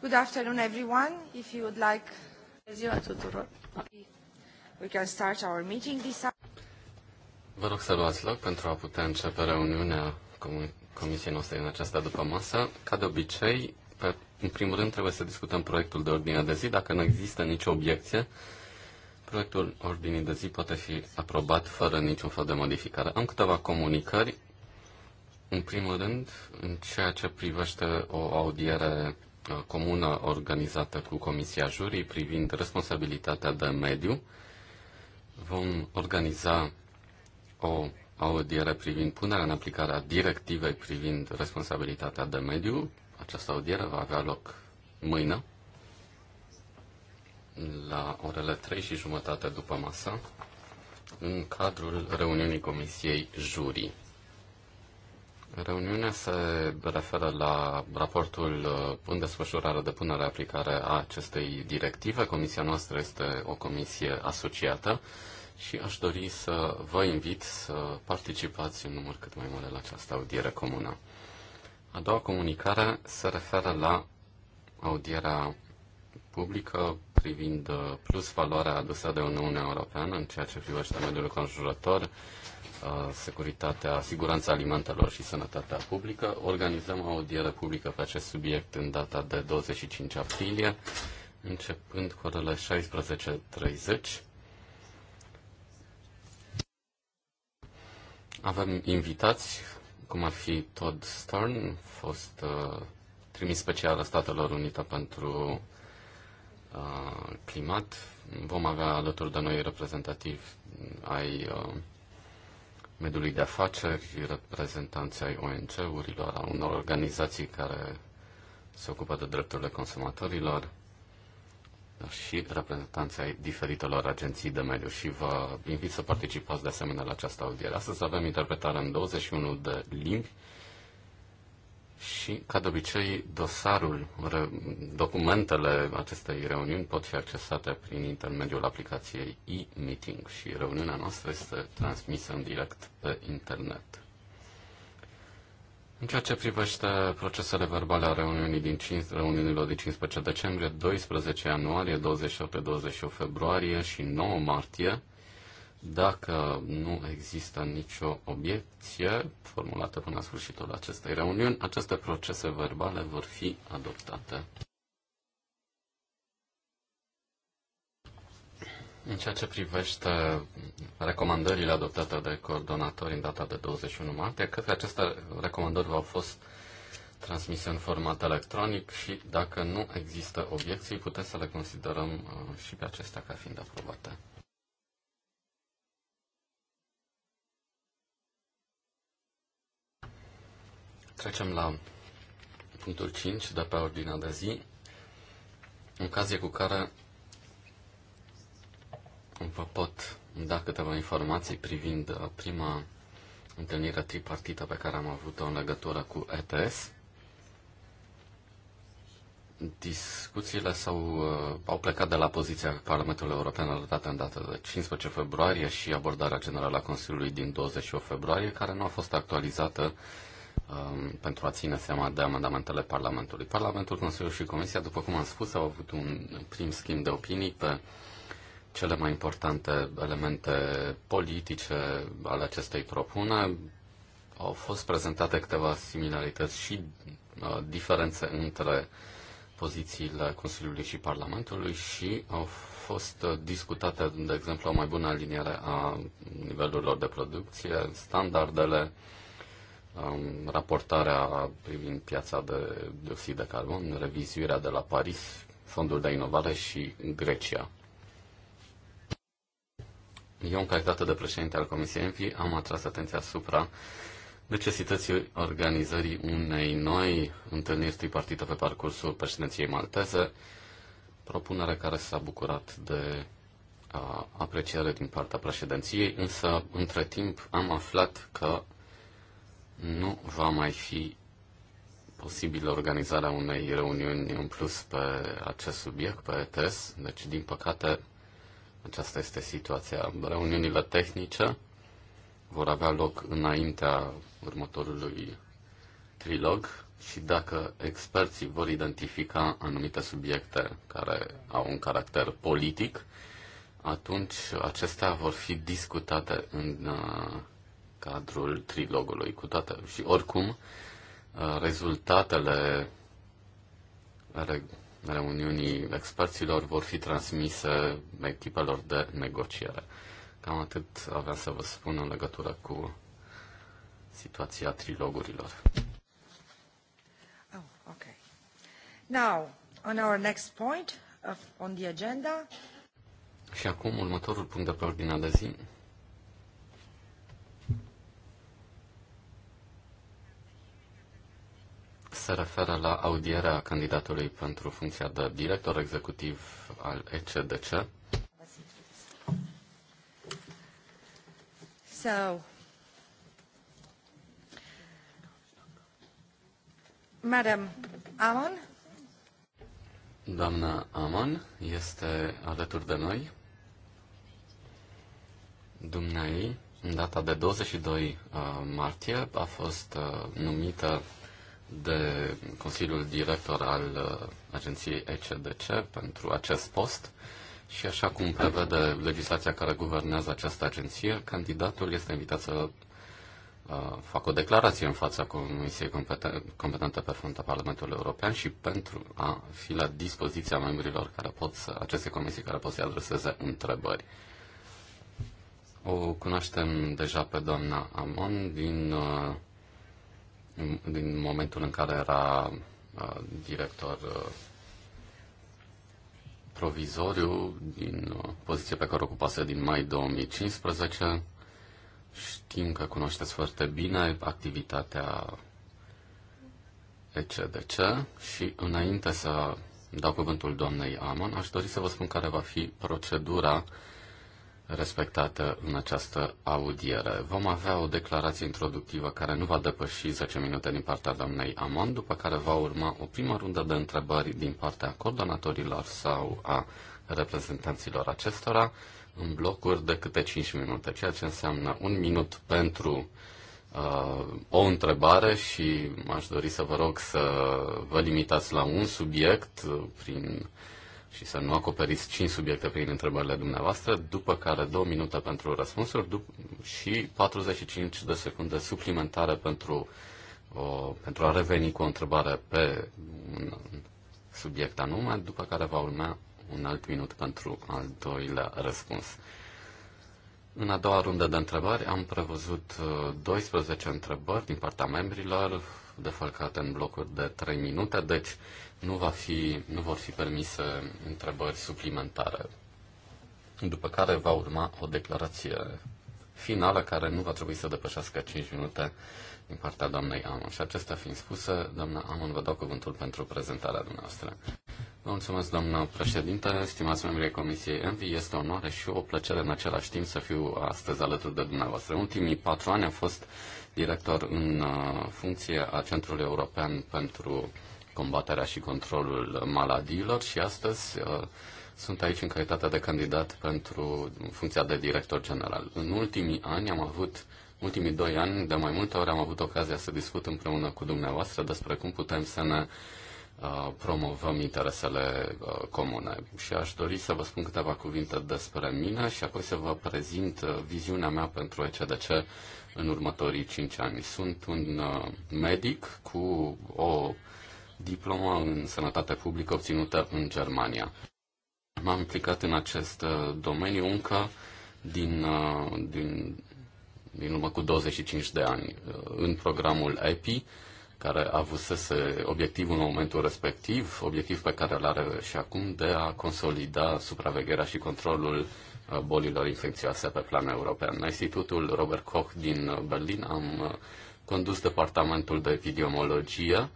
Good afternoon, everyone. If you would like... We can start our meeting this Vă rog să luați loc pentru a putea începe reuniunea comisiei noastre în această după masă. Ca de obicei, pe, în primul rând trebuie să discutăm proiectul de ordine de zi. Dacă nu există nicio obiecție, proiectul ordinii de zi poate fi aprobat fără niciun fel de modificare. Am câteva comunicări. În primul rând, în ceea ce privește o audiere Uh, comună organizată cu Comisia Jurii privind responsabilitatea de mediu. Vom organiza o audiere privind punerea în aplicare a directivei privind responsabilitatea de mediu. Această audiere va avea loc mâine la orele 3 și jumătate după masă în cadrul reuniunii Comisiei Jurii. Reuniunea se referă la raportul uh, în desfășurare de punere aplicare a acestei directive. Comisia noastră este o comisie asociată și aș dori să vă invit să participați în număr cât mai mare la această audiere comună. A doua comunicare se referă la audierea publică privind uh, plus valoarea adusă de Uniunea Europeană în ceea ce privește mediul conjurător, securitatea, siguranța alimentelor și sănătatea publică. Organizăm o audiere publică pe acest subiect în data de 25 aprilie, începând cu orele 16.30. Avem invitați, cum ar fi Todd Stern, fost uh, trimis special a Statelor Unite pentru uh, climat. Vom avea alături de noi reprezentativi ai uh, mediului de afaceri, reprezentanții ai ONG-urilor, a unor organizații care se ocupă de drepturile consumatorilor dar și reprezentanții ai diferitelor agenții de mediu și vă invit să participați de asemenea la această audiere. Astăzi avem interpretare în 21 de limbi și, ca de obicei, dosarul, documentele acestei reuniuni pot fi accesate prin intermediul aplicației e-meeting și reuniunea noastră este transmisă în direct pe internet. În ceea ce privește procesele verbale a reuniunii din 5, reuniunilor din 15 decembrie, 12 ianuarie, 28-28 februarie și 9 martie, dacă nu există nicio obiecție formulată până la sfârșitul acestei reuniuni, aceste procese verbale vor fi adoptate. În ceea ce privește recomandările adoptate de coordonatori în data de 21 martie, cred că aceste recomandări au fost transmise în format electronic și dacă nu există obiecții, putem să le considerăm uh, și pe acestea ca fiind aprobate. Trecem la punctul 5 de pe ordinea de zi, ocazie cu care vă pot da câteva informații privind uh, prima întâlnire tripartită pe care am avut-o în legătură cu ETS. Discuțiile s-au, uh, au plecat de la poziția Parlamentului European dată în data de 15 februarie și abordarea generală a Consiliului din 28 februarie, care nu a fost actualizată uh, um, pentru a ține seama de amendamentele Parlamentului. Parlamentul, Consiliul și Comisia, după cum am spus, au avut un prim schimb de opinii pe cele mai importante elemente politice ale acestei propuneri. Au fost prezentate câteva similarități și uh, diferențe între pozițiile Consiliului și Parlamentului și au fost uh, discutate, de exemplu, o mai bună aliniere a nivelurilor de producție, standardele, uh, um, raportarea privind piața de dioxid de carbon, revizuirea de la Paris, fondul de inovare și Grecia. Eu, în calitate de președinte al Comisiei ENVI, am atras atenția asupra necesității organizării unei noi întâlniri tripartite pe parcursul președinției malteze, propunere care s-a bucurat de a, apreciere din partea președinției, însă, între timp, am aflat că nu va mai fi posibil organizarea unei reuniuni în plus pe acest subiect, pe ETS. Deci, din păcate, aceasta este situația. Reuniunile tehnice vor avea loc înaintea următorului trilog și dacă experții vor identifica anumite subiecte care au un caracter politic, atunci acestea vor fi discutate în uh, cadrul trilogului. Cu toată. Și oricum, uh, rezultatele reuniunii experților vor fi transmise echipelor de negociere. Cam atât aveam să vă spun în legătură cu situația trilogurilor. Oh, okay. Now, on our next point of, uh, on the agenda. Și acum următorul punct de pe ordinea de zi se referă la audierea candidatului pentru funcția de director executiv al ECDC. So, Madam Amon. Doamna Amon este alături de noi. Dumneai, în data de 22 uh, martie, a fost uh, numită de Consiliul Director al uh, agenției ECDC pentru acest post și așa cum prevede legislația care guvernează această agenție, candidatul este invitat să uh, facă o declarație în fața Comisiei competente, pe fruntea Parlamentului European și pentru a fi la dispoziția membrilor care pot să, aceste comisii care pot să adreseze întrebări. O cunoaștem deja pe doamna Amon din uh, din momentul în care era director provizoriu din poziție pe care o ocupase din mai 2015. Știm că cunoașteți foarte bine activitatea ECDC și înainte să dau cuvântul doamnei Amon, aș dori să vă spun care va fi procedura respectată în această audiere. Vom avea o declarație introductivă care nu va depăși 10 minute din partea doamnei Amon, după care va urma o primă rundă de întrebări din partea coordonatorilor sau a reprezentanților acestora în blocuri de câte 5 minute, ceea ce înseamnă un minut pentru uh, o întrebare și aș dori să vă rog să vă limitați la un subiect uh, prin și să nu acoperiți 5 subiecte prin întrebările dumneavoastră, după care 2 minute pentru răspunsuri dup- și 45 de secunde suplimentare pentru, o, pentru a reveni cu o întrebare pe un subiect anume, după care va urma un alt minut pentru al doilea răspuns. În a doua rundă de întrebări am prevăzut 12 uh, întrebări din partea membrilor, defalcate în blocuri de 3 minute, deci nu, va fi, nu vor fi permise întrebări suplimentare, după care va urma o declarație finală care nu va trebui să depășească 5 minute din partea doamnei Amon. Și acestea fiind spuse, doamna Amon, vă dau cuvântul pentru prezentarea dumneavoastră. Vă mulțumesc, doamnă președinte, stimați membrii Comisiei Envi, este o onoare și o plăcere în același timp să fiu astăzi alături de dumneavoastră. În Ultimii patru ani am fost director în uh, funcție a Centrului European pentru combaterea și controlul maladiilor și astăzi uh, sunt aici în calitate de candidat pentru funcția de director general. În ultimii ani am avut, ultimii doi ani, de mai multe ori am avut ocazia să discut împreună cu dumneavoastră despre cum putem să ne uh, promovăm interesele uh, comune. Și aș dori să vă spun câteva cuvinte despre mine și apoi să vă prezint viziunea mea pentru ECDC în următorii 5 ani. Sunt un medic cu o diplomă în sănătate publică obținută în Germania. M-am implicat în acest uh, domeniu încă din, uh, din, din urmă cu 25 de ani uh, în programul EPI, care a avut obiectivul în momentul respectiv, obiectiv pe care îl are și acum, de a consolida supravegherea și controlul bolilor infecțioase pe plan european. La Institutul Robert Koch din Berlin am condus departamentul de epidemiologie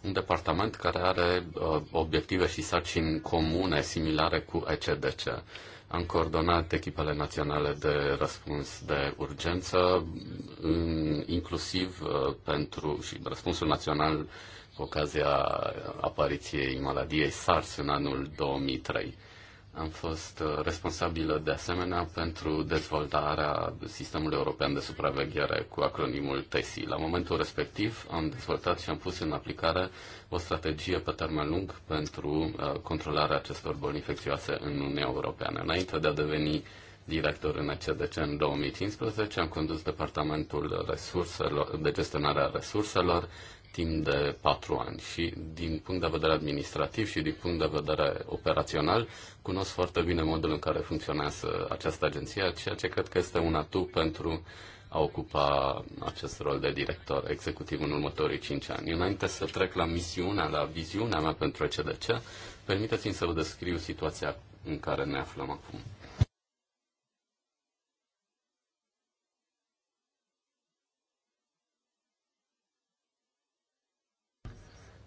un departament care are uh, obiective și sarcini comune, similare cu ECDC. Am coordonat echipele naționale de răspuns de urgență, în, inclusiv uh, pentru și răspunsul național cu ocazia apariției maladiei SARS în anul 2003. Am fost uh, responsabilă de asemenea pentru dezvoltarea sistemului european de supraveghere cu acronimul TESI. La momentul respectiv am dezvoltat și am pus în aplicare o strategie pe termen lung pentru uh, controlarea acestor boli infecțioase în Uniunea Europeană. Înainte de a deveni director în ECDC în 2015, am condus departamentul resurselor, de gestionare a resurselor, timp de patru ani și din punct de vedere administrativ și din punct de vedere operațional cunosc foarte bine modul în care funcționează această agenție, ceea ce cred că este un atu pentru a ocupa acest rol de director executiv în următorii cinci ani. Înainte să trec la misiunea, la viziunea mea pentru ECDC, permiteți-mi să vă descriu situația în care ne aflăm acum.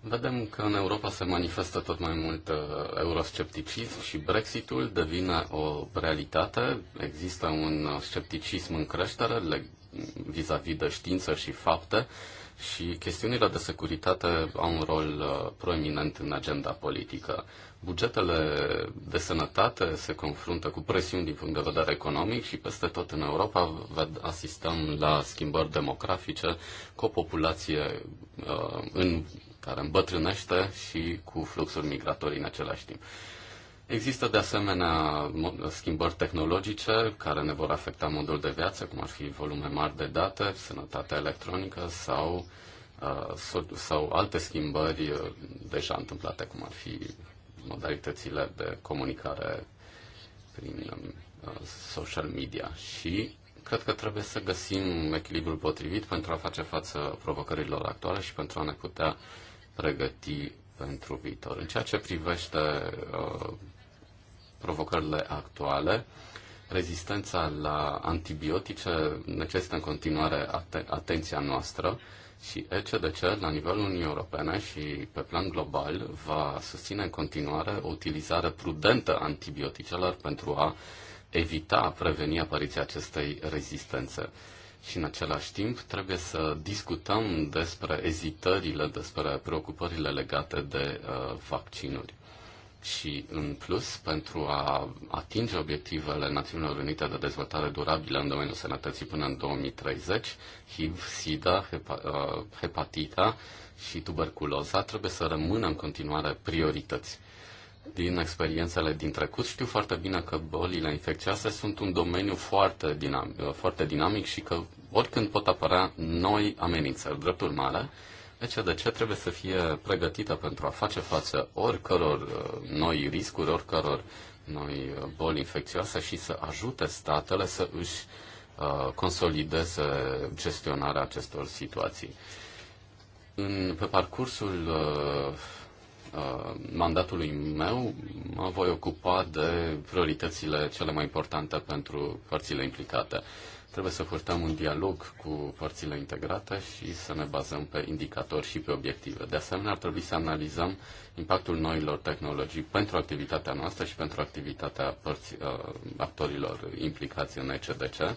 Vedem că în Europa se manifestă tot mai mult uh, euroscepticism și Brexitul devine o realitate. Există un uh, scepticism în creștere vis-a-vis -vis de știință și fapte și chestiunile de securitate au un rol uh, proeminent în agenda politică. Bugetele de sănătate se confruntă cu presiuni din punct de vedere economic și peste tot în Europa asistăm la schimbări demografice cu o populație uh, în care îmbătrânește și cu fluxuri migratorii în același timp. Există de asemenea schimbări tehnologice care ne vor afecta modul de viață, cum ar fi volume mari de date, sănătatea electronică sau, uh, sau alte schimbări uh, deja întâmplate, cum ar fi modalitățile de comunicare prin um, uh, social media. Și cred că trebuie să găsim echilibrul potrivit pentru a face față provocărilor actuale și pentru a ne putea uh, pregăti pentru viitor. În ceea ce privește uh, provocările actuale, rezistența la antibiotice necesită în continuare aten- atenția noastră și ECDC, la nivelul Uniunii Europene și pe plan global, va susține în continuare o utilizare prudentă a antibioticelor pentru a evita, a preveni apariția acestei rezistențe și în același timp trebuie să discutăm despre ezitările, despre preocupările legate de uh, vaccinuri. Și în plus, pentru a atinge obiectivele Națiunilor Unite de dezvoltare durabilă în domeniul sănătății până în 2030, HIV, SIDA, hepa, uh, hepatita și tuberculoza trebuie să rămână în continuare priorități din experiențele din trecut, știu foarte bine că bolile infecțioase sunt un domeniu foarte dinamic, foarte dinamic și că oricând pot apărea noi amenințări. Drept urmare, ce trebuie să fie pregătită pentru a face față oricăror uh, noi riscuri, oricăror noi boli infecțioase și să ajute statele să își uh, consolideze gestionarea acestor situații. În, pe parcursul uh, Uh, mandatului meu mă voi ocupa de prioritățile cele mai importante pentru părțile implicate. Trebuie să purtăm un dialog cu părțile integrate și să ne bazăm pe indicatori și pe obiective. De asemenea, ar trebui să analizăm impactul noilor tehnologii pentru activitatea noastră și pentru activitatea părți, uh, actorilor implicați în ECDC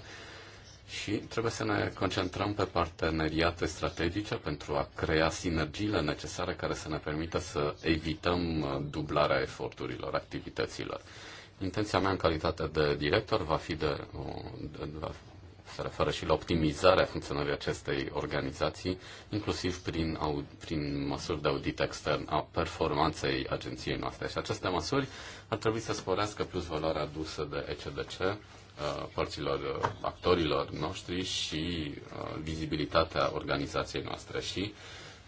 și trebuie să ne concentrăm pe parteneriate strategice pentru a crea sinergiile necesare care să ne permită să evităm uh, dublarea eforturilor, activităților. Intenția mea în calitate de director va fi de, uh, de, de se referă și la optimizarea funcționării acestei organizații, inclusiv prin, au, prin măsuri de audit extern a performanței agenției noastre. Și aceste măsuri ar trebui să sporească plus valoarea adusă de ECDC Uh, părților, uh, actorilor noștri și uh, vizibilitatea organizației noastre. Și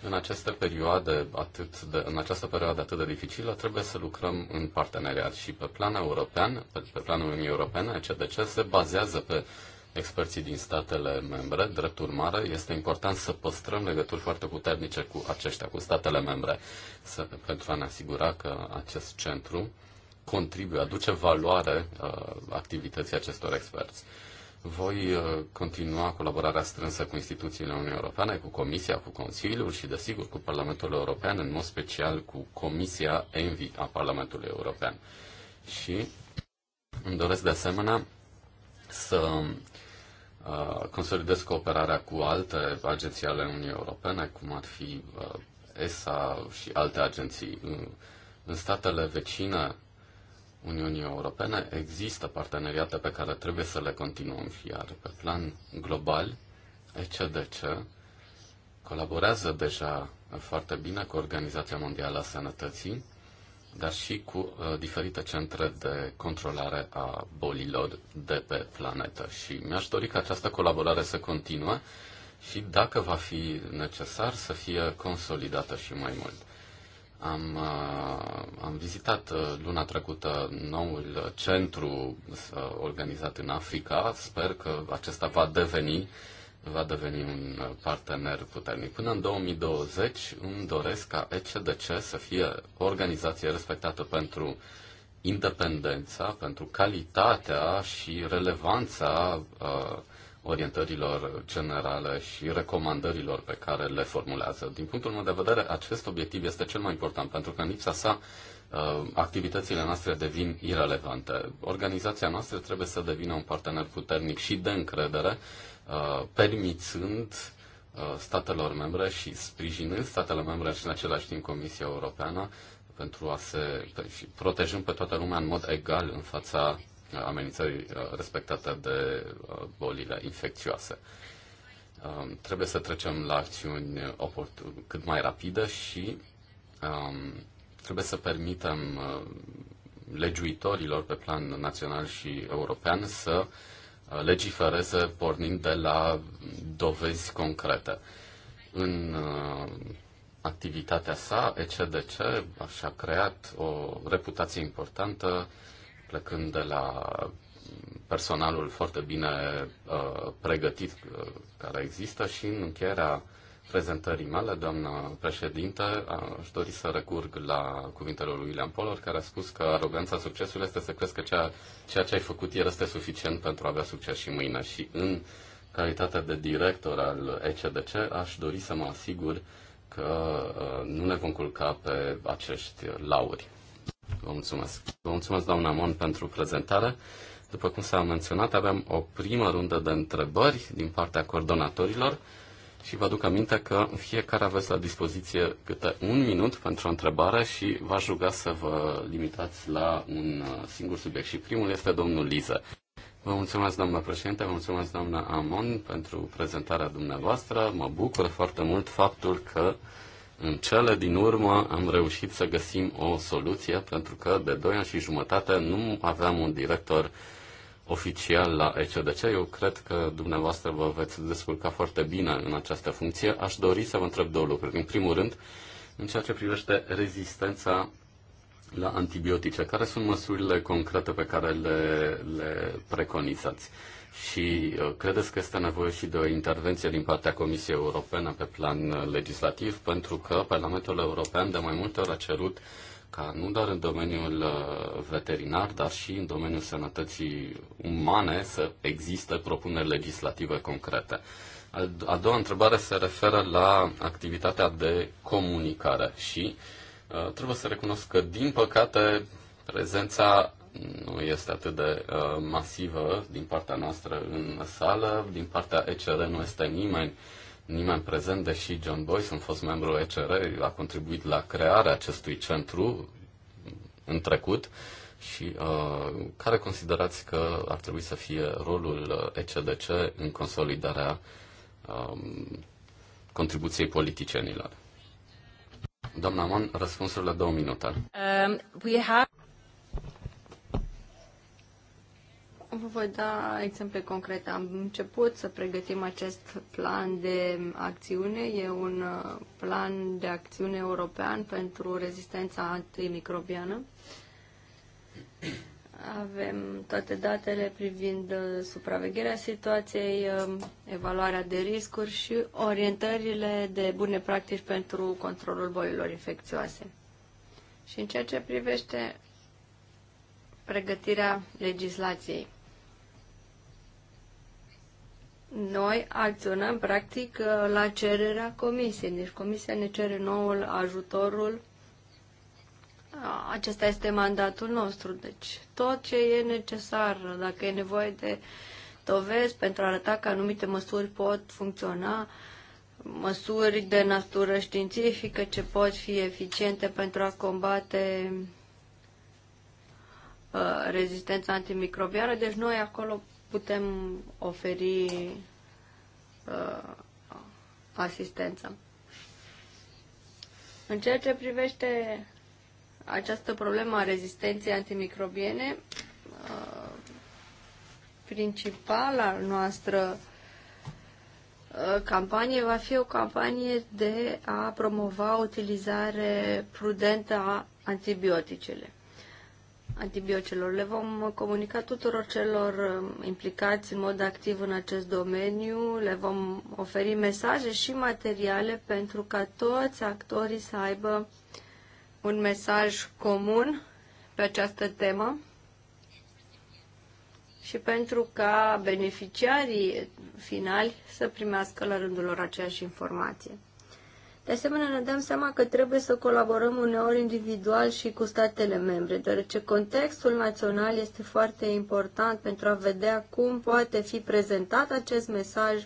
în această perioadă atât de, în această perioadă atât de dificilă trebuie să lucrăm în parteneriat și pe plan european, pe, pe planul Uniunii Europene, CDC se bazează pe experții din statele membre. Drept urmare, este important să păstrăm legături foarte puternice cu aceștia, cu statele membre, să, pentru a ne asigura că acest centru contribuie, aduce valoare uh, activității acestor experți. Voi uh, continua colaborarea strânsă cu instituțiile Uniunii Europene, cu Comisia, cu Consiliul și, desigur, cu Parlamentul European, în mod special cu Comisia ENVI a Parlamentului European. Și îmi doresc, de asemenea, să uh, consolidez cooperarea cu alte agenții ale Uniunii Europene, cum ar fi ESA și alte agenții. În statele vecine Uniunii Europene există parteneriate pe care trebuie să le continuăm, iar pe plan global, ECDC colaborează deja foarte bine cu Organizația Mondială a Sănătății, dar și cu uh, diferite centre de controlare a bolilor de pe planetă. Și mi-aș dori ca această colaborare să continue și, dacă va fi necesar, să fie consolidată și mai mult. Am, uh, am vizitat uh, luna trecută noul centru uh, organizat în Africa. Sper că acesta va deveni va deveni un partener puternic. Până în 2020 îmi doresc ca ECDC să fie o organizație respectată pentru independența, pentru calitatea și relevanța uh, orientărilor generale și recomandărilor pe care le formulează. Din punctul meu de vedere, acest obiectiv este cel mai important, pentru că în lipsa sa uh, activitățile noastre devin irelevante. Organizația noastră trebuie să devină un partener puternic și de încredere, uh, permițând uh, statelor membre și sprijinând statele membre și în același timp Comisia Europeană pentru a se protejăm pe toată lumea în mod egal în fața amenințării uh, respectate de uh, bolile infecțioase. Um, trebuie să trecem la acțiuni cât mai rapide și um, trebuie să permitem uh, legiuitorilor pe plan național și european să legifereze pornind de la dovezi concrete. În activitatea sa, ECDC și-a creat o reputație importantă plecând de la personalul foarte bine uh, pregătit uh, care există și în încheierea prezentării mele, doamnă președinte, aș dori să recurg la cuvintele lui William Polor, care a spus că aroganța succesului este să crezi că ceea, ceea ce ai făcut ieri este suficient pentru a avea succes și mâine. Și în calitate de director al ECDC, aș dori să mă asigur că uh, nu ne vom culca pe acești lauri. Vă mulțumesc. Vă mulțumesc, doamna Mon, pentru prezentare. După cum s-a menționat, avem o primă rundă de întrebări din partea coordonatorilor și vă aduc aminte că fiecare aveți la dispoziție câte un minut pentru o întrebare și v-aș ruga să vă limitați la un uh, singur subiect și primul este domnul Liză. Vă mulțumesc, doamna președinte, vă mulțumesc, doamna Amon, pentru prezentarea dumneavoastră. Mă bucur foarte mult faptul că în cele din urmă am reușit să găsim o soluție pentru că de 2 ani și jumătate nu aveam un director oficial la ECDC. Eu cred că dumneavoastră vă veți descurca foarte bine în această funcție. Aș dori să vă întreb două lucruri. În primul rând, în ceea ce privește rezistența la antibiotice. Care sunt măsurile concrete pe care le, le preconizați? Și uh, credeți că este nevoie și de o intervenție din partea Comisiei Europene pe plan uh, legislativ, pentru că Parlamentul European de mai multe ori a cerut ca nu doar în domeniul uh, veterinar, dar și în domeniul sănătății umane să existe propuneri legislative concrete. A doua întrebare se referă la activitatea de comunicare și uh, Uh, trebuie să recunosc că, din păcate, prezența nu este atât de uh, masivă din partea noastră în sală. Din partea ECR nu este nimeni, nimeni prezent, deși John Boyce, un fost membru ECR, a contribuit la crearea acestui centru în trecut și uh, care considerați că ar trebui să fie rolul ECDC în consolidarea uh, contribuției politicienilor? Doamna Mon, răspunsurile două minute. Um, we have... Vă voi da exemple concrete. Am început să pregătim acest plan de acțiune. E un uh, plan de acțiune european pentru rezistența antimicrobiană. Avem toate datele privind uh, supravegherea situației, um, evaluarea de riscuri și orientările de bune practici pentru controlul bolilor infecțioase. Și în ceea ce privește pregătirea legislației. Noi acționăm practic uh, la cererea comisiei, deci comisia ne cere nouă ajutorul da, acesta este mandatul nostru, deci tot ce e necesar, dacă e nevoie de dovezi pentru a arăta că anumite măsuri pot funcționa, măsuri de natură științifică ce pot fi eficiente pentru a combate uh, rezistența antimicrobiană, deci noi acolo putem oferi uh, asistență. În ceea ce privește această problemă a rezistenței antimicrobiene, uh, principala noastră uh, campanie va fi o campanie de a promova o utilizare prudentă a antibioticele. Antibioticelor. Le vom comunica tuturor celor uh, implicați în mod activ în acest domeniu, le vom oferi mesaje și materiale pentru ca toți actorii să aibă uh, un mesaj comun pe această temă și pentru ca beneficiarii finali să primească la rândul lor aceeași informație. De asemenea, ne dăm seama că trebuie să colaborăm uneori individual și cu statele membre, deoarece contextul național este foarte important pentru a vedea cum poate fi prezentat acest mesaj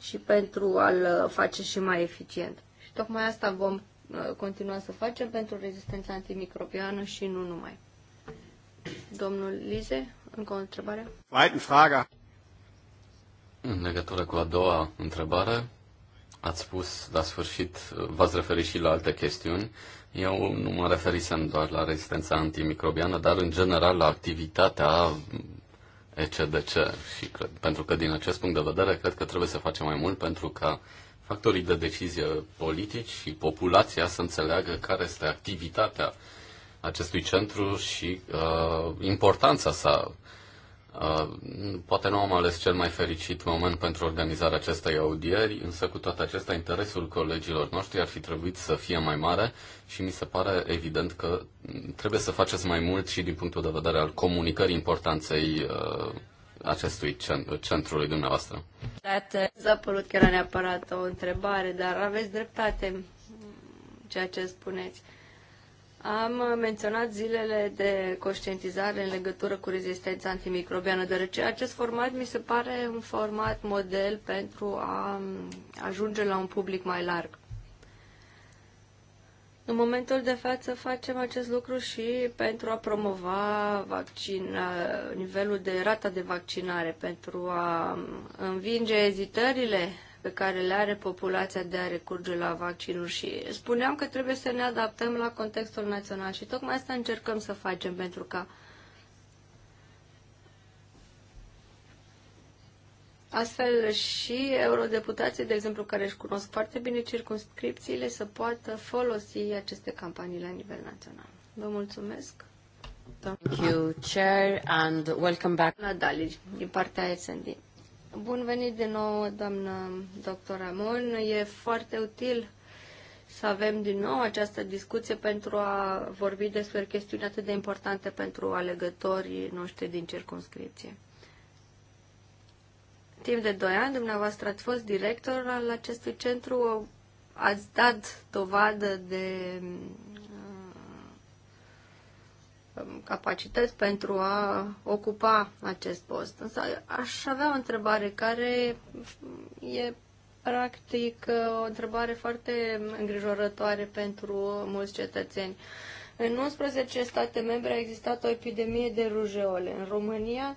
și pentru a-l face și mai eficient. Și tocmai asta vom Uh, continua să facem pentru rezistența antimicrobiană și nu numai. Domnul Lize, încă o întrebare? În legătură cu a doua întrebare, ați spus la sfârșit, v-ați referit și la alte chestiuni. Eu nu mă referisem doar la rezistența antimicrobiană, dar în general la activitatea ECDC și cred, pentru că din acest punct de vedere cred că trebuie să facem mai mult pentru ca factorii de decizie politici și populația să înțeleagă care este activitatea acestui centru și uh, importanța sa. Uh, poate nu am ales cel mai fericit moment pentru organizarea acestei audieri, însă cu toate acestea interesul colegilor noștri ar fi trebuit să fie mai mare și mi se pare evident că trebuie să faceți mai mult și din punctul de vedere al comunicării importanței uh, acestui cent- centrului dumneavoastră. S-a părut că era neapărat o întrebare, dar aveți dreptate ceea ce spuneți. Am menționat zilele de conștientizare în legătură cu rezistența antimicrobiană, deoarece acest format mi se pare un format model pentru a ajunge la un public mai larg. În momentul de față facem acest lucru și pentru a promova vaccin, nivelul de rata de vaccinare, pentru a învinge ezitările pe care le are populația de a recurge la vaccinuri și spuneam că trebuie să ne adaptăm la contextul național și tocmai asta încercăm să facem pentru ca astfel și eurodeputații, de exemplu, care își cunosc foarte bine circunscripțiile, să poată folosi aceste campanii la nivel național. Vă mulțumesc! Thank you, Chair, and welcome back. Nadalici, din partea SND. Bun venit din nou, doamnă doctor Ramon. E foarte util să avem din nou această discuție pentru a vorbi despre chestiuni atât de importante pentru alegătorii noștri din circunscripție. Timp de 2 ani, dumneavoastră ați fost director al acestui centru, ați dat dovadă de uh, capacități pentru a ocupa acest post. Însă aș avea o întrebare care e practic uh, o întrebare foarte îngrijorătoare pentru mulți cetățeni. În 11 state membre a existat o epidemie de rujeole. În România, uh,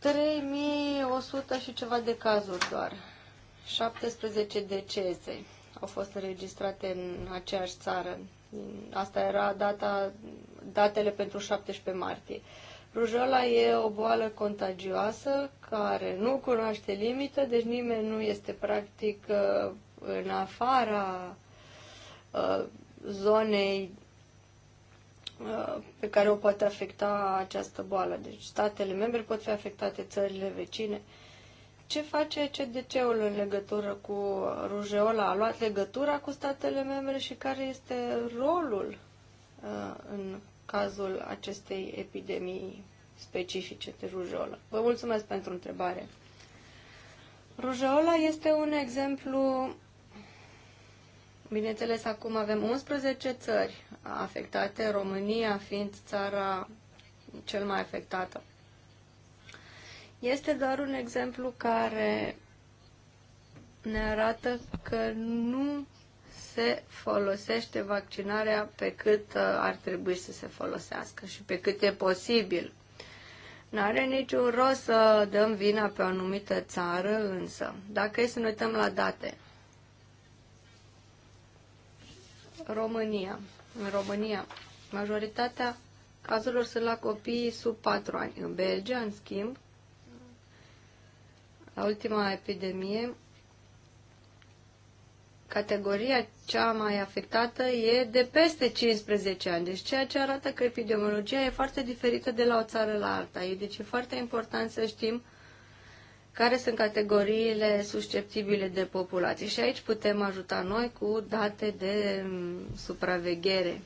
3100 și ceva de cazuri doar. 17 decese au fost înregistrate în aceeași țară. Asta era data, datele pentru 17 martie. Rujola e o boală contagioasă care nu cunoaște limită, deci nimeni nu este practic uh, în afara uh, zonei pe care o poate afecta această boală. Deci statele membre pot fi afectate, țările vecine. Ce face CDC-ul în legătură cu rujeola? A luat legătura cu statele membre și care este rolul uh, în cazul acestei epidemii specifice de rujeola? Vă mulțumesc pentru întrebare. Rujeola este un exemplu Bineînțeles, acum avem 11 țări afectate, România fiind țara cel mai afectată. Este doar un exemplu care ne arată că nu se folosește vaccinarea pe cât uh, ar trebui să se folosească și pe cât e posibil. nu are niciun rost să dăm vina pe o anumită țară, însă, dacă e să ne uităm la date, România. În România, majoritatea cazurilor sunt la copii sub 4 ani. În Belgia, în schimb, la ultima epidemie, categoria cea mai afectată e de peste 15 ani. Deci ceea ce arată că epidemiologia e foarte diferită de la o țară la alta. E, deci e foarte important să știm uh, care sunt categoriile susceptibile de populație. Și aici putem ajuta noi cu date de mm, supraveghere.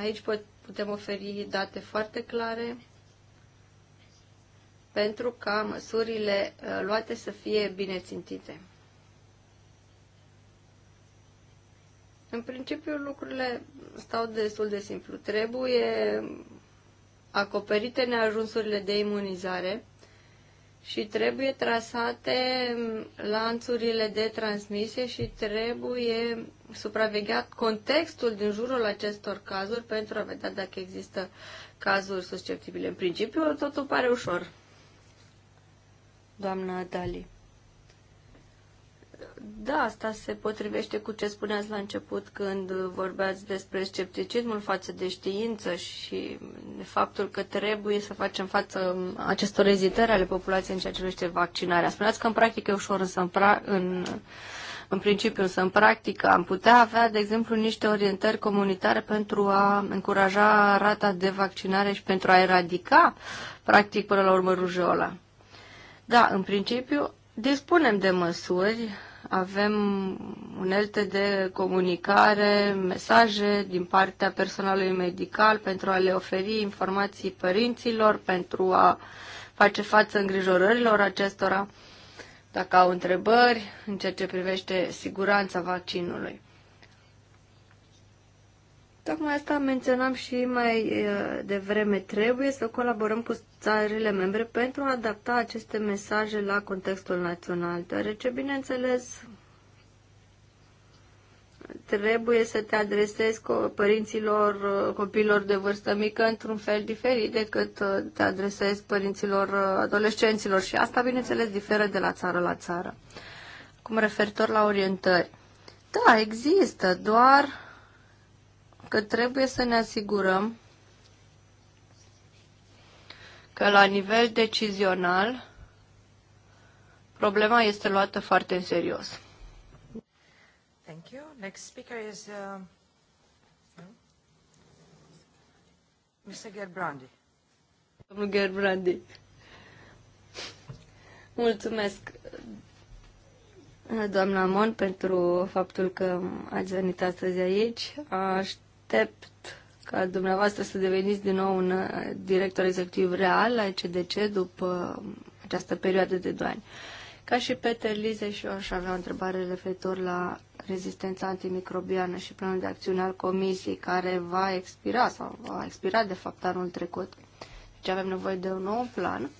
Aici putem oferi date foarte clare pentru ca măsurile uh, luate să fie bine țintite. În principiu, lucrurile stau destul de simplu. Trebuie acoperite neajunsurile de imunizare și trebuie trasate lanțurile de transmisie și trebuie supravegheat contextul din jurul acestor cazuri pentru a vedea dacă există cazuri susceptibile. În principiu, totul pare ușor. Doamna Dali da, asta se potrivește cu ce spuneați la început când vorbeați despre scepticismul față de știință și faptul că trebuie să facem față um, acestor ezitări ale populației în ceea ce privește vaccinarea. Spuneați că în practică e ușor, însă în, pra- în, în principiu, însă în practică am putea avea, de exemplu, niște orientări comunitare pentru a încuraja rata de vaccinare și pentru a eradica, practic, până la urmă, rujeola. Da, în principiu, dispunem de măsuri avem unelte de comunicare, mesaje din partea personalului medical pentru a le oferi informații părinților, pentru a face față îngrijorărilor acestora, dacă au întrebări în ceea ce privește siguranța vaccinului. Tocmai asta menționam și mai devreme. Trebuie să colaborăm cu țările membre pentru a adapta aceste mesaje la contextul național, deoarece, bineînțeles, trebuie să te adresezi părinților uh, copiilor de vârstă mică într-un fel diferit decât uh, te adresezi părinților uh, adolescenților și asta, bineînțeles, diferă de la țară la țară. Cum referitor la orientări. Da, există, doar că trebuie să ne asigurăm că la nivel decizional problema este luată foarte în serios. Thank you. Next speaker is uh, Mr. Hmm? Gerbrandi. Domnul Gerbrandi. Mulțumesc, doamna Mon pentru faptul că ați venit astăzi aici. Aș aștept ca dumneavoastră să deveniți din nou un uh, director executiv real la ECDC după uh, această perioadă de doi ani. Ca și Peter Lize și eu aș avea o întrebare referitor la rezistența antimicrobiană și planul de acțiune al comisiei care va expira sau va expirat de fapt anul trecut. Deci avem nevoie de un nou plan.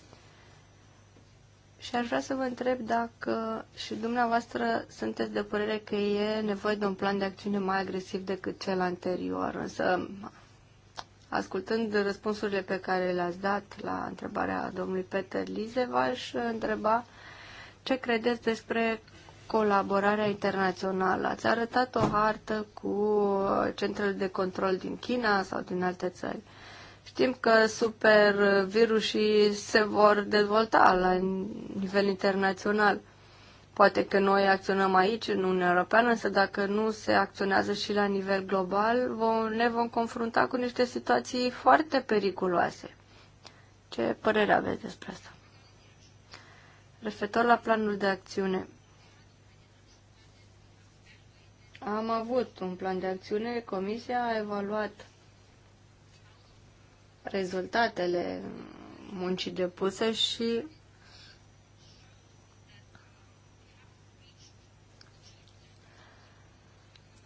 Și aș vrea să vă întreb dacă și dumneavoastră sunteți de părere că e nevoie de un plan de acțiune mai agresiv decât cel anterior. Însă, ascultând răspunsurile pe care le-ați dat la întrebarea domnului Peter Lize, v-aș întreba ce credeți despre colaborarea internațională. Ați arătat o hartă cu centrele de control din China sau din alte țări. Știm că supervirusii se vor dezvolta la nivel internațional. Poate că noi acționăm aici, în Uniunea Europeană, însă dacă nu se acționează și la nivel global, vom, ne vom confrunta cu niște situații foarte periculoase. Ce părere aveți despre asta? Referitor la planul de acțiune. Am avut un plan de acțiune, Comisia a evaluat rezultatele muncii depuse și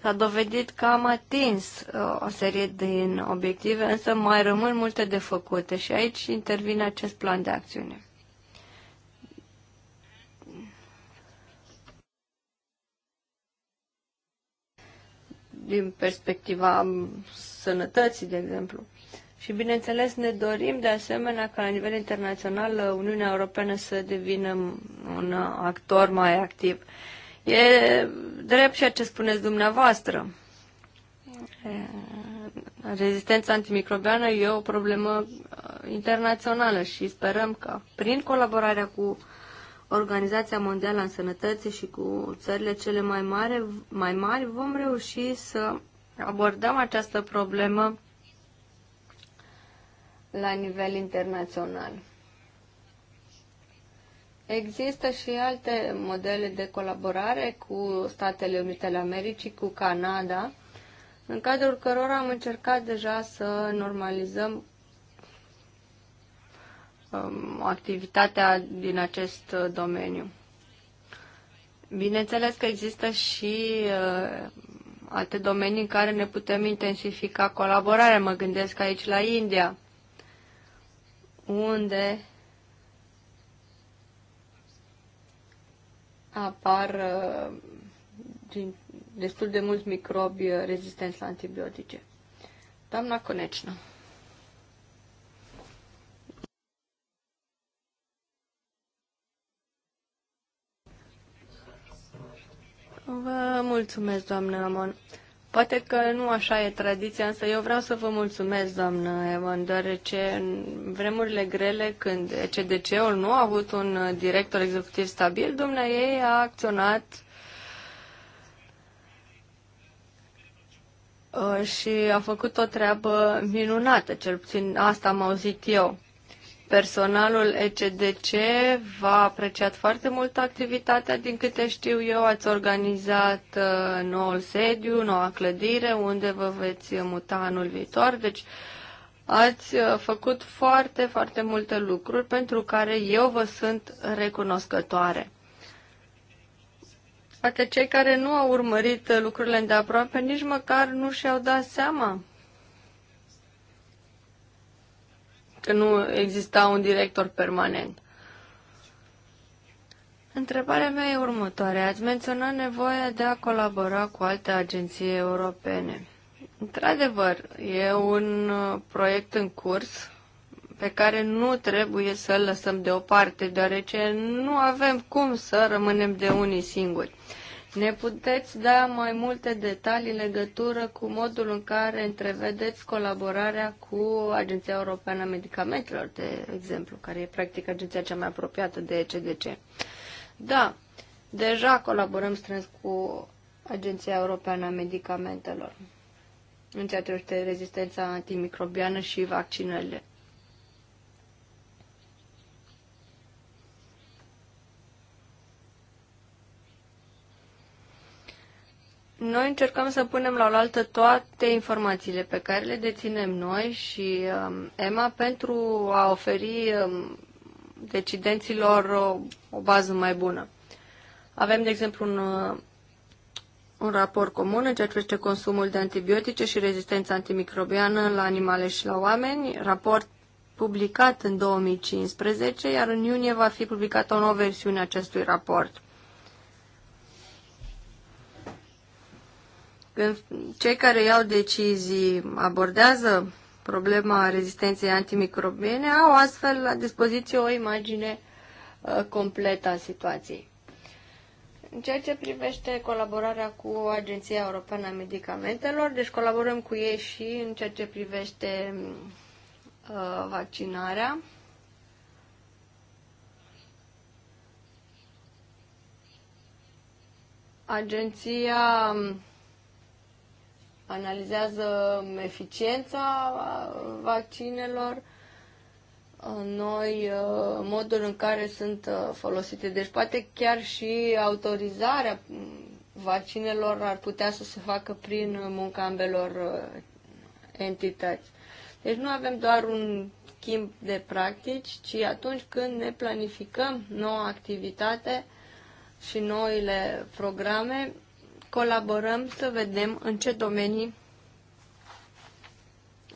S-a dovedit că am atins uh, o serie din obiective, însă mai rămân multe de făcute și aici intervine acest plan de acțiune. Din perspectiva sănătății, de exemplu. Și, bineînțeles, ne dorim de asemenea ca la nivel internațional Uniunea Europeană să devină un actor mai activ. E drept ceea ce spuneți dumneavoastră. Rezistența antimicrobiană e o problemă uh, internațională și sperăm că prin colaborarea cu Organizația Mondială a Sănătății și cu țările cele mai mari, mai mari vom reuși să abordăm această problemă la nivel internațional. Există și alte modele de colaborare cu Statele Unite ale Americii, cu Canada, în cadrul cărora am încercat deja să normalizăm um, activitatea din acest domeniu. Bineînțeles că există și uh, alte domenii în care ne putem intensifica colaborarea. Mă gândesc aici la India unde apar uh, din, destul de mulți microbi uh, rezistenți la antibiotice. Doamna Conecna. Vă mulțumesc, doamna Amon. Poate că nu așa e tradiția, însă eu vreau să vă mulțumesc, doamnă Evan, deoarece în vremurile grele, când CDC-ul nu a avut un director executiv stabil, dumnea ei a acționat uh, și a făcut o treabă minunată, cel puțin asta am auzit eu. Personalul ECDC v-a apreciat foarte mult activitatea, din câte știu eu, ați organizat uh, noul sediu, noua clădire, unde vă veți muta anul viitor, deci ați uh, făcut foarte, foarte multe lucruri pentru care eu vă sunt recunoscătoare. Poate cei care nu au urmărit uh, lucrurile îndeaproape nici măcar nu și-au dat seama că nu exista un director permanent. Întrebarea mea e următoarea. Ați menționat nevoia de a colabora cu alte agenții europene. Într-adevăr, e un uh, proiect în curs pe care nu trebuie să-l lăsăm deoparte, deoarece nu avem cum să rămânem de unii singuri. Ne puteți da mai multe detalii în legătură cu modul în care întrevedeți colaborarea cu Agenția Europeană a Medicamentelor, de exemplu, care e practic agenția cea mai apropiată de CDC? Da, deja colaborăm strâns cu Agenția Europeană a Medicamentelor în ceea ce rezistența antimicrobiană și vaccinările. Noi încercăm să punem la oaltă toate informațiile pe care le deținem noi și um, EMA pentru a oferi um, decidenților o, o bază mai bună. Avem, de exemplu, un, uh, un raport comun în ceea ce privește consumul de antibiotice și rezistența antimicrobiană la animale și la oameni, raport publicat în 2015, iar în iunie va fi publicată o nouă versiune a acestui raport. Când cei care iau decizii abordează problema rezistenței antimicrobiene, au astfel la dispoziție o imagine uh, completă a situației. În ceea ce privește colaborarea cu Agenția Europeană a Medicamentelor, deci colaborăm cu ei și în ceea ce privește uh, vaccinarea. Agenția um, analizează eficiența vaccinelor, noi uh, modul în care sunt uh, folosite. Deci poate chiar și autorizarea mm, vaccinelor ar putea să se facă prin munca ambelor uh, entități. Deci nu avem doar un schimb de practici, ci atunci când ne planificăm noua activitate și noile programe, colaborăm să vedem în ce domenii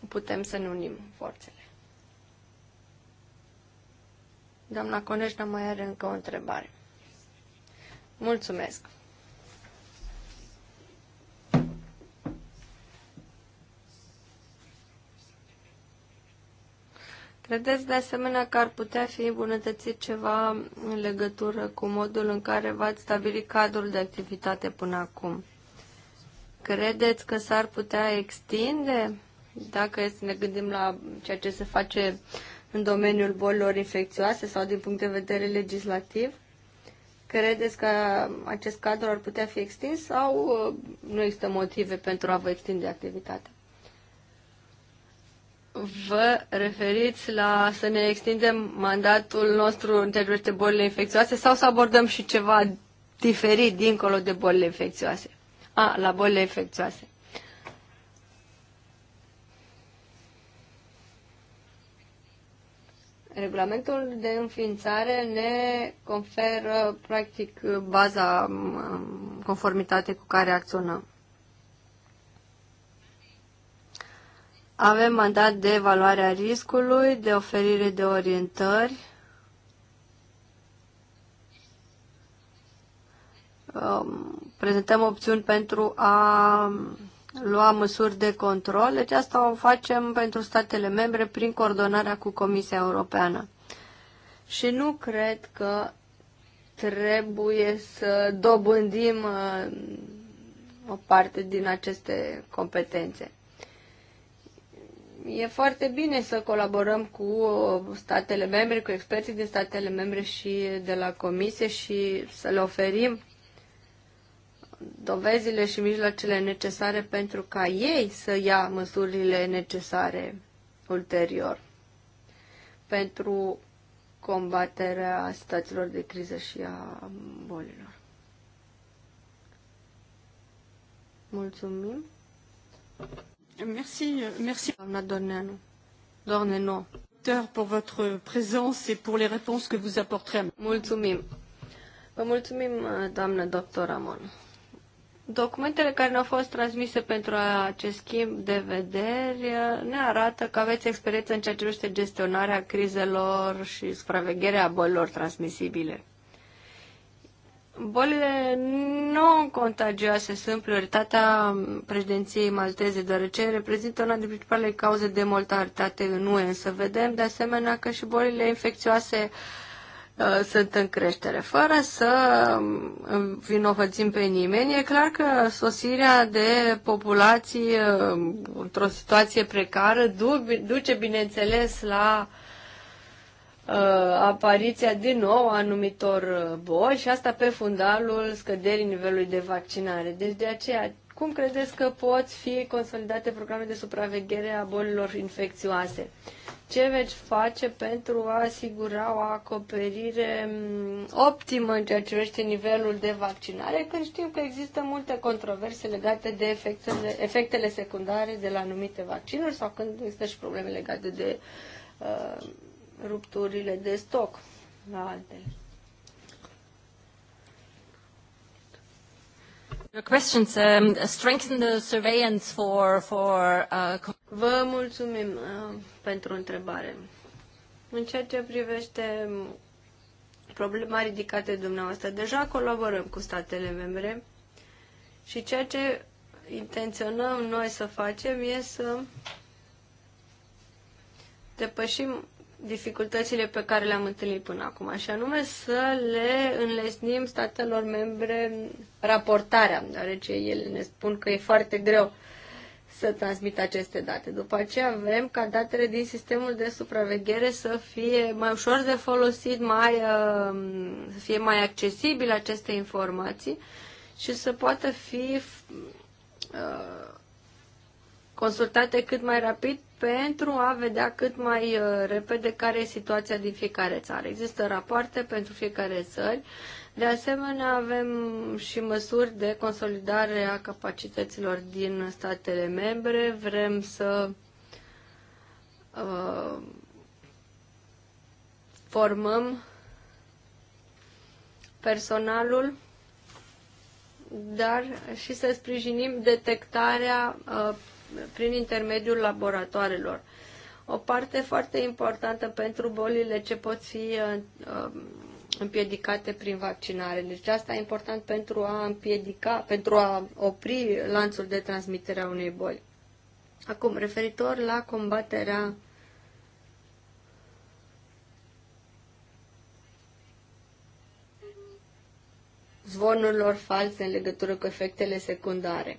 putem să ne unim forțele. Doamna Coneșna mai are încă o întrebare. Mulțumesc! Credeți de asemenea că ar putea fi îmbunătățit ceva în legătură cu modul în care v-ați stabilit cadrul de activitate până acum? Credeți că s-ar putea extinde dacă este ne gândim la ceea ce se face în domeniul bolilor infecțioase sau din punct de vedere legislativ? Credeți că acest cadru ar putea fi extins sau uh, nu există motive pentru a vă extinde activitatea? vă referiți la să ne extindem mandatul nostru în ce privește bolile infecțioase sau să abordăm și ceva diferit dincolo de bolile infecțioase? A, la bolile infecțioase. Regulamentul de înființare ne conferă, practic, baza conformitate cu care acționăm. Avem mandat de evaluare a riscului, de oferire de orientări, um, prezentăm opțiuni pentru a lua măsuri de control. Deci asta o facem pentru statele membre prin coordonarea cu Comisia Europeană. Și nu cred că trebuie să dobândim uh, o parte din aceste competențe e foarte bine să colaborăm cu uh, statele membre, cu experții din statele membre și de la comisie și să le oferim dovezile și mijloacele necesare pentru ca ei să ia măsurile necesare ulterior pentru combaterea situațiilor de criză și a bolilor. Mulțumim! Merci, merci. Pour votre présence et pour les réponses que vous apporterez. Mulțumim. Vă mulțumim, uh, doamnă doctor Ramon. Documentele care ne-au fost transmise pentru acest schimb de vederi uh, ne arată că aveți experiență în ceea ce privește gestionarea crizelor și supravegherea bolilor transmisibile. Bolile non-contagioase sunt prioritatea președinției malteze, deoarece reprezintă una dintre principalele cauze de mortalitate în UE, însă vedem de asemenea că și bolile infecțioase uh, sunt în creștere. Fără să um, vinovățim pe nimeni, e clar că sosirea de populații uh, într-o situație precară duce, bineînțeles, la uh, Uh, apariția din nou a anumitor uh, boli și asta pe fundalul scăderii nivelului de vaccinare. Deci de aceea, cum credeți că pot fi consolidate programe de supraveghere a bolilor infecțioase? Ce veți face pentru a asigura o acoperire mm, optimă în ceea ce privește nivelul de vaccinare, când știm că există multe controverse legate de efectele, efectele secundare de la anumite vaccinuri sau când există și probleme legate de uh, rupturile de stoc la altele. questions. Um, strengthen the surveillance for... for uh... Vă mulțumim uh, pentru întrebare. În ceea ce privește problema ridicată de dumneavoastră, deja colaborăm cu statele membre și ceea ce intenționăm noi să facem e să depășim dificultățile pe care le-am întâlnit până acum, și anume să le înlesnim statelor membre raportarea, deoarece ele ne spun că e foarte greu să transmită aceste date. După aceea vrem ca datele din sistemul de supraveghere să fie mai ușor de folosit, mai, um, să fie mai accesibil aceste informații și să poată fi uh, consultate cât mai rapid pentru a vedea cât mai uh, repede care e situația din fiecare țară. Există rapoarte pentru fiecare țări. De asemenea, avem și măsuri de consolidare a capacităților din statele membre. Vrem să uh, formăm personalul dar și să sprijinim detectarea uh, prin intermediul laboratoarelor. O parte foarte importantă pentru bolile ce pot fi uh, împiedicate prin vaccinare. Deci asta e important pentru a împiedica, pentru a opri lanțul de transmitere a unei boli. Acum, referitor la combaterea zvonurilor false în legătură cu efectele secundare.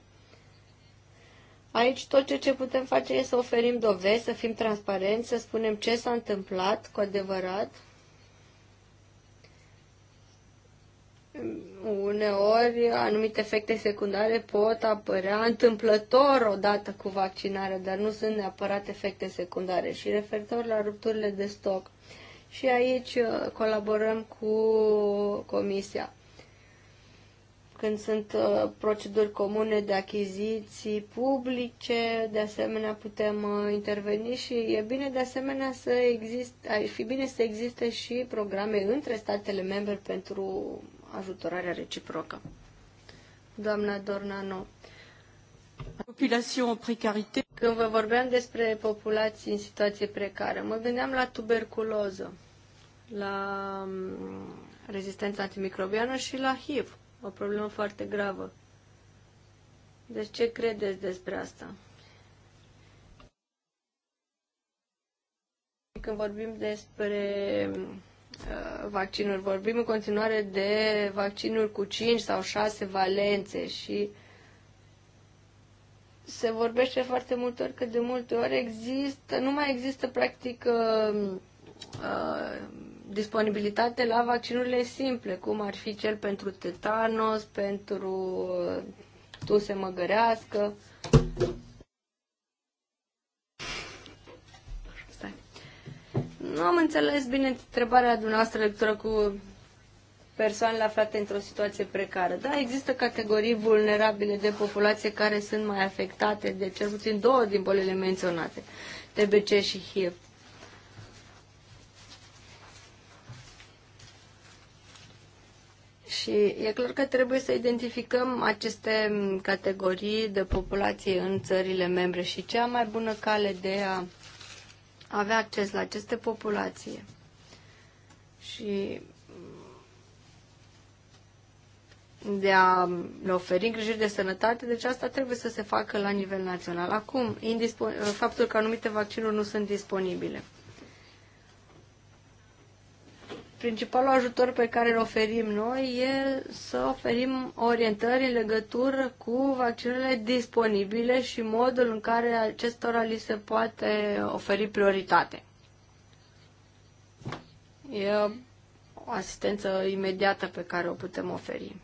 Aici tot ce, ce putem face este să oferim dovezi, să fim transparenți, să spunem ce s-a întâmplat cu adevărat. Uneori, anumite efecte secundare pot apărea întâmplător odată cu vaccinarea, dar nu sunt neapărat efecte secundare. Și referitor la rupturile de stoc. Și aici uh, colaborăm cu Comisia când sunt uh, proceduri comune de achiziții publice, de asemenea putem uh, interveni și e bine de asemenea să existe, ar fi bine să existe și programe între statele membre pentru ajutorarea reciprocă. Doamna Dornano, în precaritate. Când vă vorbeam despre populații în situație precară, mă gândeam la tuberculoză, la mm, rezistența antimicrobiană și la HIV o problemă foarte gravă. Deci ce credeți despre asta? Când vorbim despre uh, vaccinuri, vorbim în continuare de vaccinuri cu 5 sau 6 valențe și se vorbește foarte multe ori că de multe ori există, nu mai există practic uh, uh, disponibilitate la vaccinurile simple, cum ar fi cel pentru tetanos, pentru tuse uh, măgărească. Stai. Nu am înțeles bine întrebarea dumneavoastră lectură cu persoanele aflate într-o situație precară. Da, există categorii vulnerabile de populație care sunt mai afectate de cel puțin două din bolile menționate, TBC și HIV. Și e clar că trebuie să identificăm aceste categorii de populație în țările membre și cea mai bună cale de a avea acces la aceste populații. Și de a le oferi îngrijiri de sănătate, deci asta trebuie să se facă la nivel național. Acum, faptul că anumite vaccinuri nu sunt disponibile principalul ajutor pe care îl oferim noi e să oferim orientări în legătură cu vaccinurile disponibile și modul în care acestora li se poate oferi prioritate. E o asistență imediată pe care o putem oferi.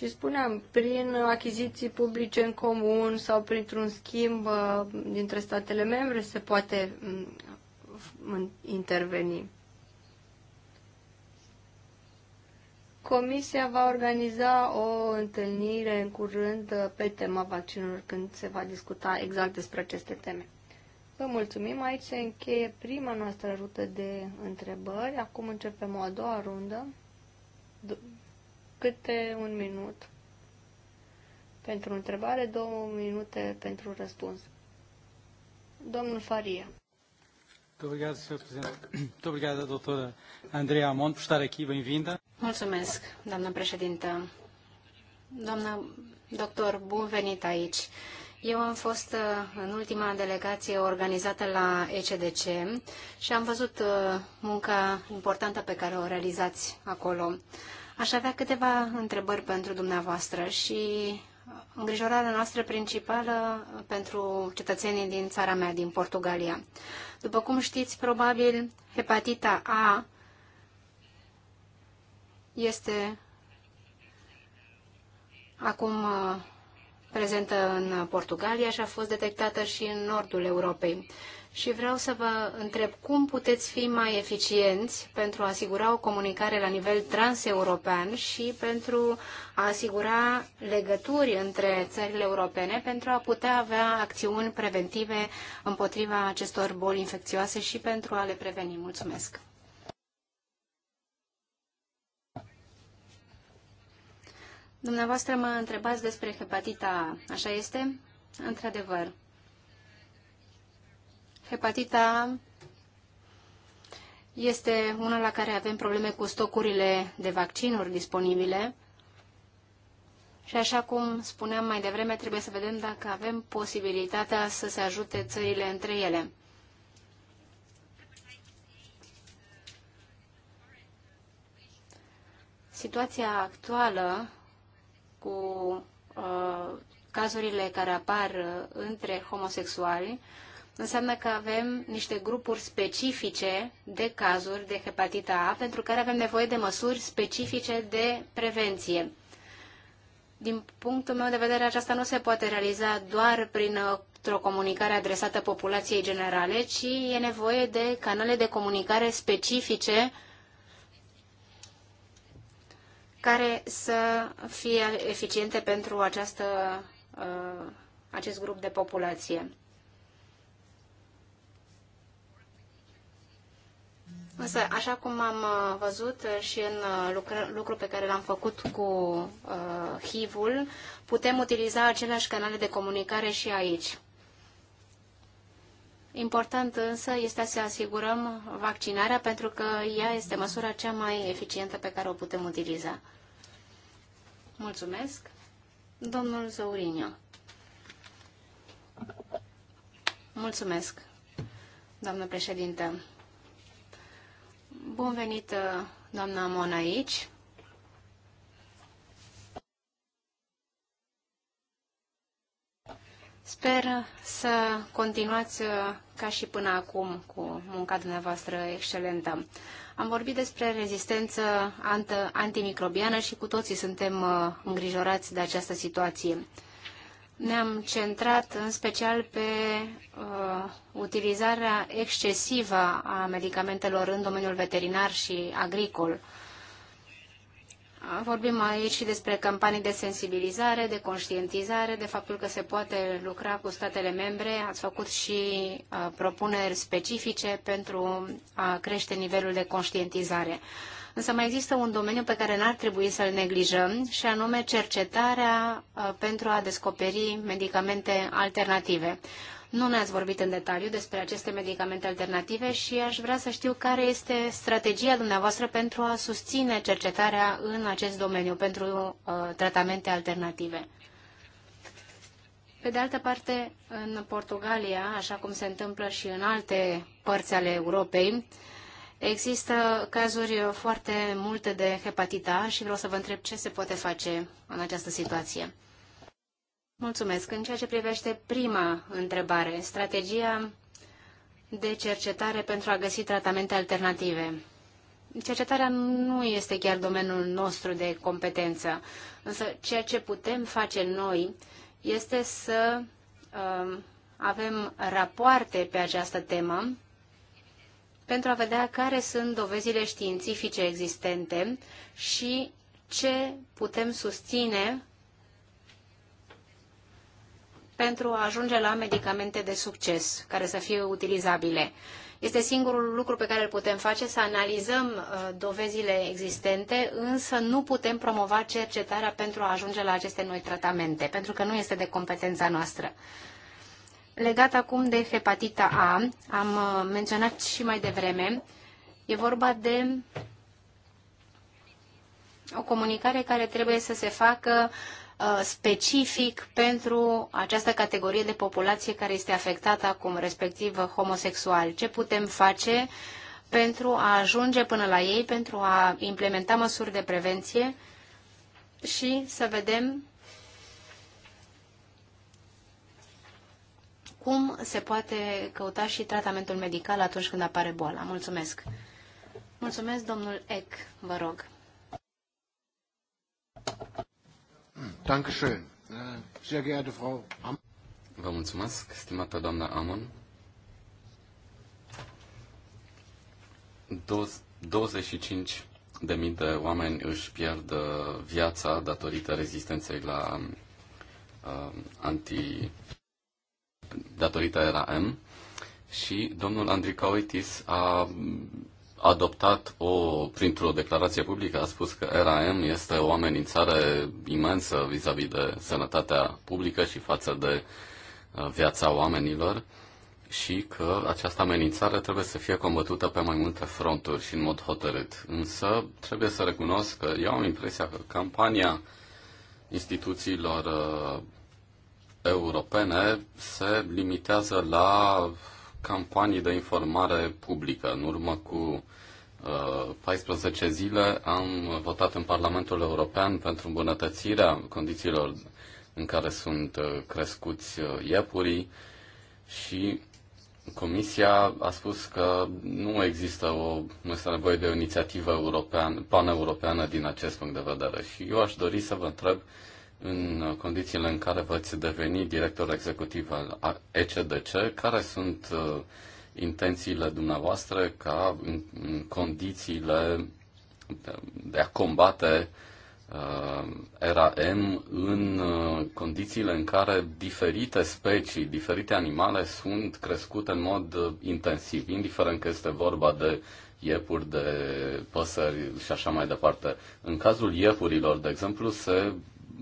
Și spuneam, prin achiziții publice în comun sau printr-un schimb uh, dintre statele membre se poate mm, interveni. Comisia va organiza o întâlnire în curând uh, pe tema vaccinurilor când se va discuta exact despre aceste teme. Vă mulțumim, aici se încheie prima noastră rută de întrebări. Acum începem o a doua rundă câte un minut pentru întrebare, două minute pentru răspuns. Domnul Faria. Obrigado, Sr. Presidente. Muito Andrea por estar aqui. Bem-vinda. Mulțumesc, doamnă președintă. Doamnă doctor, bun venit aici. Eu am fost uh, în ultima delegație organizată la ECDC și am văzut uh, munca importantă pe care o realizați acolo. Aș avea câteva întrebări pentru dumneavoastră și îngrijorarea noastră principală pentru cetățenii din țara mea, din Portugalia. După cum știți, probabil hepatita A este acum uh, prezentă în Portugalia și a fost detectată și în nordul Europei și vreau să vă întreb cum puteți fi mai eficienți pentru a asigura o comunicare la nivel transeuropean și pentru a asigura legături între țările europene pentru a putea avea acțiuni preventive împotriva acestor boli infecțioase și pentru a le preveni. Mulțumesc! Dumneavoastră mă întrebați despre hepatita A, așa este? Într-adevăr. Hepatita este una la care avem probleme cu stocurile de vaccinuri disponibile. Și așa cum spuneam mai devreme, trebuie să vedem dacă avem posibilitatea să se ajute țările între ele. Situația actuală cu uh, cazurile care apar între homosexuali uh, înseamnă că avem niște grupuri specifice de cazuri de hepatita A pentru care avem nevoie de măsuri specifice de prevenție. Din punctul meu de vedere, aceasta nu se poate realiza doar prin uh, o comunicare adresată populației generale, ci e nevoie de canale de comunicare specifice care să fie eficiente pentru această, uh, acest grup de populație. Însă, așa cum am uh, văzut uh, și în uh, lucru, lucru pe care l-am făcut cu uh, HIV-ul, putem utiliza aceleași canale de comunicare și aici. Important însă este să asigurăm vaccinarea pentru că ea este măsura cea mai eficientă pe care o putem utiliza. Mulțumesc. Domnul Zaurinio. Mulțumesc, doamnă președintă. Bun venit, uh, doamna Mona, aici. Sper să continuați uh, ca și până acum cu munca dumneavoastră excelentă. Am vorbit despre rezistență antimicrobiană și cu toții suntem uh, îngrijorați de această situație ne-am centrat în special pe uh, utilizarea excesivă a medicamentelor în domeniul veterinar și agricol. Vorbim aici și despre campanii de sensibilizare, de conștientizare, de faptul că se poate lucra cu statele membre. Ați făcut și uh, propuneri specifice pentru a crește nivelul de conștientizare. Uh, Însă mai există un domeniu pe care n-ar trebui să-l neglijăm și anume cercetarea uh, pentru a descoperi medicamente alternative. Nu ne-ați vorbit în detaliu despre aceste medicamente alternative și aș vrea să știu care este strategia dumneavoastră pentru a susține cercetarea în acest domeniu pentru uh, tratamente alternative. Pe de altă parte, în Portugalia, așa cum se întâmplă și în alte părți ale Europei, uh, Există cazuri foarte multe de hepatita și vreau să vă întreb ce se poate face în această situație. Mulțumesc. În ceea ce privește prima întrebare, strategia de cercetare pentru a găsi tratamente alternative. Cercetarea nu este chiar domeniul nostru de competență, însă ceea ce putem face noi este să uh, avem rapoarte pe această temă pentru a vedea care sunt dovezile științifice existente și ce putem susține pentru a ajunge la medicamente de succes care să fie utilizabile. Este singurul lucru pe care îl putem face, să analizăm uh, dovezile existente, însă nu putem promova cercetarea pentru a ajunge la aceste noi tratamente, pentru că nu este de competența noastră. Legat acum de hepatita A, am uh, menționat și mai devreme, e vorba de o comunicare care trebuie să se facă uh, specific pentru această categorie de populație care este afectată acum, respectiv homosexual. Ce putem face pentru a ajunge până la ei, pentru a implementa măsuri de prevenție și să vedem cum se poate căuta și tratamentul medical atunci când apare boala. Mulțumesc! Mulțumesc, domnul Eck, vă rog. Äh, sehr geehrte Frau Vă mulțumesc, stimată doamna Amon. 25 de mii de oameni își pierd uh, viața datorită rezistenței la um, anti datorită M și domnul Andricoitis a adoptat o, printr-o declarație publică, a spus că RAM este o amenințare imensă vis-a-vis -vis de sănătatea publică și față de uh, viața oamenilor și că această amenințare trebuie să fie combătută pe mai multe fronturi și în mod hotărât. Însă trebuie să recunosc că eu am impresia că campania instituțiilor uh, europene se limitează la campanii de informare publică. În urmă cu 14 uh, zile am votat în Parlamentul European pentru îmbunătățirea condițiilor în care sunt uh, crescuți uh, iepurii și Comisia a spus că nu există o, nu este nevoie de o inițiativă european, paneuropeană din acest punct de vedere. Și eu aș dori să vă întreb uh, în condițiile în care veți deveni director executiv al ECDC, care sunt uh, intențiile dumneavoastră ca în condițiile de a combate uh, RAM în uh, condițiile în care diferite specii, diferite animale sunt crescute în mod intensiv, indiferent că este vorba de iepuri, de păsări și așa mai departe. În cazul iepurilor, de exemplu, se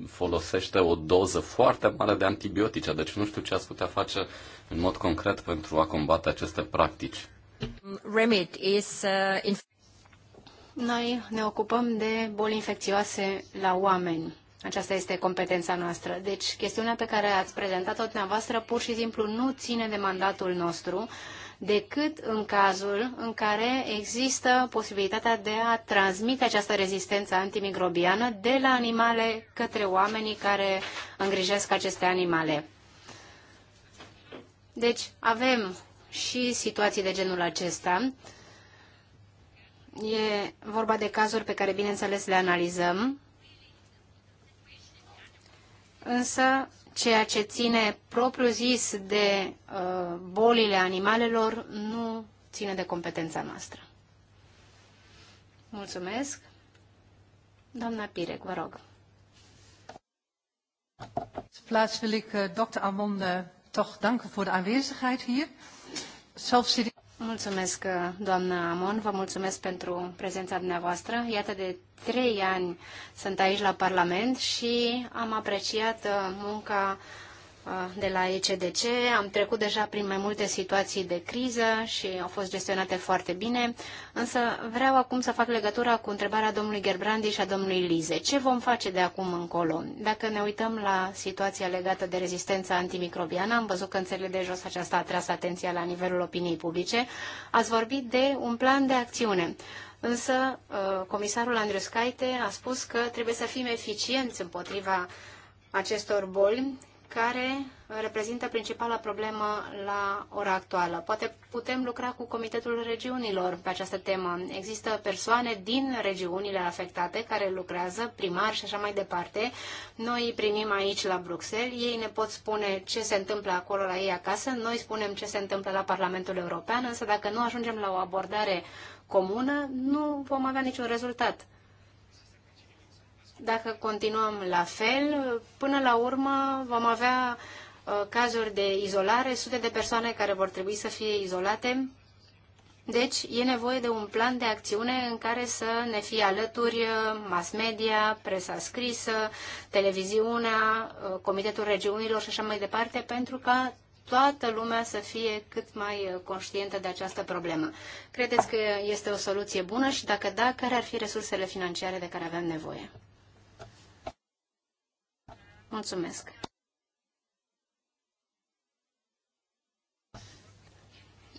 folosește o doză foarte mare de antibiotice, deci nu știu ce ați putea face în mod concret pentru a combate aceste practici. Remit is, uh, Noi ne ocupăm de boli infecțioase la oameni. Aceasta este competența noastră. Deci, chestiunea pe care ați prezentat-o dumneavoastră pur și simplu nu ține de mandatul nostru, decât în cazul în care există posibilitatea de a transmite această rezistență antimicrobiană de la animale către oamenii care îngrijesc aceste animale. Deci avem și situații de genul acesta. E vorba de cazuri pe care, bineînțeles, le analizăm, însă ceea ce ține propriu-zis de uh, bolile animalelor nu ține de competența noastră. Mulțumesc. Doamna Pirec, vă rog. Plaats wil ik uh, eh, dokter Amonde eh, toch danken voor de aanwezigheid hier. Zelfs zit Mulțumesc, doamnă Amon, vă mulțumesc pentru prezența dumneavoastră. Iată de trei ani sunt aici la Parlament și am apreciat uh, munca de la ECDC. Am trecut deja prin mai multe situații de criză și au fost gestionate foarte bine, însă vreau acum să fac legătura cu întrebarea domnului Gerbrandi și a domnului Lize. Ce vom face de acum încolo? Dacă ne uităm la situația legată de rezistența antimicrobiană, am văzut că în țările de jos aceasta a tras atenția la nivelul opiniei publice, ați vorbit de un plan de acțiune. Însă, uh, comisarul Andrius Caite a spus că trebuie să fim eficienți împotriva acestor boli care uh, reprezintă principala problemă la ora actuală. Poate putem lucra cu Comitetul Regiunilor pe această temă. Există persoane din regiunile afectate care lucrează, primari și așa mai departe. Noi îi primim aici la Bruxelles, ei ne pot spune ce se întâmplă acolo la ei acasă, noi spunem ce se întâmplă la Parlamentul European, însă dacă nu ajungem la o abordare comună, nu vom avea niciun rezultat. Dacă continuăm la fel, până la urmă vom avea uh, cazuri de izolare, sute de persoane care vor trebui să fie izolate. Deci e nevoie de un plan de acțiune în care să ne fie alături uh, mass media, presa scrisă, televiziunea, uh, Comitetul Regiunilor și așa mai departe, pentru ca toată lumea să fie cât mai conștientă de această problemă. Credeți că este o soluție bună și dacă da, care ar fi resursele financiare de care avem nevoie? Mulțumesc!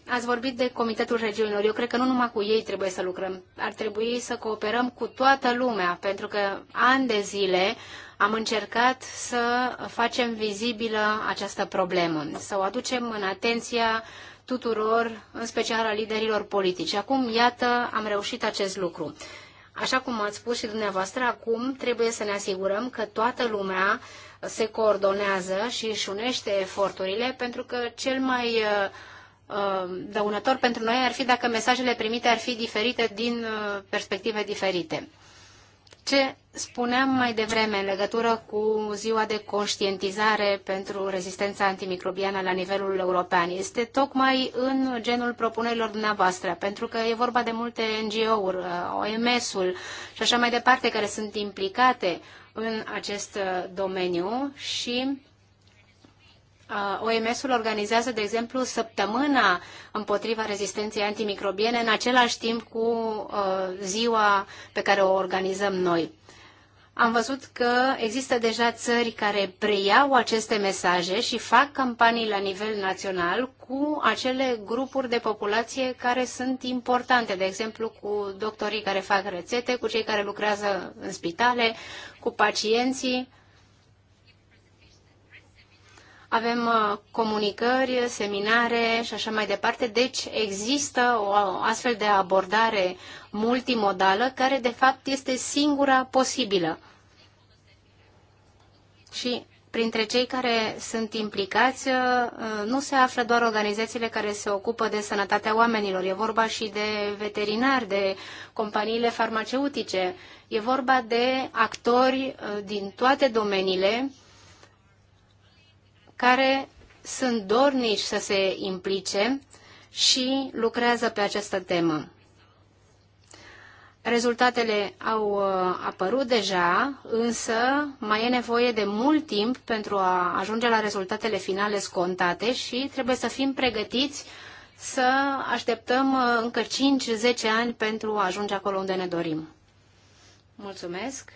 Ați vorbit de Comitetul Regiunilor. Eu cred că nu numai cu ei trebuie să lucrăm. Ar trebui să cooperăm cu toată lumea, pentru că ani de zile am încercat să facem vizibilă această problemă, să o aducem în atenția tuturor, în special a liderilor politici. Acum, iată, am reușit acest lucru. Așa cum ați spus și dumneavoastră, acum trebuie să ne asigurăm că toată lumea se coordonează și își unește eforturile, pentru că cel mai uh, uh, dăunător pentru noi ar fi dacă mesajele primite ar fi diferite din uh, perspective diferite. Ce spuneam mai devreme în legătură cu ziua de conștientizare pentru rezistența antimicrobiană la nivelul european este tocmai în genul propunerilor dumneavoastră, pentru că e vorba de multe NGO-uri, OMS-ul și așa mai departe, care sunt implicate în acest domeniu și Uh, OMS-ul organizează, de exemplu, săptămâna împotriva rezistenței antimicrobiene în același timp cu uh, ziua pe care o organizăm noi. Am văzut că există deja țări care preiau aceste mesaje și fac campanii la nivel național cu acele grupuri de populație care sunt importante, de exemplu cu doctorii care fac rețete, cu cei care lucrează în spitale, cu pacienții avem uh, comunicări, seminare și așa mai departe. Deci există o astfel de abordare multimodală care de fapt este singura posibilă. Și printre cei care sunt implicați uh, nu se află doar organizațiile care se ocupă de sănătatea oamenilor. E vorba și de veterinari, de companiile farmaceutice. E vorba de actori uh, din toate domeniile care sunt dornici să se implice și lucrează pe această temă. Rezultatele au uh, apărut deja, însă mai e nevoie de mult timp pentru a ajunge la rezultatele finale scontate și trebuie să fim pregătiți să așteptăm uh, încă 5-10 ani pentru a ajunge acolo unde ne dorim. Mulțumesc.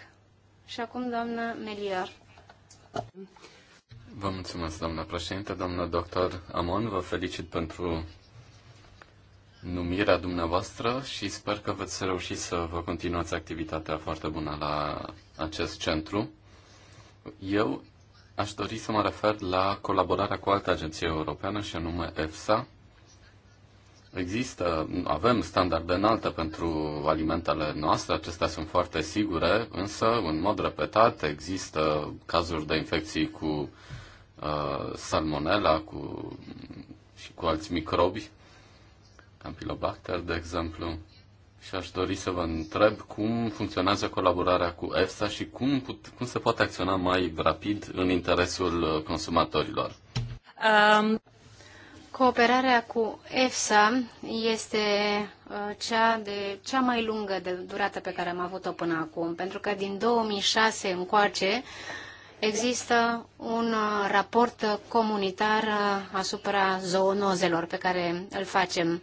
Și acum, doamna Meliar. Vă mulțumesc, doamna președinte. Doamna doctor Amon, vă felicit pentru numirea dumneavoastră și sper că veți reuși să vă continuați activitatea foarte bună la acest centru. Eu aș dori să mă refer la colaborarea cu altă agenție europeană și anume EFSA. Există, avem standarde înalte pentru alimentele noastre, acestea sunt foarte sigure, însă, în mod repetat, există cazuri de infecții cu salmonella cu, și cu alți microbi, campylobacter, de exemplu. Și aș dori să vă întreb cum funcționează colaborarea cu EFSA și cum, put, cum se poate acționa mai rapid în interesul consumatorilor. Um... Cooperarea cu EFSA este uh, cea, de, cea mai lungă de durată pe care am avut-o până acum, pentru că din 2006 încoace Există un uh, raport comunitar uh, asupra zoonozelor pe care îl facem.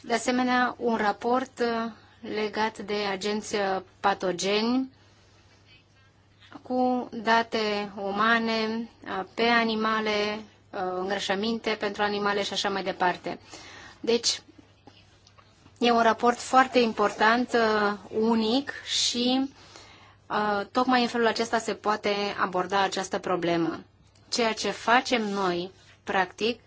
De asemenea, un raport uh, legat de agenți patogeni cu date umane, pe animale, îngrășăminte pentru animale și așa mai departe. Deci, e un raport foarte important, unic și tocmai în felul acesta se poate aborda această problemă. Ceea ce facem noi, practic,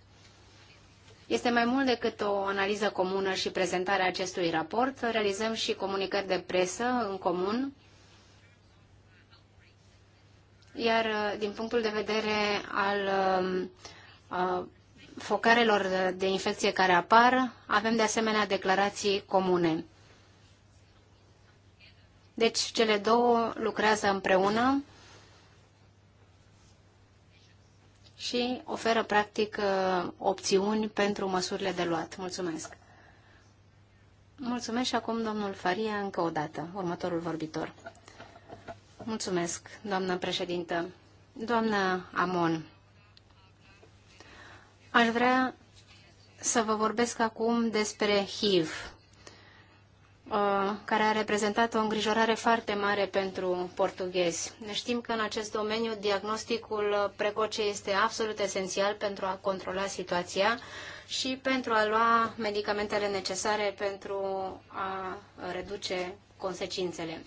este mai mult decât o analiză comună și prezentarea acestui raport. Realizăm și comunicări de presă în comun. Iar din punctul de vedere al focarelor de infecție care apar, avem de asemenea declarații comune. Deci cele două lucrează împreună și oferă practic uh, opțiuni pentru măsurile de luat. Mulțumesc! Mulțumesc și acum domnul Faria încă o dată, următorul vorbitor. Mulțumesc, doamnă președintă. Doamnă Amon, aș vrea să vă vorbesc acum despre HIV Uh, care a reprezentat o îngrijorare foarte mare pentru portughezi. Știm că în acest domeniu diagnosticul precoce este absolut esențial pentru a controla situația și pentru a lua medicamentele necesare pentru a reduce consecințele.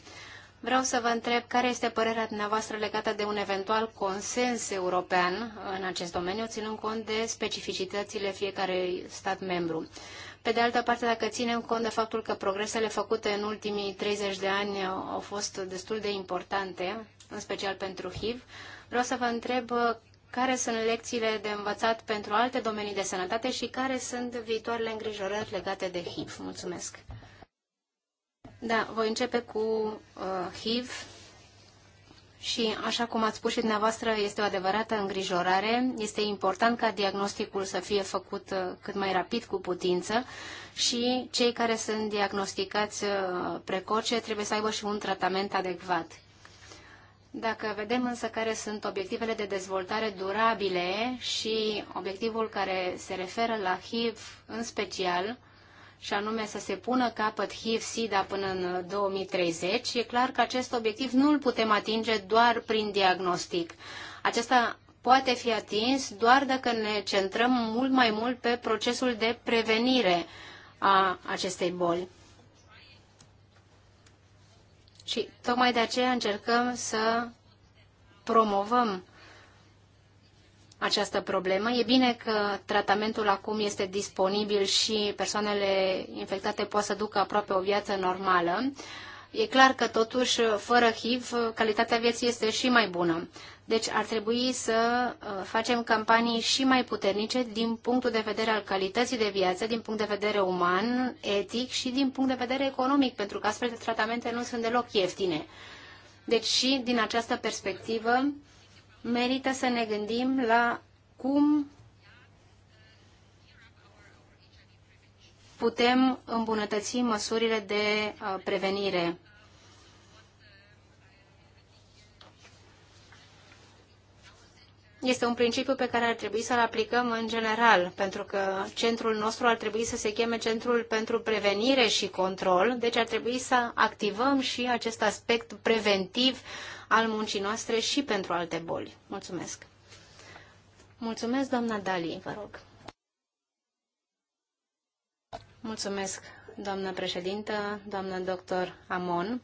Vreau să vă întreb care este părerea dumneavoastră legată de un eventual consens european în acest domeniu, ținând cont de specificitățile fiecărui stat membru. Pe de altă parte, dacă ținem cont de faptul că progresele făcute în ultimii 30 de ani au fost destul de importante, în special pentru HIV, vreau să vă întreb uh, care sunt lecțiile de învățat pentru alte domenii de sănătate și care sunt viitoarele îngrijorări legate de HIV. Mulțumesc! Da, voi începe cu uh, HIV și, așa cum ați spus și dumneavoastră, este o adevărată îngrijorare. Este important ca diagnosticul să fie făcut uh, cât mai rapid cu putință și cei care sunt diagnosticați uh, precoce trebuie să aibă și un tratament adecvat. Dacă vedem însă care sunt obiectivele de dezvoltare durabile și obiectivul care se referă la HIV în special, și anume să se pună capăt HIV-SIDA până în 2030, uh, e clar că acest obiectiv nu îl putem atinge doar prin diagnostic. Acesta poate fi atins doar dacă ne centrăm mult mai mult pe procesul de prevenire a acestei boli. Și tocmai de aceea încercăm să promovăm această problemă. E bine că tratamentul acum este disponibil și persoanele infectate pot să ducă aproape o viață normală. E clar că totuși, fără HIV, calitatea vieții este și mai bună. Deci ar trebui să uh, facem campanii și mai puternice din punctul de vedere al calității de viață, din punct de vedere uman, etic și din punct de vedere economic, pentru că astfel de tratamente nu sunt deloc ieftine. Deci și din această perspectivă, merită să ne gândim la cum putem îmbunătăți măsurile de uh, prevenire. Este un principiu pe care ar trebui să-l aplicăm în general, pentru că centrul nostru ar trebui să se cheme Centrul pentru Prevenire și Control, deci ar trebui să activăm și acest aspect preventiv uh, al muncii noastre și pentru alte boli. Mulțumesc! Mulțumesc, doamna Dali, vă rog. Mulțumesc, doamnă președintă, doamnă doctor Amon.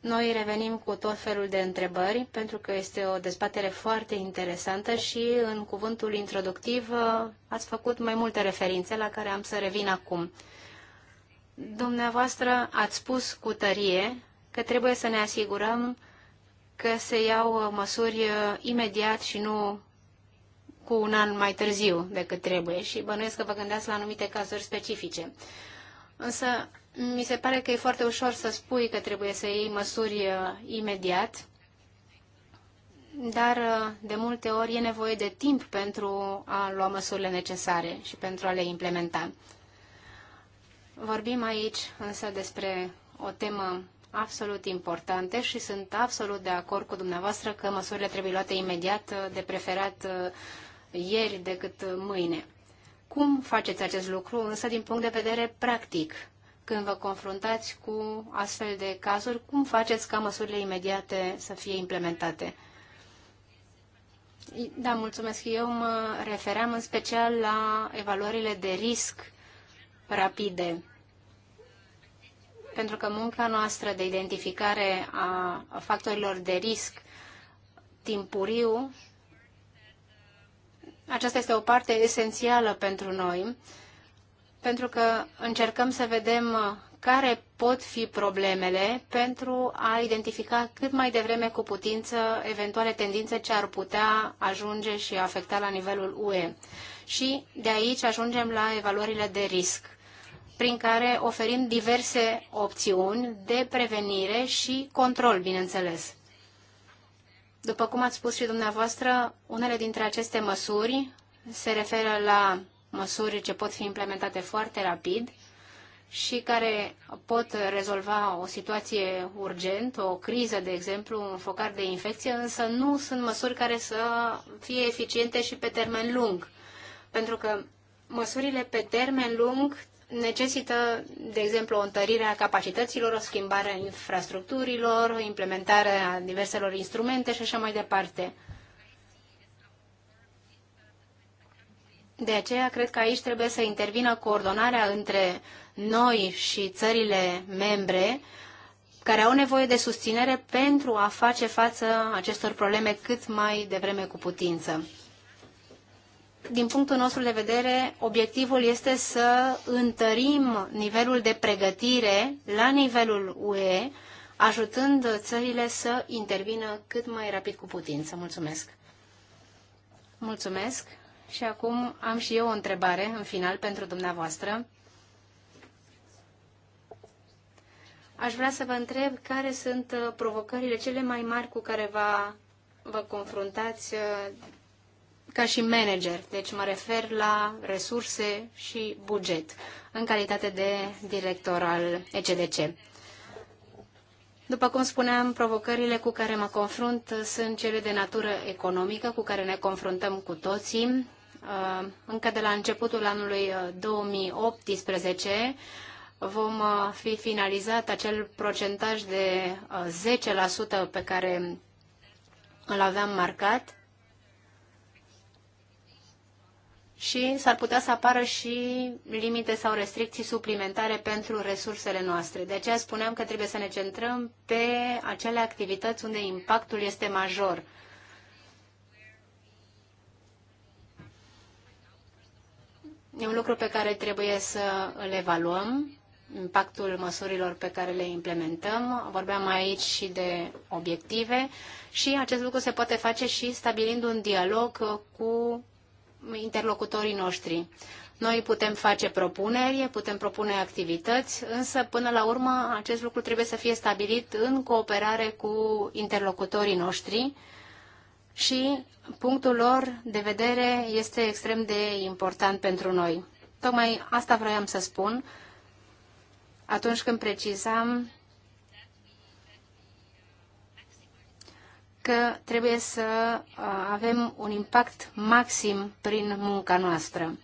Noi revenim cu tot felul de întrebări, pentru că este o dezbatere foarte interesantă și în cuvântul introductiv ați făcut mai multe referințe la care am să revin acum. Dumneavoastră ați spus cu tărie că trebuie să ne asigurăm că se iau uh, măsuri uh, imediat și nu cu un an mai târziu decât trebuie și bănuiesc că vă gândeați la anumite cazuri specifice. Însă, mi se pare că e foarte ușor să spui că trebuie să iei măsuri uh, imediat, dar de multe ori e nevoie de timp pentru a lua măsurile necesare și pentru a le implementa. Vorbim aici însă despre o temă absolut importante și sunt absolut de acord cu dumneavoastră că măsurile trebuie luate imediat, de preferat ieri decât mâine. Cum faceți acest lucru, însă din punct de vedere practic? Când vă confruntați cu astfel de cazuri, cum faceți ca măsurile imediate să fie implementate? Da, mulțumesc. Eu mă refeream în special la evaluările de risc rapide pentru că munca noastră de identificare a factorilor de risc timpuriu, aceasta este o parte esențială pentru noi, pentru că încercăm să vedem care pot fi problemele pentru a identifica cât mai devreme cu putință eventuale tendințe ce ar putea ajunge și afecta la nivelul UE. Și de aici ajungem la evaluările de risc prin care oferim diverse opțiuni de prevenire și control, bineînțeles. După cum ați spus și dumneavoastră, unele dintre aceste măsuri se referă la măsuri ce pot fi implementate foarte rapid și care pot rezolva o situație urgent, o criză, de exemplu, un focar de infecție, însă nu sunt măsuri care să fie eficiente și pe termen lung. Pentru că măsurile pe termen lung necesită, de exemplu, o întărire a capacităților, o schimbare a infrastructurilor, implementarea diverselor instrumente și așa mai departe. De aceea, cred că aici trebuie să intervină coordonarea între noi și țările membre care au nevoie de susținere pentru a face față acestor probleme cât mai devreme cu putință din punctul nostru de vedere, obiectivul este să întărim nivelul de pregătire la nivelul UE, ajutând țările să intervină cât mai rapid cu putință. Mulțumesc! Mulțumesc! Și acum am și eu o întrebare, în final, pentru dumneavoastră. Aș vrea să vă întreb care sunt provocările cele mai mari cu care va, vă confruntați ca și manager, deci mă refer la resurse și buget, în calitate de director al ECDC. După cum spuneam, provocările cu care mă confrunt sunt cele de natură economică, cu care ne confruntăm cu toții. Uh, încă de la începutul anului 2018 uh, vom uh, fi finalizat acel procentaj de 10% pe care îl aveam marcat și s-ar putea să apară și limite sau restricții suplimentare pentru resursele noastre. De aceea spuneam că trebuie să ne centrăm pe acele activități unde impactul este major. E un lucru pe care trebuie să îl evaluăm, impactul măsurilor pe care le implementăm. Vorbeam aici și de obiective și acest lucru se poate face și stabilind un dialog cu interlocutorii noștri. Noi putem face propuneri, putem propune activități, însă până la urmă acest lucru trebuie să fie stabilit în cooperare cu interlocutorii noștri și punctul lor de vedere este extrem de important pentru noi. Tocmai asta vroiam să spun atunci când precizam că trebuie să uh, avem un impact maxim prin munca noastră.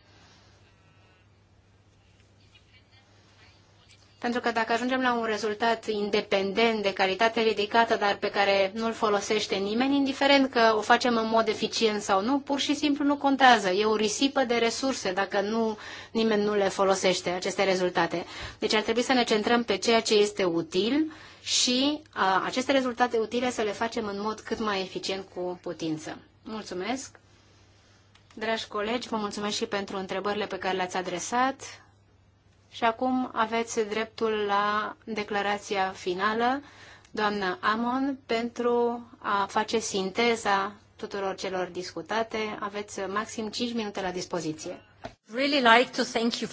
Pentru că dacă ajungem la un rezultat independent, de calitate ridicată, dar pe care nu-l folosește nimeni, indiferent că o facem în mod eficient sau nu, pur și simplu nu contează. E o risipă de resurse dacă nu, nimeni nu le folosește, aceste rezultate. Deci ar trebui să ne centrăm pe ceea ce este util și a, aceste rezultate utile să le facem în mod cât mai eficient cu putință. Mulțumesc! Dragi colegi, vă mulțumesc și pentru întrebările pe care le-ați adresat și acum aveți dreptul la declarația finală, doamna Amon, pentru a face sinteza tuturor celor discutate. Aveți maxim 5 minute la dispoziție. Really like to thank you.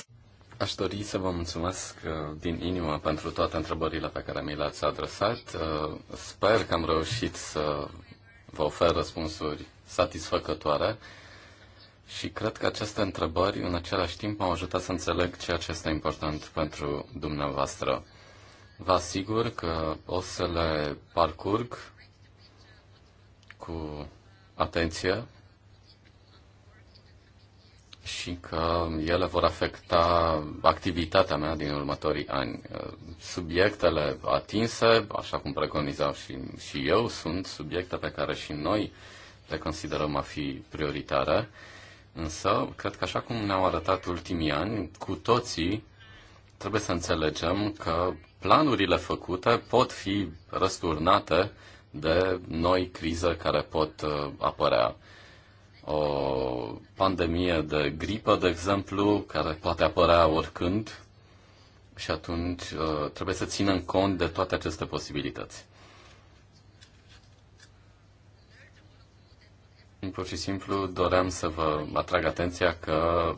Aș dori să vă mulțumesc uh, din inimă pentru toate întrebările pe care mi le-ați adresat. Uh, sper că am reușit să vă ofer răspunsuri satisfăcătoare și cred că aceste întrebări în același timp m-au ajutat să înțeleg ceea ce este important pentru dumneavoastră. Vă asigur că o să le parcurg cu atenție și că ele vor afecta activitatea mea din următorii ani. Subiectele atinse, așa cum preconizau și, și eu, sunt subiecte pe care și noi le considerăm a fi prioritare, însă cred că așa cum ne-au arătat ultimii ani, cu toții trebuie să înțelegem că planurile făcute pot fi răsturnate de noi crize care pot uh, apărea o pandemie de gripă, de exemplu, care poate apărea oricând și atunci uh, trebuie să ținem cont de toate aceste posibilități. Pur și simplu doream să vă atrag atenția că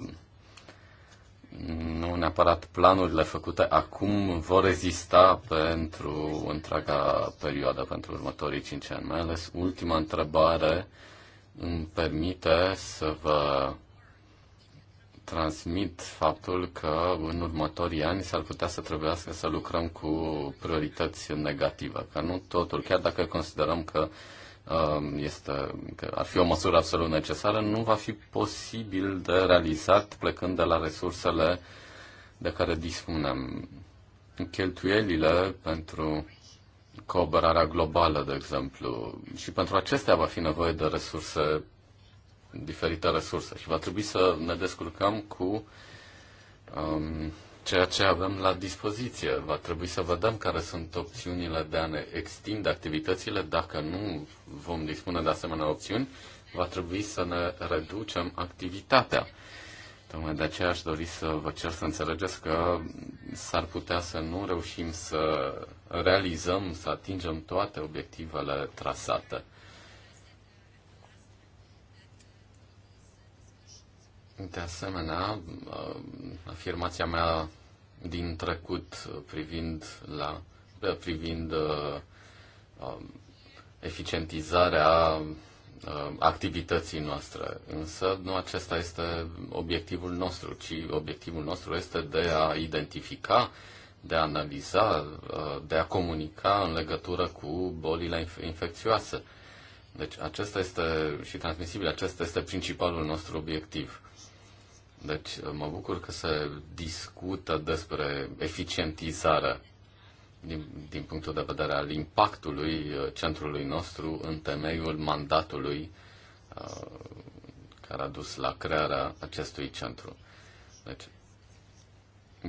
nu neapărat planurile făcute acum vor rezista pentru întreaga perioadă, pentru următorii 5 ani. Mai ales ultima întrebare uh, îmi permite să vă transmit faptul că în următorii ani s-ar putea să trebuiască să lucrăm cu priorități negative, că nu totul, chiar dacă considerăm că um, este, că ar fi o măsură absolut necesară, nu va fi posibil de realizat plecând de la resursele de care dispunem. Cheltuielile pentru cooperarea globală, de exemplu. Și pentru acestea va fi nevoie de resurse, diferite resurse. Și va trebui să ne descurcăm cu um, ceea ce avem la dispoziție. Va trebui să vedem care sunt opțiunile de a ne extinde activitățile. Dacă nu vom dispune de asemenea opțiuni, va trebui să ne reducem activitatea. Tocmai de aceea aș dori să vă cer să înțelegeți că s-ar putea să nu reușim să realizăm, să atingem toate obiectivele trasate. De asemenea, uh, afirmația mea din trecut privind la uh, privind uh, eficientizarea activității noastre. Însă nu acesta este obiectivul nostru, ci obiectivul nostru este de a identifica uh, de a analiza, uh, de a comunica în legătură cu bolile infecțioase. Deci acesta este și transmisibil, acesta este principalul nostru obiectiv. Deci uh, mă bucur că se discută despre eficientizarea, din, din punctul de vedere al impactului uh, centrului nostru în temeiul mandatului care a dus la crearea acestui centru. Deci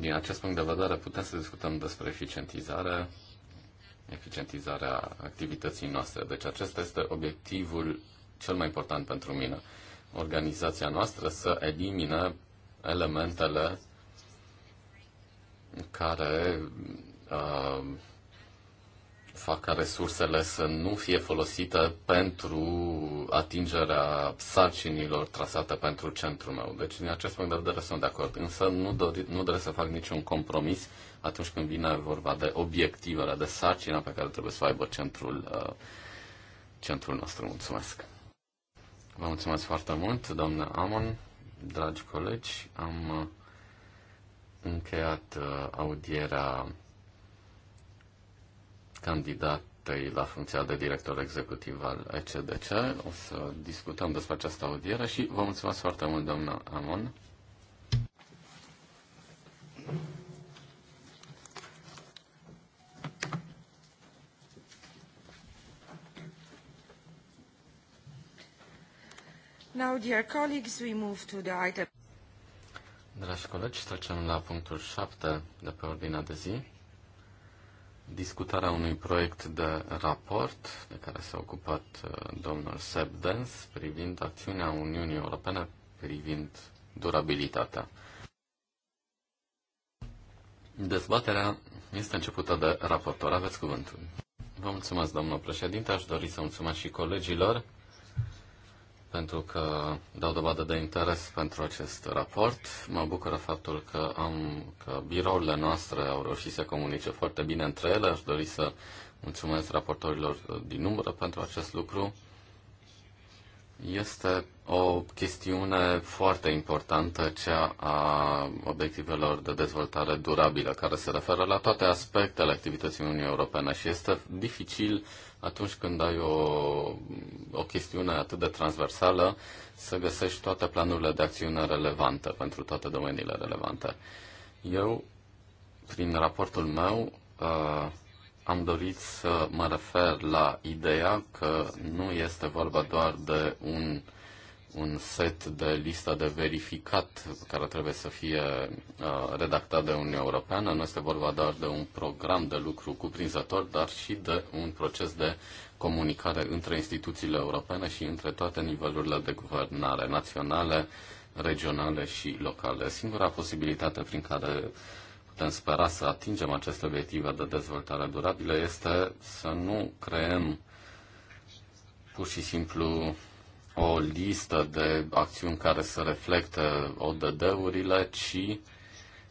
din acest punct de vedere putem să discutăm despre eficientizare, eficientizarea activității noastre. Deci acesta este obiectivul cel mai important pentru mine. Organizația noastră să elimine elementele care uh, fac ca resursele să nu fie folosite pentru atingerea sarcinilor trasate pentru centrul meu. Deci, din acest punct de vedere, sunt de acord. Însă, nu, dori, nu doresc să fac niciun compromis atunci când vine vorba de obiectivele, de sarcina pe care trebuie să o aibă centrul, uh, centrul nostru. Mulțumesc! Vă mulțumesc foarte mult, doamnă Amon, dragi colegi. Am uh, încheiat uh, audierea candidatei la funcția de director executiv al ECDC. O să discutăm despre această audiere și vă mulțumesc foarte mult, doamna Amon. Now, dear colleagues, we move to the item. Dragi colegi, trecem la punctul 7 de pe ordinea de zi discutarea unui proiect de raport de care s-a ocupat uh, domnul Seb Dens privind acțiunea Uniunii Europene privind durabilitatea. Dezbaterea este începută de raportor. Aveți cuvântul. Vă mulțumesc, domnul președinte. Aș dori să mulțumesc și colegilor pentru că dau dovadă de interes pentru acest raport. Mă bucură faptul că, am, că birourile noastre au reușit să comunice foarte bine între ele. Aș dori să mulțumesc raportorilor din umbră pentru acest lucru. Este o chestiune foarte importantă, cea a obiectivelor de dezvoltare durabilă, care se referă la toate aspectele activității Uniunii Europene și este dificil uh, atunci când ai o, o chestiune atât de transversală, să găsești toate planurile de acțiune relevante pentru toate domeniile relevante. Eu, prin raportul meu, uh, am dorit să mă refer la ideea că nu este vorba doar de un uh, un set de lista de verificat care trebuie să fie uh, redactat de Uniunea Europeană. Nu este vorba doar de un program de lucru cuprinzător, dar și de un proces de comunicare între instituțiile europene și între toate nivelurile de guvernare naționale, regionale și locale. Singura posibilitate prin care putem spera să atingem aceste obiective de dezvoltare durabilă este să nu creăm pur și simplu o listă de acțiuni care să reflecte ODD-urile, ci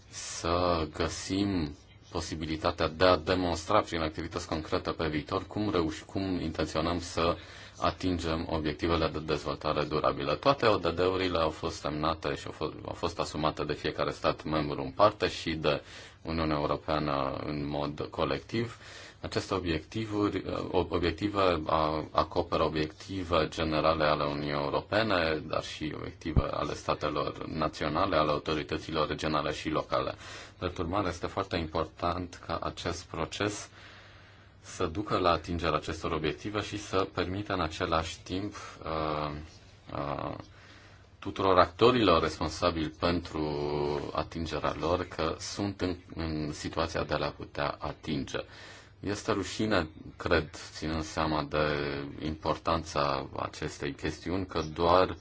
să găsim posibilitatea de a demonstra prin activități concrete pe viitor cum, reuși, cum intenționăm să atingem obiectivele de dezvoltare durabilă. Toate ODD-urile au fost semnate și au fost, au fost asumate de fiecare stat membru în parte și de Uniunea Europeană în mod colectiv. Aceste obiectivuri, obiective acoperă obiective generale ale Uniunii Europene, dar și obiective ale statelor naționale, ale autorităților regionale și locale. De urmare, este foarte important ca acest proces să ducă la atingerea acestor obiective și să permită în același timp uh, uh, tuturor actorilor responsabili pentru atingerea lor că sunt în, în situația de a le putea atinge. Este rușine, cred, ținând seama de importanța acestei chestiuni, că doar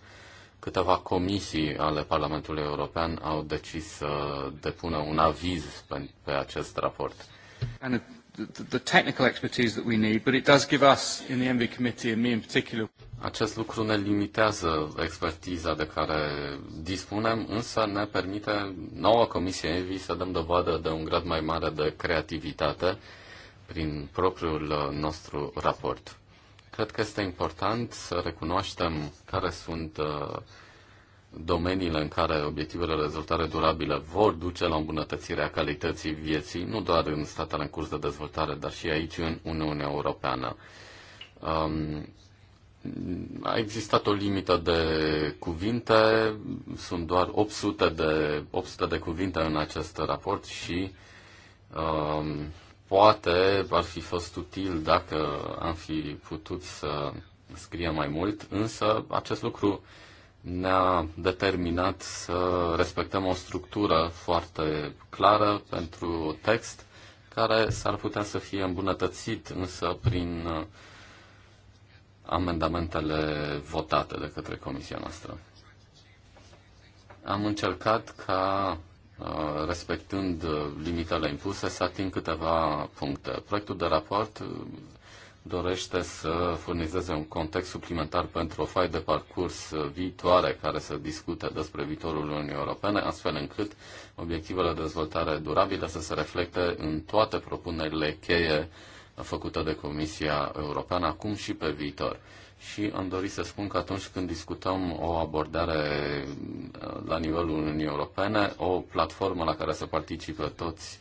câteva comisii ale Parlamentului European au decis să depună un aviz pe, pe acest raport. And the technical expertise that we need, but it does give us in the committee and me in particular. Acest lucru ne limitează expertiza de care dispunem, însă ne permite nouă comisie EVI să dăm dovadă de un grad mai mare de creativitate prin propriul uh, nostru raport. Cred că este important să recunoaștem care sunt uh, domeniile în care obiectivele de dezvoltare durabilă vor duce la îmbunătățirea calității vieții, nu doar în statele în curs de dezvoltare, dar și aici în Uniunea Europeană. Um, a existat o limită de cuvinte, sunt doar 800 de, 800 de cuvinte în acest raport și um, Poate ar fi fost util dacă am fi putut să scriem mai mult, însă acest lucru ne-a determinat să respectăm o structură foarte clară pentru text, care s-ar putea să fie îmbunătățit, însă prin uh, amendamentele votate de către comisia noastră. Am încercat ca Uh, respectând uh, limitele impuse, să ating câteva puncte. Proiectul de raport uh, dorește să furnizeze un context suplimentar pentru o faie de parcurs viitoare care să discute despre viitorul Uniunii Europene, astfel încât obiectivele de dezvoltare durabilă să se reflecte în toate propunerile cheie făcute de Comisia Europeană acum și pe viitor și am dorit să spun că atunci când discutăm o abordare uh, la nivelul Uniunii Europene, o platformă la care să participă toți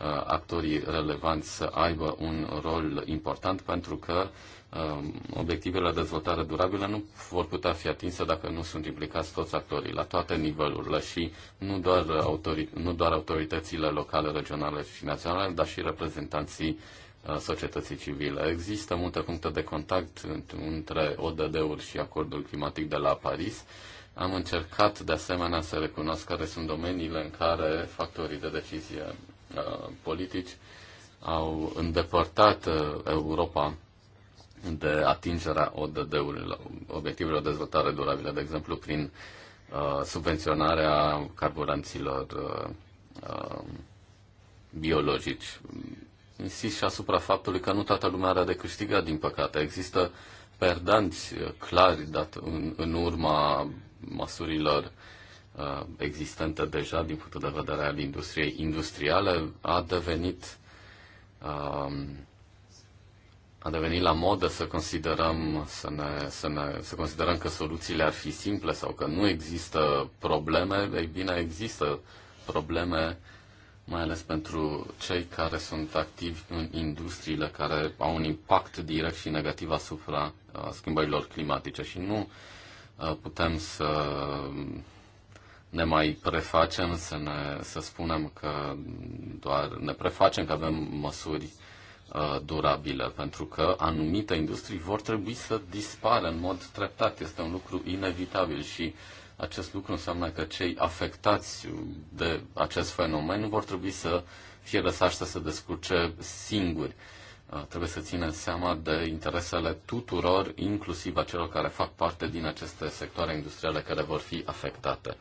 uh, actorii relevanți să aibă un rol important pentru că uh, obiectivele de dezvoltare durabilă nu vor putea fi atinse dacă nu sunt implicați toți actorii la toate nivelurile și nu doar, autori, nu doar autoritățile locale, regionale și naționale, dar și reprezentanții societății civile. Există multe puncte de contact între ODD-uri și acordul climatic de la Paris. Am încercat de asemenea să recunosc care sunt domeniile în care factorii de decizie politici au îndepărtat Europa de atingerea ODD-urilor, obiectivelor de dezvoltare durabilă, de exemplu, prin subvenționarea carburanților biologici insist și asupra faptului că nu toată lumea are de câștigat, din păcate. Există perdanți uh, clari dat în, în urma măsurilor uh, existente deja din punctul de vedere al industriei industriale. A devenit, uh, a devenit la modă să considerăm, să, ne, să, ne, să considerăm că soluțiile ar fi simple sau că nu există probleme. Ei bine, există probleme mai ales pentru cei care sunt activi în industriile care au un impact direct și negativ asupra uh, schimbărilor climatice și nu uh, putem să ne mai prefacem, să, ne, să spunem că doar ne prefacem că avem măsuri uh, durabile, pentru că anumite industrii vor trebui să dispară în mod treptat. Este un lucru inevitabil și uh, acest lucru înseamnă că cei afectați de acest fenomen nu vor trebui să fie lăsați să se descurce singuri. Uh, trebuie să ținem seama de interesele tuturor, inclusiv a celor care fac parte din aceste sectoare industriale care vor fi afectate.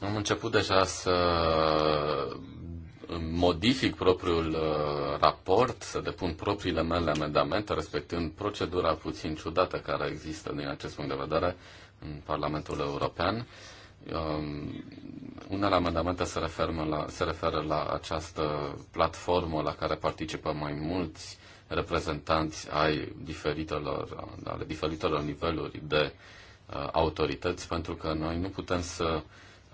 Am început deja să modific propriul uh, raport, să depun propriile mele amendamente, respectând procedura puțin ciudată care există din acest punct de vedere în Parlamentul European. Um, unele amendamente se referă, la, se referă la această platformă la care participă mai mulți reprezentanți ai diferitelor, ale diferitelor niveluri de uh, autorități, pentru că noi nu putem să uh,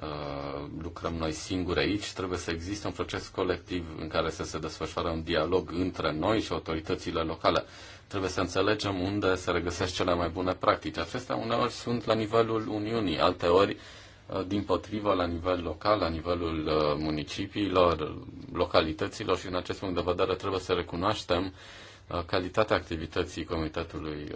Uh, lucrăm noi singuri aici, trebuie să existe un proces colectiv în care să se desfășoare un dialog între noi și autoritățile locale. Trebuie să înțelegem unde se regăsesc cele mai bune practici. Acestea uneori sunt la nivelul Uniunii, alteori, uh, din potrivă, la nivel local, la nivelul uh, municipiilor, localităților și în acest punct de vedere trebuie să recunoaștem calitatea activității Comitetului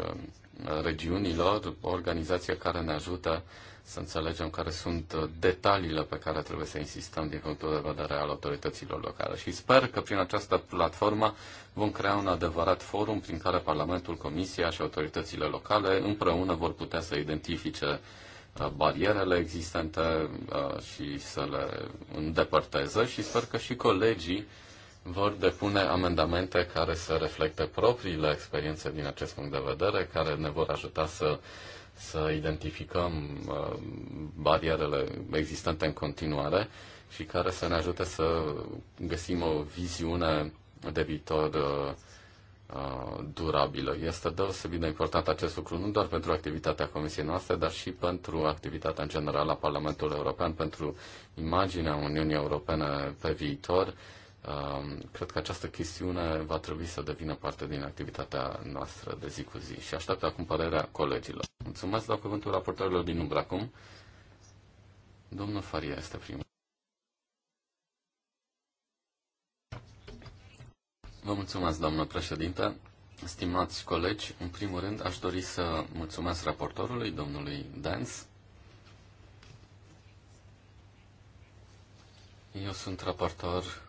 Regiunilor, o organizație care ne ajută să înțelegem care sunt uh, detaliile pe care trebuie să insistăm din punctul de vedere al autorităților locale. Și sper că prin această platformă vom crea un adevărat forum prin care Parlamentul, Comisia și autoritățile locale împreună vor putea să identifice uh, barierele existente uh, și să le îndepărteze și sper că și colegii vor depune amendamente care să reflecte propriile experiențe din acest punct de vedere, care ne vor ajuta să să identificăm uh, barierele existente în continuare și care să ne ajute să găsim o viziune de viitor uh, uh, durabilă. Este deosebit de important acest lucru, nu doar pentru activitatea Comisiei noastre, dar și pentru activitatea în general a Parlamentului European, pentru imaginea Uniunii Europene pe viitor Um, cred că această chestiune va trebui să devină parte din activitatea noastră de zi cu zi și aștept acum părerea colegilor. Mulțumesc, dau cuvântul raportorilor din umbră acum. Domnul Faria este primul. Vă mulțumesc, doamnă președinte. Stimați colegi, în primul rând aș dori să mulțumesc raportorului, domnului Dens. Eu sunt raportor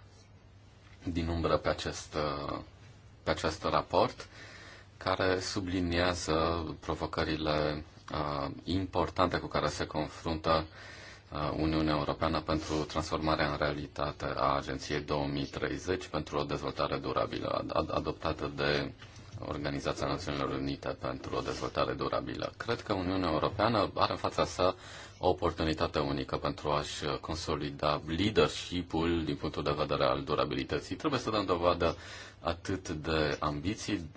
din umbră pe acest, uh, pe acest raport, care subliniază provocările uh, importante cu care se confruntă uh, Uniunea Europeană pentru transformarea în realitate a Agenției 2030 pentru o dezvoltare durabilă, ad- adoptată de Organizația Națiunilor Unite pentru o dezvoltare durabilă. Cred că Uniunea Europeană are în fața sa o oportunitate unică pentru a-și consolida leadership-ul din punctul de vedere al durabilității. Trebuie să dăm dovadă atât de ambiții,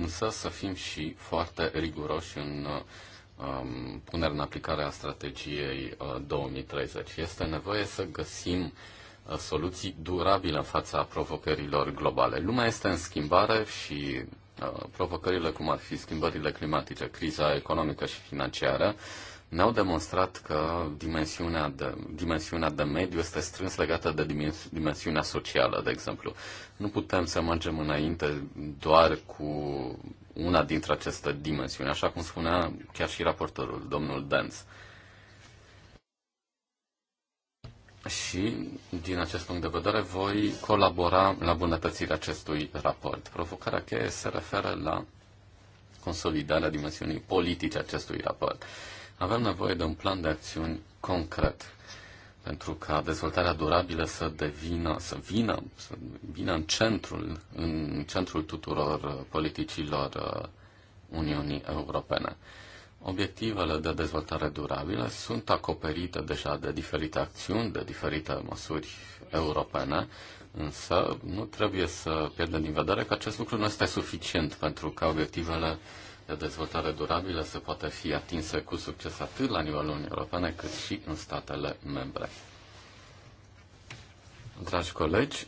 însă să fim și foarte riguroși în um, punerea în aplicare a strategiei uh, 2030. Este nevoie să găsim uh, soluții durabile în fața provocărilor globale. Lumea este în schimbare și uh, provocările cum ar fi schimbările climatice, criza economică și financiară, ne-au demonstrat că dimensiunea de, dimensiunea de mediu este strâns legată de dimensiunea socială, de exemplu. Nu putem să mergem înainte doar cu una dintre aceste dimensiuni, așa cum spunea chiar și raportorul, domnul Dens. și, din acest punct de vedere, voi colabora la bunătățirea acestui raport. Provocarea cheie se referă la consolidarea dimensiunii politice acestui raport. Avem nevoie de un plan de acțiuni concret pentru ca dezvoltarea durabilă să devină, să vină, să vină în centrul, în centrul tuturor politicilor uh, Uniunii Europene. Obiectivele de dezvoltare durabilă sunt acoperite deja de diferite acțiuni, de diferite măsuri europene, însă nu trebuie să pierdem din vedere că acest lucru nu este suficient pentru ca obiectivele de dezvoltare durabilă să poată fi atinse cu succes atât la nivelul Uniunii Europene cât și în statele membre. Dragi colegi,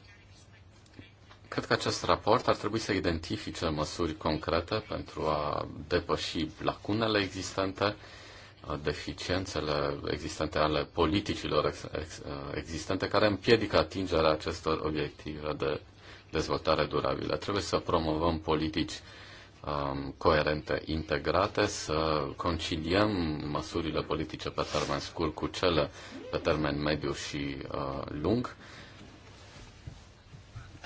Cred că acest raport ar trebui să identifice măsuri concrete pentru a depăși lacunele existente, deficiențele existente ale politicilor ex- ex- existente care împiedică atingerea acestor obiective de dezvoltare durabilă. Trebuie să promovăm politici um, coerente, integrate, să conciliem măsurile politice pe termen scurt cu cele pe termen mediu și uh, lung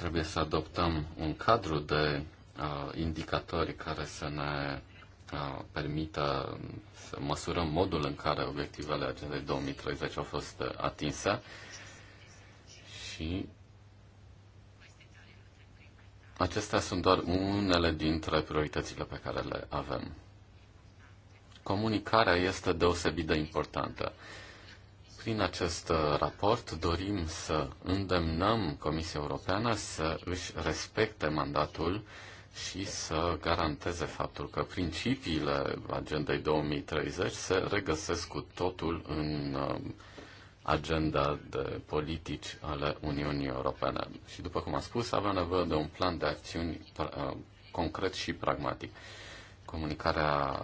Trebuie să adoptăm un cadru de uh, indicatori care să ne uh, permită să măsurăm modul în care obiectivele agendei 2030 au fost atinse și Acestea sunt doar unele dintre prioritățile pe care le avem. Comunicarea este deosebit de importantă. Prin acest uh, raport dorim să îndemnăm Comisia Europeană să își respecte mandatul și să garanteze faptul că principiile agendei 2030 se regăsesc cu totul în uh, agenda de politici ale Uniunii Europene. Și după cum am spus, avem nevoie de un plan de acțiuni uh, concret și pragmatic. Comunicarea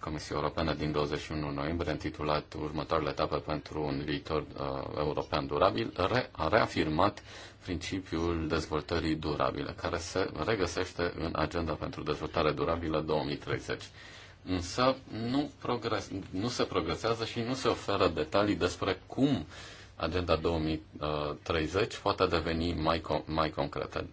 Comisiei Europene din 21 noiembrie, intitulat Următoarele etape pentru un viitor uh, european durabil, re- a reafirmat principiul dezvoltării durabile, care se regăsește în Agenda pentru Dezvoltare Durabilă 2030. Însă nu, progres- nu se progresează și nu se oferă detalii despre cum Agenda 2030 uh, poate deveni mai, com- mai concretă.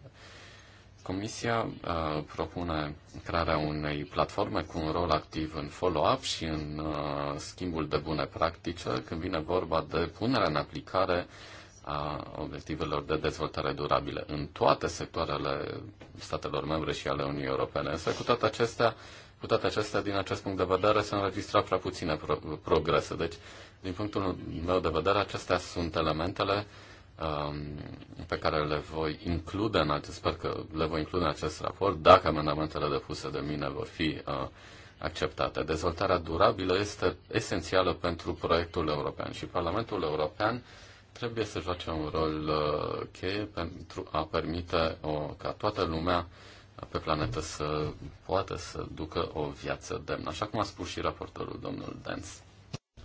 Comisia uh, propune crearea unei platforme cu un rol activ în follow-up și în uh, schimbul de bune practice când vine vorba de punerea în aplicare a obiectivelor de dezvoltare durabilă în toate sectoarele statelor membre și ale Uniunii Europene. Însă, cu toate acestea, cu toate acestea, din acest punct de vedere, s-au înregistrat prea puține pro- progrese. Deci, din punctul meu de vedere, acestea sunt elementele uh, Um, pe care le voi include în acest, sper că le voi include în acest raport, dacă amendamentele depuse de mine vor fi uh, acceptate. Dezvoltarea durabilă este esențială pentru proiectul european și Parlamentul European trebuie să joace un rol uh, cheie pentru a permite o, ca toată lumea pe planetă să poată să ducă o viață demnă, așa cum a spus și raportorul domnul Dens.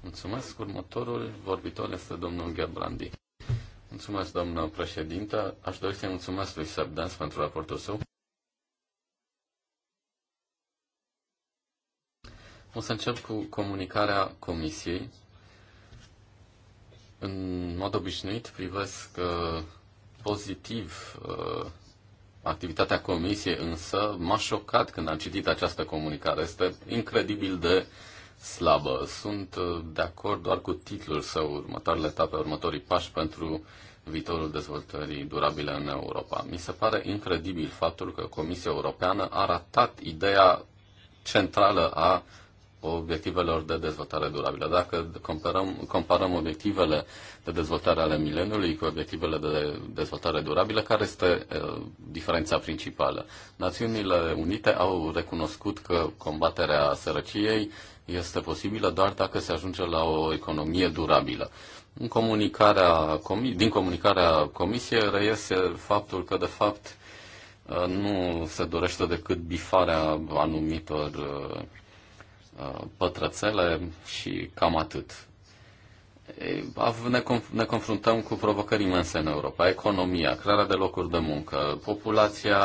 Mulțumesc. Următorul vorbitor este domnul Gerbrandi. Mulțumesc, doamnă președintă. Aș dori să-i mulțumesc lui Seb Dans pentru raportul său. O să încep cu comunicarea comisiei. În mod obișnuit privesc uh, pozitiv uh, activitatea comisiei, însă m-a șocat când am citit această comunicare. Este incredibil de uh, slabă. Sunt uh, de acord doar cu titlul său, următoarele etape, următorii pași pentru viitorul dezvoltării durabile în Europa. Mi se pare incredibil faptul că Comisia Europeană a ratat ideea centrală a obiectivelor de dezvoltare durabilă. Dacă comparăm, comparăm obiectivele de dezvoltare ale mileniului cu obiectivele de dezvoltare durabilă, care este uh, diferența principală? Națiunile Unite au recunoscut că combaterea sărăciei este posibilă doar dacă se ajunge la o economie durabilă. În comunicarea, din comunicarea Comisiei reiese faptul că, de fapt, uh, nu se dorește decât bifarea anumitor uh, uh, pătrățele și cam atât. Ne, confruntăm cu provocări imense în Europa. Economia, crearea de locuri de muncă, populația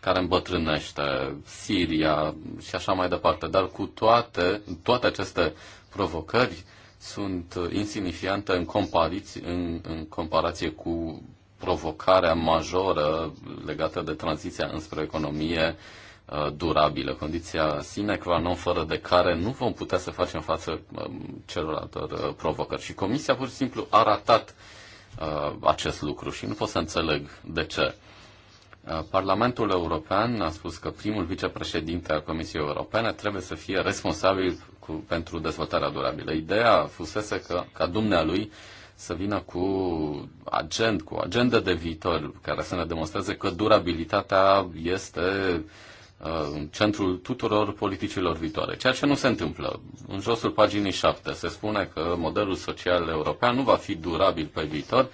care îmbătrânește, Siria și așa mai departe. Dar cu toate, toate aceste provocări sunt insignifiante în comparație, în, în comparație cu provocarea majoră legată de tranziția înspre economie uh, durabilă, condiția sine qua non fără de care nu vom putea să facem față um, celorlalte uh, provocări. Și Comisia pur și simplu a ratat uh, acest lucru și nu pot să înțeleg de ce. Uh, Parlamentul European a spus că primul vicepreședinte al Comisiei Europene trebuie să fie responsabil cu, pentru dezvoltarea durabilă. Ideea fusese că, ca dumnealui să vină cu agent, cu agenda de viitor care să ne demonstreze că durabilitatea este uh, în centrul tuturor politicilor viitoare, ceea ce nu se întâmplă. În josul paginii 7 se spune că modelul social european nu va fi durabil pe viitor,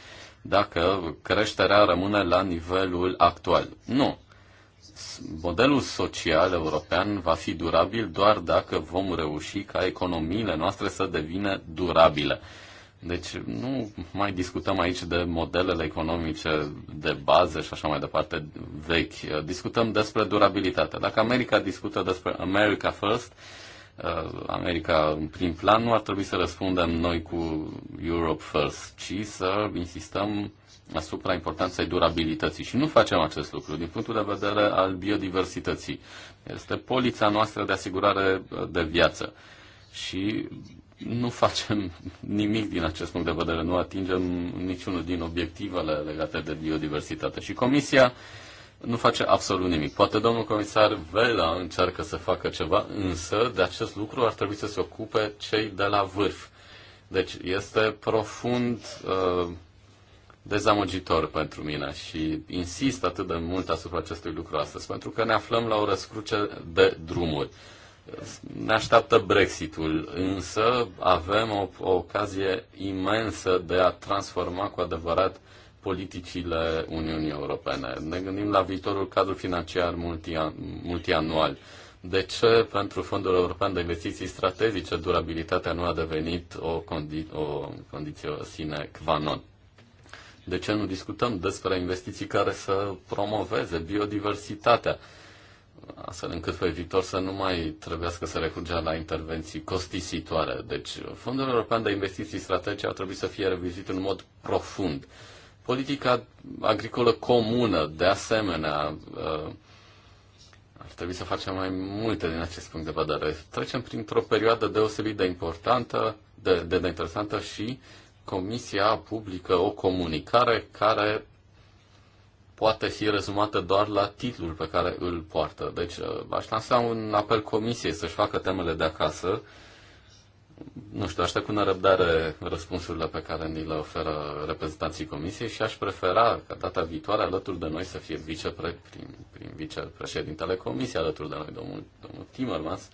dacă creșterea rămâne la nivelul actual. Nu. Modelul social european va fi durabil doar dacă vom reuși ca economiile noastre să devină durabile. Deci nu mai discutăm aici de modelele economice de bază și așa mai departe vechi. Discutăm despre durabilitate. Dacă America discută despre America First, Uh, America în prim plan, nu ar trebui să răspundem noi cu Europe First, ci să insistăm asupra importanței durabilității. Și nu facem acest lucru din punctul de vedere al biodiversității. Este polița noastră de asigurare de viață. Și nu facem nimic din acest punct de vedere, nu atingem niciunul din obiectivele legate de biodiversitate. Și Comisia nu face absolut nimic. Poate domnul comisar Vela încearcă să facă ceva, însă de acest lucru ar trebui să se ocupe cei de la vârf. Deci este profund uh, dezamăgitor pentru mine și insist atât de mult asupra acestui lucru astăzi, pentru că ne aflăm la o răscruce de drumuri. Ne așteaptă Brexitul, însă avem o, o ocazie imensă de a transforma cu adevărat uh, politicile Uniunii Europene. Ne gândim la viitorul cadru financiar multianual. De ce pentru Fondul European de Investiții Strategice durabilitatea nu a devenit o, condi- o condiție sine qua non? De ce nu discutăm despre investiții care să promoveze biodiversitatea, astfel încât pe viitor să nu mai trebuiască să recurgem la intervenții costisitoare? Deci, Fondul European de Investiții Strategice ar trebui să fie revizuit în mod profund Politica agricolă comună, de asemenea, uh, ar trebui să facem mai multe din acest punct de vedere. Trecem printr-o perioadă deosebit de importantă, de, de, de interesantă și Comisia publică o comunicare care poate fi rezumată doar la titlul pe care îl poartă. Deci uh, aș lansa un apel Comisiei să-și facă temele de acasă, nu știu, aștept cu nerăbdare răspunsurile pe care ni le oferă reprezentanții Comisiei și aș prefera ca data viitoare alături de noi să fie vicepre, prin, prin vicepreședintele Comisiei alături de noi, domnul, domnul Timmermans,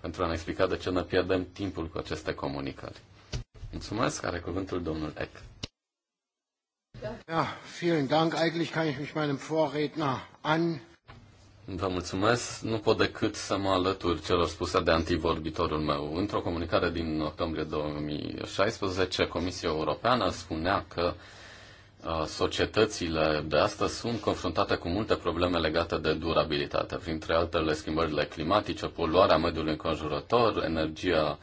pentru a ne explica de ce ne pierdem timpul cu aceste comunicări. Mulțumesc, are cuvântul domnul Eck. Ja, vielen Dank. Eigentlich kann ich mich meinem Vorredner an Vă mulțumesc. Nu pot decât să mă alătur celor spuse de antivorbitorul meu. Într-o comunicare din octombrie 2016, Comisia Europeană spunea că uh, societățile de astăzi sunt confruntate cu multe probleme legate de durabilitate, printre altele schimbările climatice, poluarea mediului înconjurător, energia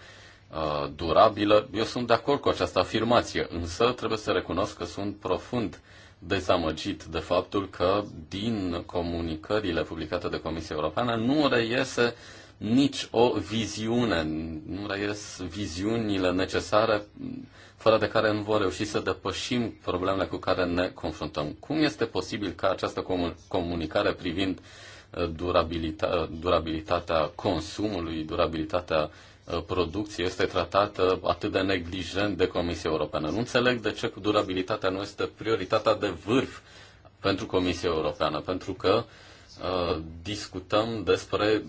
uh, durabilă. Eu sunt de acord cu această afirmație, însă trebuie să recunosc că sunt profund uh, dezamăgit de faptul că din comunicările publicate de Comisia Europeană nu reiese nici o viziune, nu reies viziunile necesare fără de care nu vom reuși să depășim problemele cu care ne confruntăm. Cum este posibil ca această comunicare privind uh, durabilita- durabilitatea consumului, durabilitatea Uh, producție este tratată atât de neglijent de Comisia Europeană. Nu înțeleg de ce durabilitatea nu este prioritatea de vârf pentru Comisia Europeană, pentru că uh, discutăm despre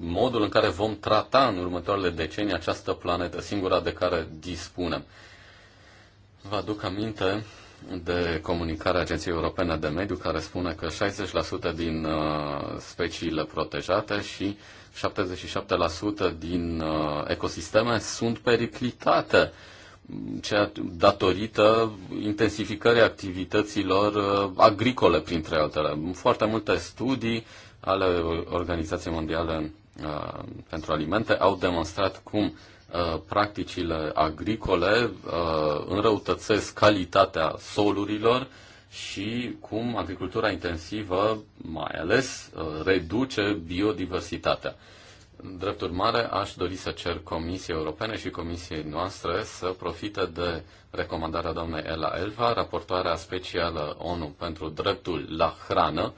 modul în care vom trata în următoarele decenii această planetă, singura de care dispunem. Vă aduc aminte de comunicare Agenției Europene de Mediu care spune că 60% din uh, speciile protejate și 77% din uh, ecosisteme sunt periclitate ceea datorită intensificării activităților uh, agricole, printre altele. Foarte multe studii ale Organizației Mondiale uh, pentru Alimente au demonstrat cum practicile agricole înrăutățesc calitatea solurilor, și cum agricultura intensivă, mai ales, uh, reduce biodiversitatea. Drept urmare, aș dori să cer Comisiei Europene și Comisiei noastre să profite de recomandarea doamnei Ela Elva, raportoarea specială ONU pentru dreptul la hrană,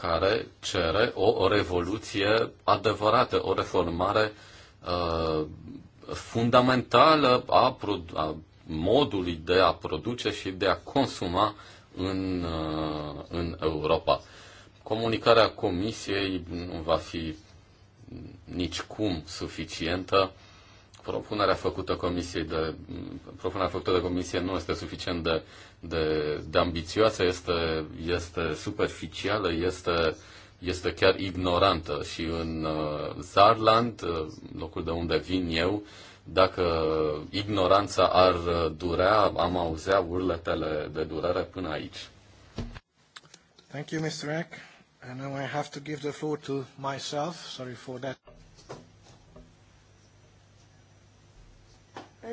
care cere o, o revoluție adevărată, o reformare uh, fundamentală a, a modului de a produce și de a consuma în, uh, în Europa. Comunicarea Comisiei nu va fi nici cum suficientă. Propunerea făcută, comisiei de, propunerea făcută de comisie nu este suficient de, de, de ambițioasă, este, este superficială, este, este chiar ignorantă. Și în uh, Zarland, uh, locul de unde vin eu, dacă ignoranța ar durea, am auzea urletele de durere până aici. Thank you, Mr. Eck. And now I have to give the floor to myself. Sorry for that.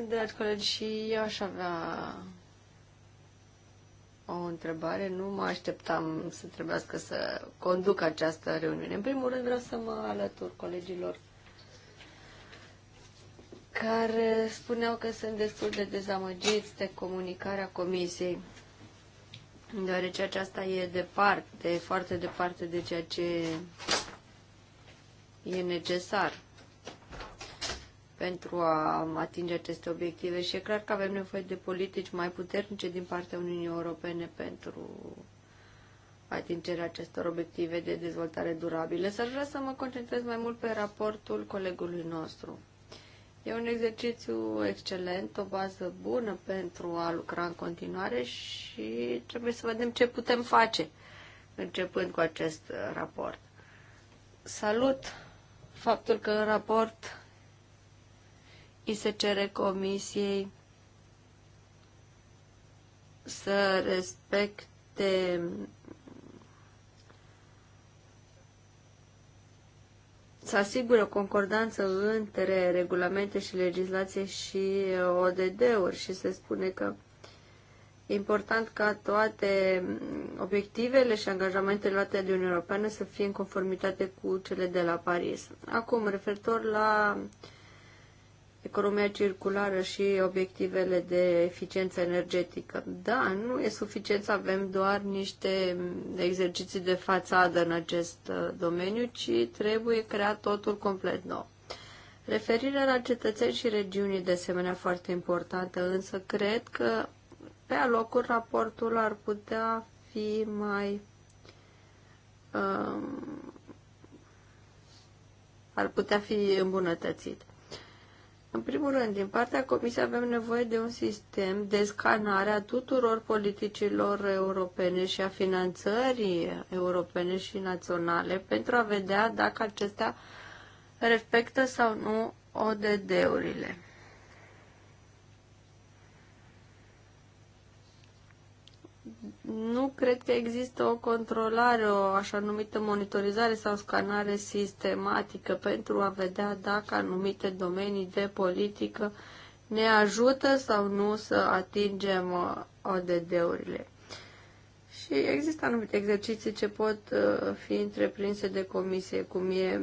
Dragi colegi, și eu aș avea o întrebare. Nu mă așteptam să trebuiască să conduc această reuniune. În primul rând vreau să mă alătur colegilor care spuneau că sunt destul de dezamăgiți de comunicarea comisiei, deoarece aceasta e departe, foarte departe de ceea ce e necesar pentru a atinge aceste obiective și e clar că avem nevoie de politici mai puternice din partea Uniunii Europene pentru atingerea acestor obiective de dezvoltare durabilă. S-ar vrea să mă concentrez mai mult pe raportul colegului nostru. E un exercițiu excelent, o bază bună pentru a lucra în continuare și trebuie să vedem ce putem face începând cu acest uh, raport. Salut faptul că în raport îi se cere comisiei să respecte să asigure o concordanță între regulamente și legislație și ODD-uri și se spune că e important ca toate obiectivele și angajamentele luate de Uniunea Europeană să fie în conformitate cu cele de la Paris. Acum, referitor la uh, economia circulară și obiectivele de eficiență energetică. Da, nu e suficient să avem doar niște exerciții de fațadă în acest uh, domeniu, ci trebuie creat totul complet nou. Referirea la cetățeni și regiuni de asemenea foarte importantă, însă cred că pe alocuri raportul ar putea fi mai um, ar putea fi îmbunătățit. În primul rând, din partea Comisiei avem nevoie de un sistem de scanare a tuturor politicilor europene și a finanțării europene și naționale pentru a vedea dacă acestea respectă sau nu ODD-urile. nu cred că există o controlare, o așa numită monitorizare sau scanare sistematică pentru a vedea dacă anumite domenii de politică ne ajută sau nu să atingem uh, ODD-urile. Și există anumite exerciții ce pot uh, fi întreprinse de comisie, cum e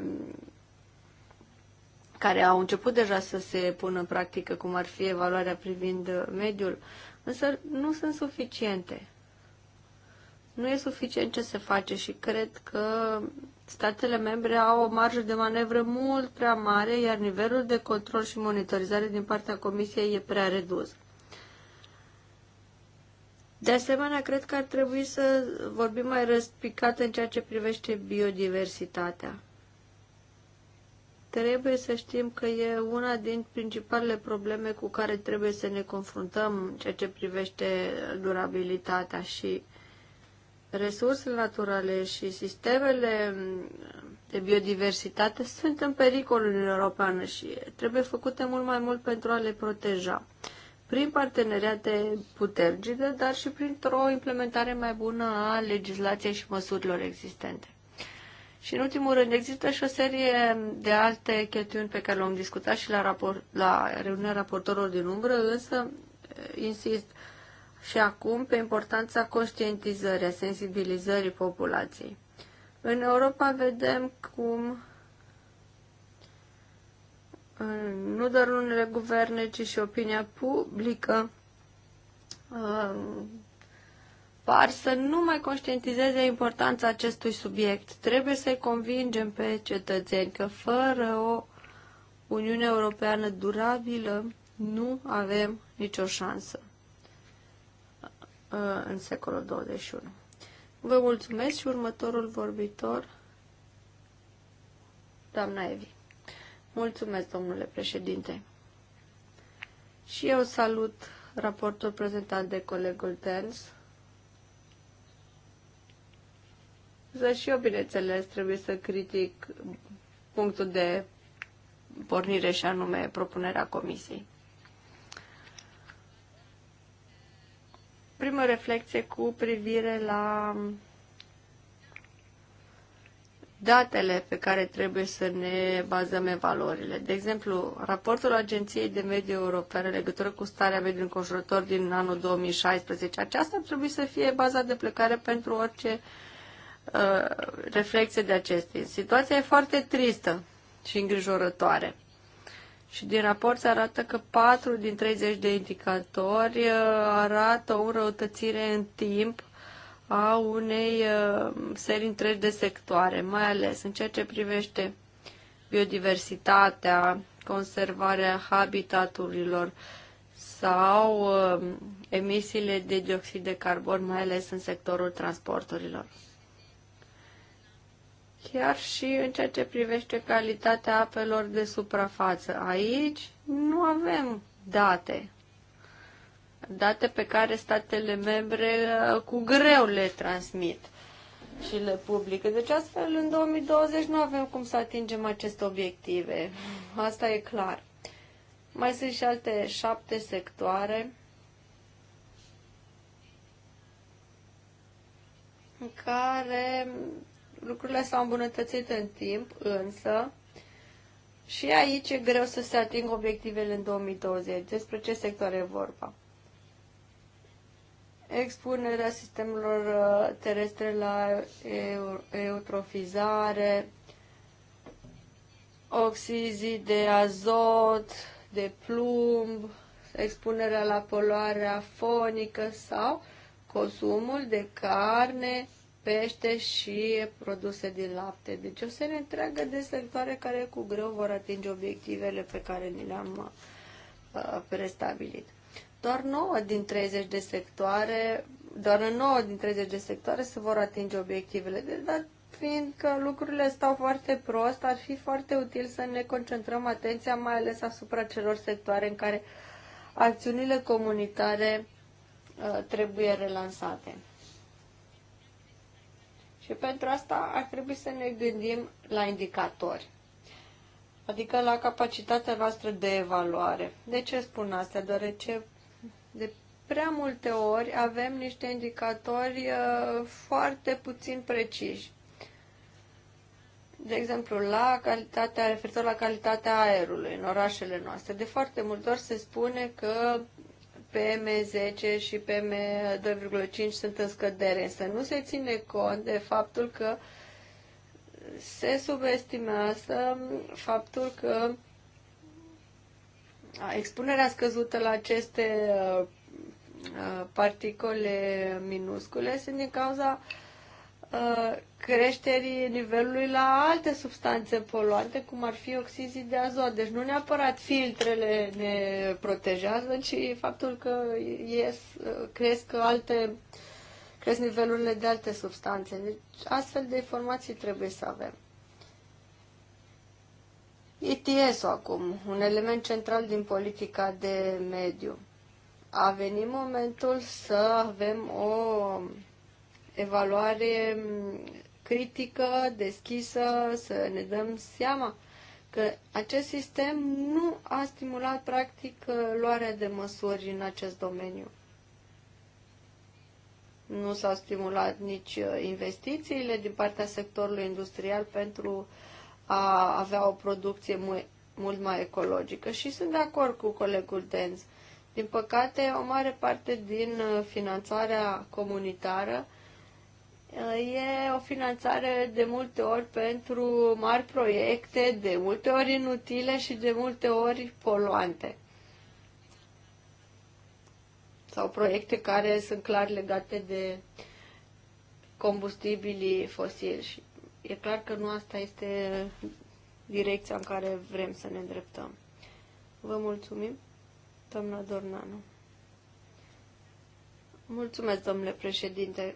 care au început deja să se pună în practică, cum ar fi evaluarea privind uh, mediul, însă nu sunt suficiente nu e suficient ce se face și cred că statele membre au o marjă de manevră mult prea mare, iar nivelul de control și monitorizare din partea Comisiei e prea redus. De asemenea, cred că ar trebui să vorbim mai răspicat în ceea ce privește biodiversitatea. Trebuie să știm că e una din principalele probleme cu care trebuie să ne confruntăm în ceea ce privește durabilitatea și resursele naturale și sistemele de biodiversitate sunt în pericol în Europeană și trebuie făcute mult mai mult pentru a le proteja prin parteneriate puternice, dar și printr-o implementare mai bună a legislației și măsurilor existente. Și în ultimul rând, există și o serie de alte chestiuni pe care le-am discutat și la, raport, la reuniunea raportorilor din umbră, însă, eh, insist, și acum pe importanța conștientizării, a sensibilizării populației. În Europa vedem cum nu doar unele guverne, ci și opinia publică uh, par să nu mai conștientizeze importanța acestui subiect. Trebuie să-i convingem pe cetățeni că fără o Uniune Europeană durabilă nu avem nicio șansă. Uh, în secolul 21. Vă mulțumesc și următorul vorbitor, doamna Evi. Mulțumesc, domnule președinte. Și eu salut raportul prezentat de colegul Dens. Să și eu, bineînțeles, trebuie să critic punctul de pornire și anume propunerea comisiei. primă reflexie cu privire la datele pe care trebuie să ne bazăm evaluările. De exemplu, raportul Agenției de Mediu europene în legătură cu starea mediului înconjurător din anul 2016, aceasta ar trebui să fie baza de plecare pentru orice uh, reflexie de acestea. Situația e foarte tristă și îngrijorătoare. Și din raport se arată că 4 din 30 de indicatori uh, arată o înrăutățire în timp a unei uh, serii întregi de sectoare, mai ales în ceea ce privește biodiversitatea, conservarea habitaturilor sau uh, emisiile de dioxid de carbon, mai ales în sectorul transporturilor chiar și în ceea ce privește calitatea apelor de suprafață. Aici nu avem date. Date pe care statele membre uh, cu greu le transmit și le publică. Deci astfel în 2020 nu avem cum să atingem aceste obiective. Asta e clar. Mai sunt și alte șapte sectoare în care lucrurile s-au îmbunătățit în timp, însă și aici e greu să se ating obiectivele în 2020. Despre ce sector e vorba? Expunerea sistemelor uh, terestre la eutrofizare, oxizii de azot, de plumb, expunerea la poluarea fonică sau consumul de carne pește și produse din lapte. Deci o serie întreagă de sectoare care cu greu vor atinge obiectivele pe care ni le-am uh, prestabilit. Doar 9 din 30 de sectoare, doar în 9 din 30 de sectoare se vor atinge obiectivele. Deci, dar fiindcă lucrurile stau foarte prost, ar fi foarte util să ne concentrăm atenția mai ales asupra celor sectoare în care acțiunile comunitare uh, trebuie relansate. Și pentru asta ar trebui să ne gândim la indicatori, adică la capacitatea noastră de evaluare. De ce spun asta? Deoarece de prea multe ori avem niște indicatori uh, foarte puțin preciși. De exemplu, la calitatea, referitor la calitatea aerului în orașele noastre, de foarte multe ori se spune că PM10 și PM2,5 sunt în scădere, însă nu se ține cont de faptul că se subestimează faptul că expunerea scăzută la aceste uh, uh, particole minuscule sunt din cauza Uh, creșterii nivelului la alte substanțe poluante, cum ar fi oxizii de azot. Deci nu neapărat filtrele ne protejează, ci faptul că ies, uh, cresc alte cresc nivelurile de alte substanțe. Deci astfel de informații trebuie să avem. ETS-ul acum, un element central din politica de mediu. A venit momentul să avem o evaluare mm, critică, deschisă, să ne dăm seama că acest sistem nu a stimulat practic uh, luarea de măsuri în acest domeniu. Nu s-au stimulat nici uh, investițiile din partea sectorului industrial pentru a avea o producție mult mai ecologică și sunt de acord cu colegul Denz. Din păcate, o mare parte din uh, finanțarea comunitară E o finanțare de multe ori pentru mari proiecte, de multe ori inutile și de multe ori poluante. Sau proiecte care sunt clar legate de combustibilii fosili. Și e clar că nu asta este direcția în care vrem să ne îndreptăm. Vă mulțumim, doamna Dornanu. Mulțumesc, domnule președinte.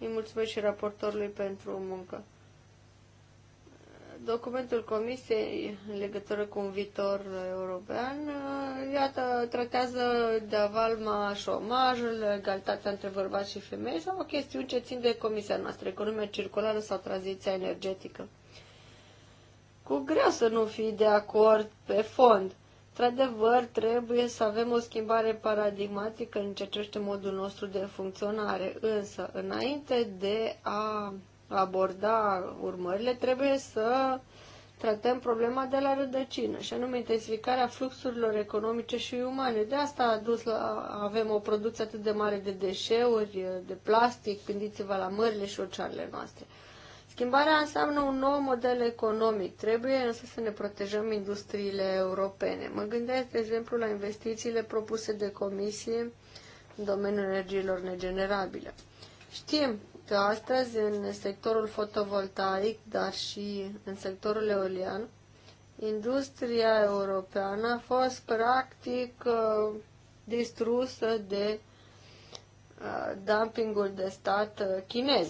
Îi mulțumesc și raportorului pentru muncă. Documentul Comisiei în legătură cu un viitor european, uh, iată, tratează de avalma șomajul, egalitatea între bărbați și femei sau chestiuni ce țin de Comisia noastră, economia circulară sau tranziția energetică. Cu greu să nu fii de acord pe fond Într-adevăr, trebuie să avem o schimbare paradigmatică în ce privește modul nostru de funcționare, însă, înainte de a aborda urmările, trebuie să tratăm problema de la rădăcină, și anume intensificarea fluxurilor economice și umane. De asta a dus la, avem o producție atât de mare de deșeuri, de plastic, gândiți-vă la mările și oceanele noastre. Schimbarea înseamnă un nou model economic. Trebuie însă să ne protejăm industriile europene. Mă gândesc, de exemplu, la investițiile propuse de comisie în domeniul energiilor negenerabile. Știm că astăzi în sectorul fotovoltaic, dar și în sectorul eolian, industria europeană a fost practic uh, distrusă de uh, dumpingul de stat uh, chinez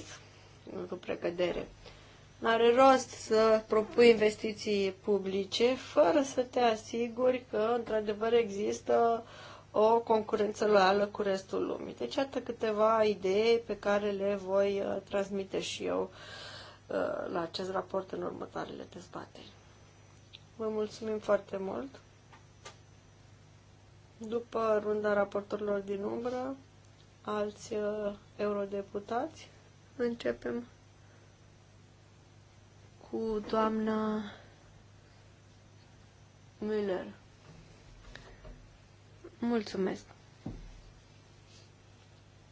cu precădere are rost să propui investiții publice fără să te asiguri că, într-adevăr, există o concurență loială cu restul lumii. Deci, atât câteva idei pe care le voi uh, transmite și eu uh, la acest raport în următoarele dezbateri. Vă mulțumim foarte mult! După runda raportorilor din umbră, alți uh, eurodeputați, începem cu doamna Müller. Mulțumesc.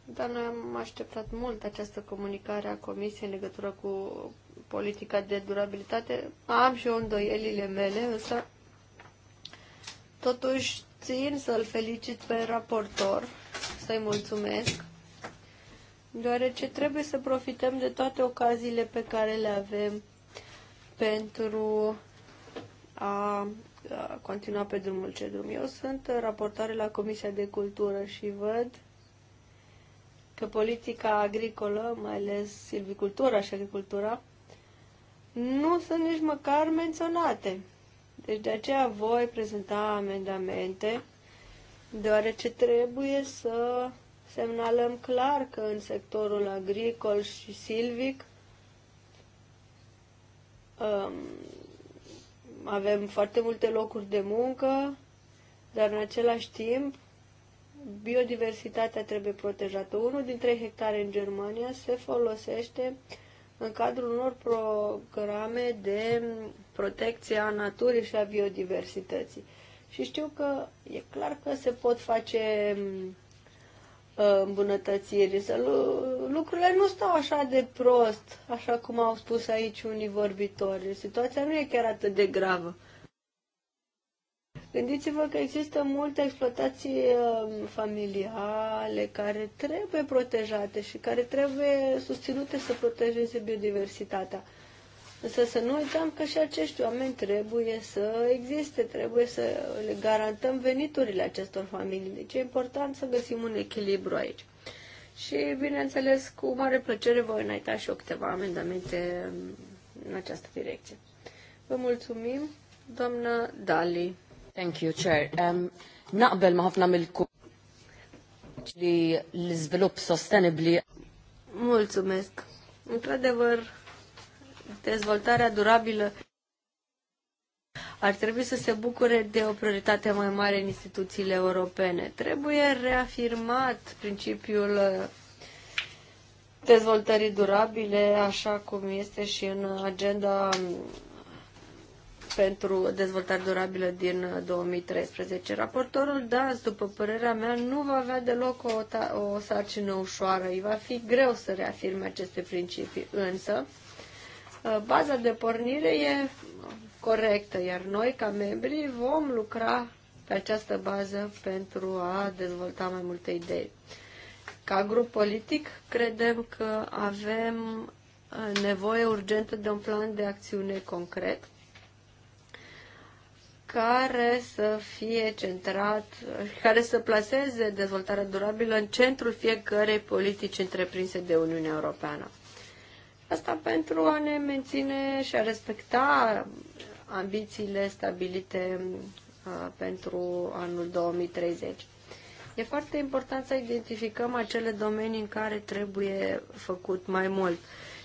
Dar noi am așteptat mult această comunicare a Comisiei în legătură cu politica de durabilitate. Am și eu îndoielile mele, însă totuși țin să-l felicit pe raportor, să-i mulțumesc, deoarece trebuie să profităm de toate ocaziile pe care le avem pentru a continua pe drumul ce drum. Eu sunt raportare la Comisia de Cultură și văd că politica agricolă, mai ales silvicultura și agricultura, nu sunt nici măcar menționate. Deci de aceea voi prezenta amendamente, deoarece trebuie să semnalăm clar că în sectorul agricol și silvic um, avem foarte multe locuri de muncă, dar în același timp biodiversitatea trebuie protejată. Unul din trei hectare în Germania se folosește în cadrul unor programe de protecție a naturii și a biodiversității. Și știu că e clar că se pot face um, Uh, îmbunătățiri, să lucrurile nu stau așa de prost, așa cum au spus aici unii vorbitori. Situația nu e chiar atât de gravă. Gândiți-vă că există multe exploatații um, familiale care trebuie protejate și care trebuie susținute să protejeze biodiversitatea. Însă să nu uităm că și acești oameni trebuie să existe, trebuie să le garantăm veniturile acestor familii. Deci e important să găsim un echilibru aici. Și, bineînțeles, cu mare plăcere voi înainta și eu câteva amendamente în această direcție. Vă mulțumim, doamna Dali. Thank you, Chair. Um, naqbel ma ħafna mill-kum li l sostenibli. Mulțumesc. Într-adevăr, dezvoltarea durabilă ar trebui să se bucure de o prioritate mai mare în instituțiile europene. Trebuie reafirmat principiul uh, dezvoltării durabile, așa cum este și în agenda um, pentru dezvoltare durabilă din 2013. Uh, Raportorul Dans, după părerea mea, nu va avea deloc o, o sarcină ușoară. Îi va fi greu să reafirme aceste principii, însă Uh, baza de pornire e corectă, iar noi, ca membri, vom lucra pe această bază pentru a dezvolta mai multe idei. Ca grup politic, credem că avem uh, nevoie urgentă de un plan de acțiune concret care să fie centrat, care să placeze dezvoltarea durabilă în centrul fiecărei politici întreprinse de Uniunea Europeană. Asta pentru a ne menține și a respecta ambițiile stabilite pentru anul 2030. E foarte important să identificăm acele domenii în care trebuie făcut mai mult.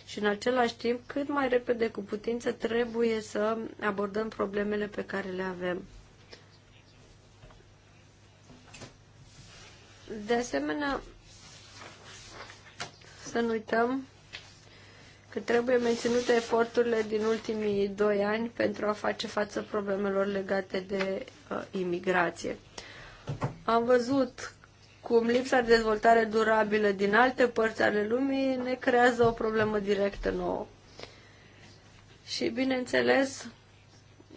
Și în același timp, cât mai repede cu putință, trebuie să abordăm problemele pe care le avem. De asemenea, să nu uităm că trebuie menținute eforturile din ultimii doi ani pentru a face față problemelor legate de uh, imigrație. Am văzut cum lipsa de dezvoltare durabilă din alte părți ale lumii ne creează o problemă directă nouă. Și, bineînțeles,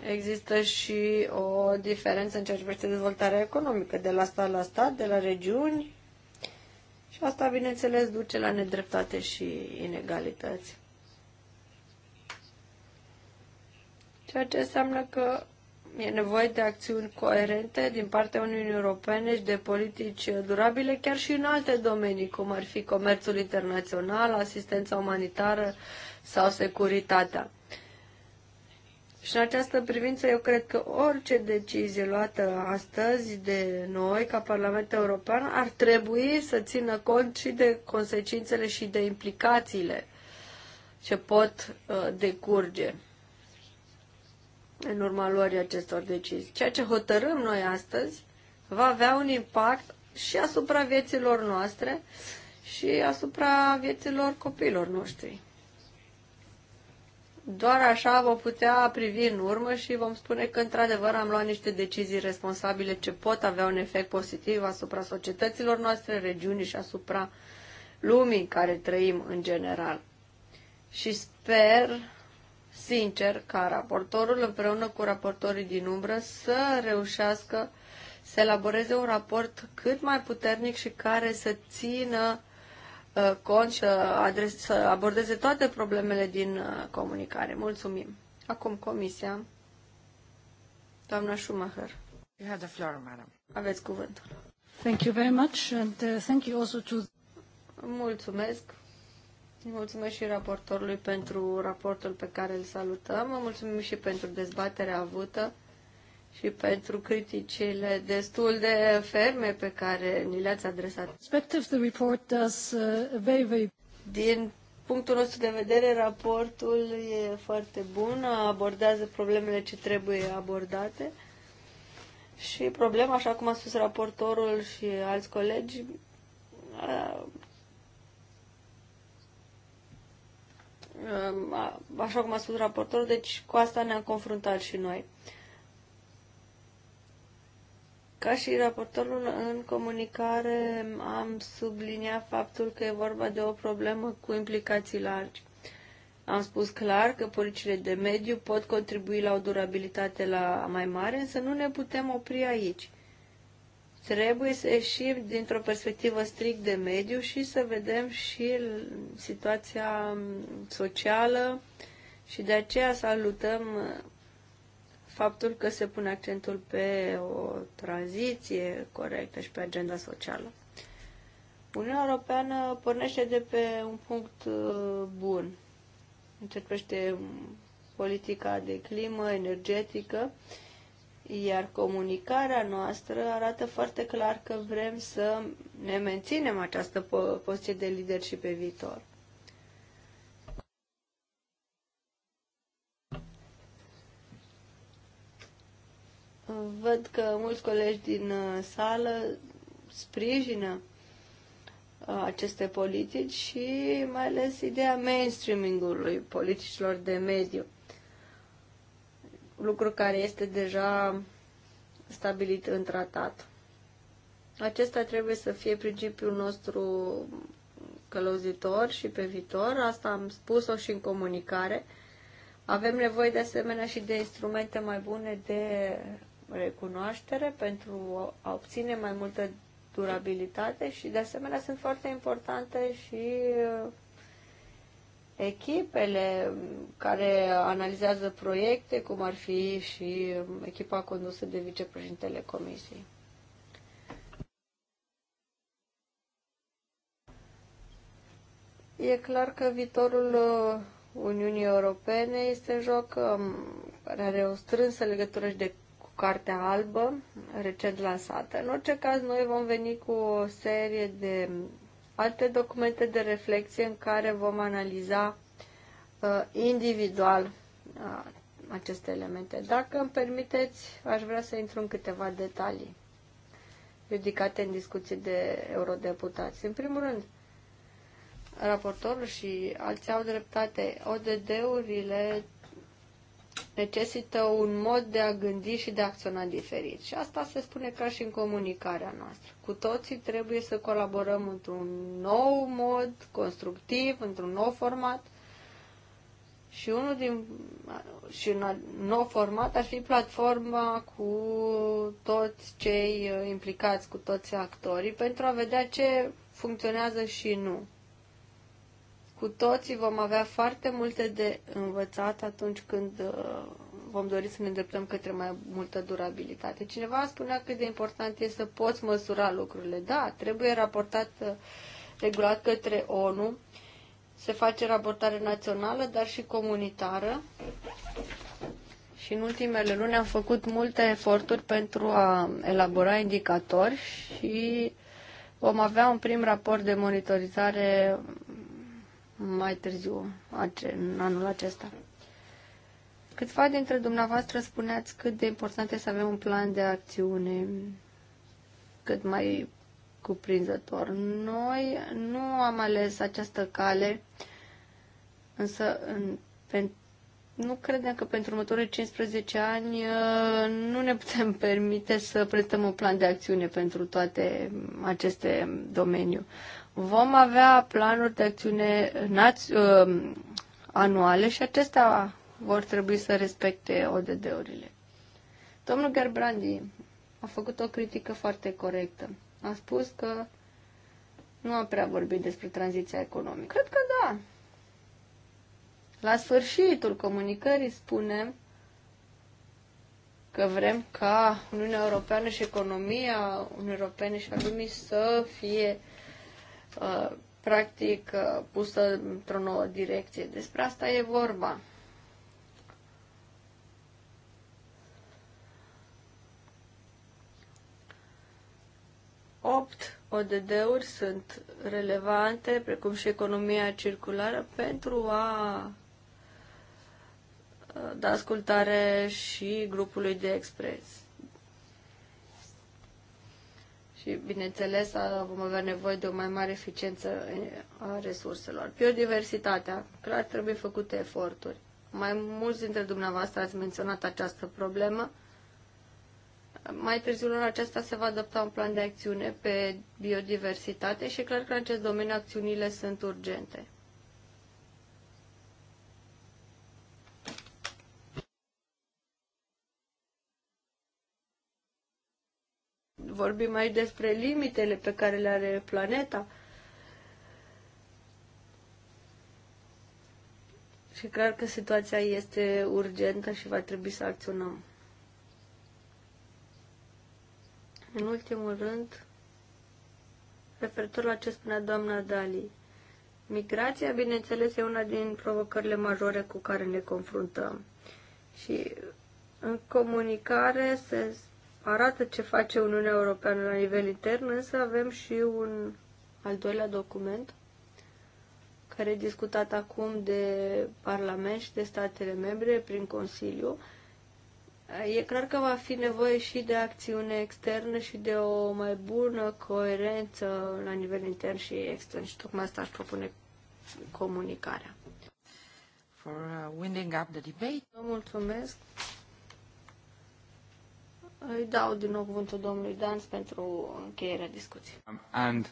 există și o diferență în ceea ce privește dezvoltarea economică, de la stat la stat, de la regiuni, și asta, bineînțeles, duce la nedreptate și inegalități. ceea ce înseamnă că e nevoie de acțiuni coerente din partea Uniunii Europene și de politici durabile chiar și în alte domenii, cum ar fi comerțul internațional, asistența umanitară sau securitatea. Și în această privință eu cred că orice decizie luată astăzi de noi ca Parlament European ar trebui să țină cont și de consecințele și de implicațiile ce pot uh, decurge în urma luării acestor decizii. Ceea ce hotărâm noi astăzi va avea un impact și asupra vieților noastre și asupra vieților copiilor noștri. Doar așa vom putea privi în urmă și vom spune că, într-adevăr, am luat niște decizii responsabile ce pot avea un efect pozitiv asupra societăților noastre, regiunii și asupra lumii în care trăim în general. Și sper sincer ca raportorul împreună cu raportorii din umbră să reușească să elaboreze un raport cât mai puternic și care să țină uh, cont și uh, să abordeze toate problemele din uh, comunicare. Mulțumim. Acum comisia. Doamna Schumacher. You have the floor, madam. Aveți cuvântul. Thank you very much and uh, thank you also to Mulțumesc. Mulțumesc și raportorului pentru raportul pe care îl salutăm. mulțumim și pentru dezbaterea avută și pentru criticile destul de ferme pe care ni le-ați adresat. Uh, Din punctul nostru de vedere, raportul e foarte bun, abordează problemele ce trebuie abordate și problema, așa cum a spus raportorul și alți colegi, uh, așa cum a spus raportorul, deci cu asta ne-am confruntat și noi. Ca și raportorul în comunicare am subliniat faptul că e vorba de o problemă cu implicații largi. Am spus clar că politicile de mediu pot contribui la o durabilitate la mai mare, însă nu ne putem opri aici. Trebuie să ieșim dintr-o perspectivă strict de mediu și să vedem și situația socială și de aceea salutăm faptul că se pune accentul pe o tranziție corectă și pe agenda socială. Uniunea Europeană pornește de pe un punct uh, bun. Încercește politica de climă energetică iar comunicarea noastră arată foarte clar că vrem să ne menținem această poziție de lider și pe viitor. Văd că mulți colegi din uh, sală sprijină uh, aceste politici și mai ales ideea mainstreaming-ului politicilor de mediu lucru care este deja stabilit în tratat. Acesta trebuie să fie principiul nostru călăuzitor și pe viitor, asta am spus-o și în comunicare. Avem nevoie de asemenea și de instrumente mai bune de recunoaștere pentru a obține mai multă durabilitate și de asemenea sunt foarte importante și echipele care analizează proiecte, cum ar fi și echipa condusă de vicepreședintele Comisiei. E clar că viitorul uh, Uniunii Europene este în joc, um, care are o strânsă legătură și de cu Cartea Albă, recent lansată. În orice caz, noi vom veni cu o serie de alte documente de reflexie în care vom analiza uh, individual uh, aceste elemente. Dacă îmi permiteți, aș vrea să intru în câteva detalii ridicate în discuții de eurodeputați. În primul rând, raportorul și alții au dreptate. ODD-urile necesită un mod de a gândi și de a acționa diferit. Și asta se spune ca și în comunicarea noastră. Cu toții trebuie să colaborăm într-un nou mod constructiv, într-un nou format. Și unul din și un nou format ar fi platforma cu toți cei uh, implicați, cu toți actorii, pentru a vedea ce funcționează și nu. Cu toții vom avea foarte multe de învățat atunci când uh, vom dori să ne îndreptăm către mai multă durabilitate. Cineva spunea cât de important este să poți măsura lucrurile. Da, trebuie raportat uh, regulat către ONU. Se face raportare națională, dar și comunitară. Și în ultimele luni am făcut multe eforturi pentru a elabora indicatori și vom avea un prim raport de monitorizare mai târziu, în anul acesta. Câțiva dintre dumneavoastră spuneați cât de important este să avem un plan de acțiune cât mai cuprinzător. Noi nu am ales această cale, însă în, pen, nu credem că pentru următorii 15 ani ă, nu ne putem permite să prestăm un plan de acțiune pentru toate aceste domeniu vom avea planuri de acțiune uh, anuale și acestea vor trebui să respecte ODD-urile. Domnul Gerbrandi a făcut o critică foarte corectă. A spus că nu a prea vorbit despre tranziția economică. Cred că da. La sfârșitul comunicării spunem că vrem ca Uniunea Europeană și economia Uniunii Europene și a lumii să fie uh, Uh, practic uh, pusă într-o nouă direcție. Despre asta e vorba. Opt ODD-uri sunt relevante, precum și economia circulară, pentru a uh, da ascultare și grupului de expres și, bineînțeles, vom avea nevoie de o mai mare eficiență a resurselor. Biodiversitatea, clar, trebuie făcute eforturi. Mai mulți dintre dumneavoastră ați menționat această problemă. Mai târziu în acesta se va adopta un plan de acțiune pe biodiversitate și clar că în acest domeniu acțiunile sunt urgente. Vorbim aici despre limitele pe care le are planeta. Și clar că situația este urgentă și va trebui să acționăm. În ultimul rând, referitor la ce spunea doamna Dali, migrația, bineînțeles, e una din provocările majore cu care ne confruntăm. Și în comunicare se arată ce face Uniunea Europeană la nivel intern, însă avem și un al doilea document care e discutat acum de Parlament și de statele membre prin Consiliu. E clar că va fi nevoie și de acțiune externă și de o mai bună coerență la nivel intern și extern și tocmai asta aș propune comunicarea. For, uh, winding up the debate. Vă mulțumesc îi dau din nou cuvântul domnului Dans pentru încheierea discuției. Um, and...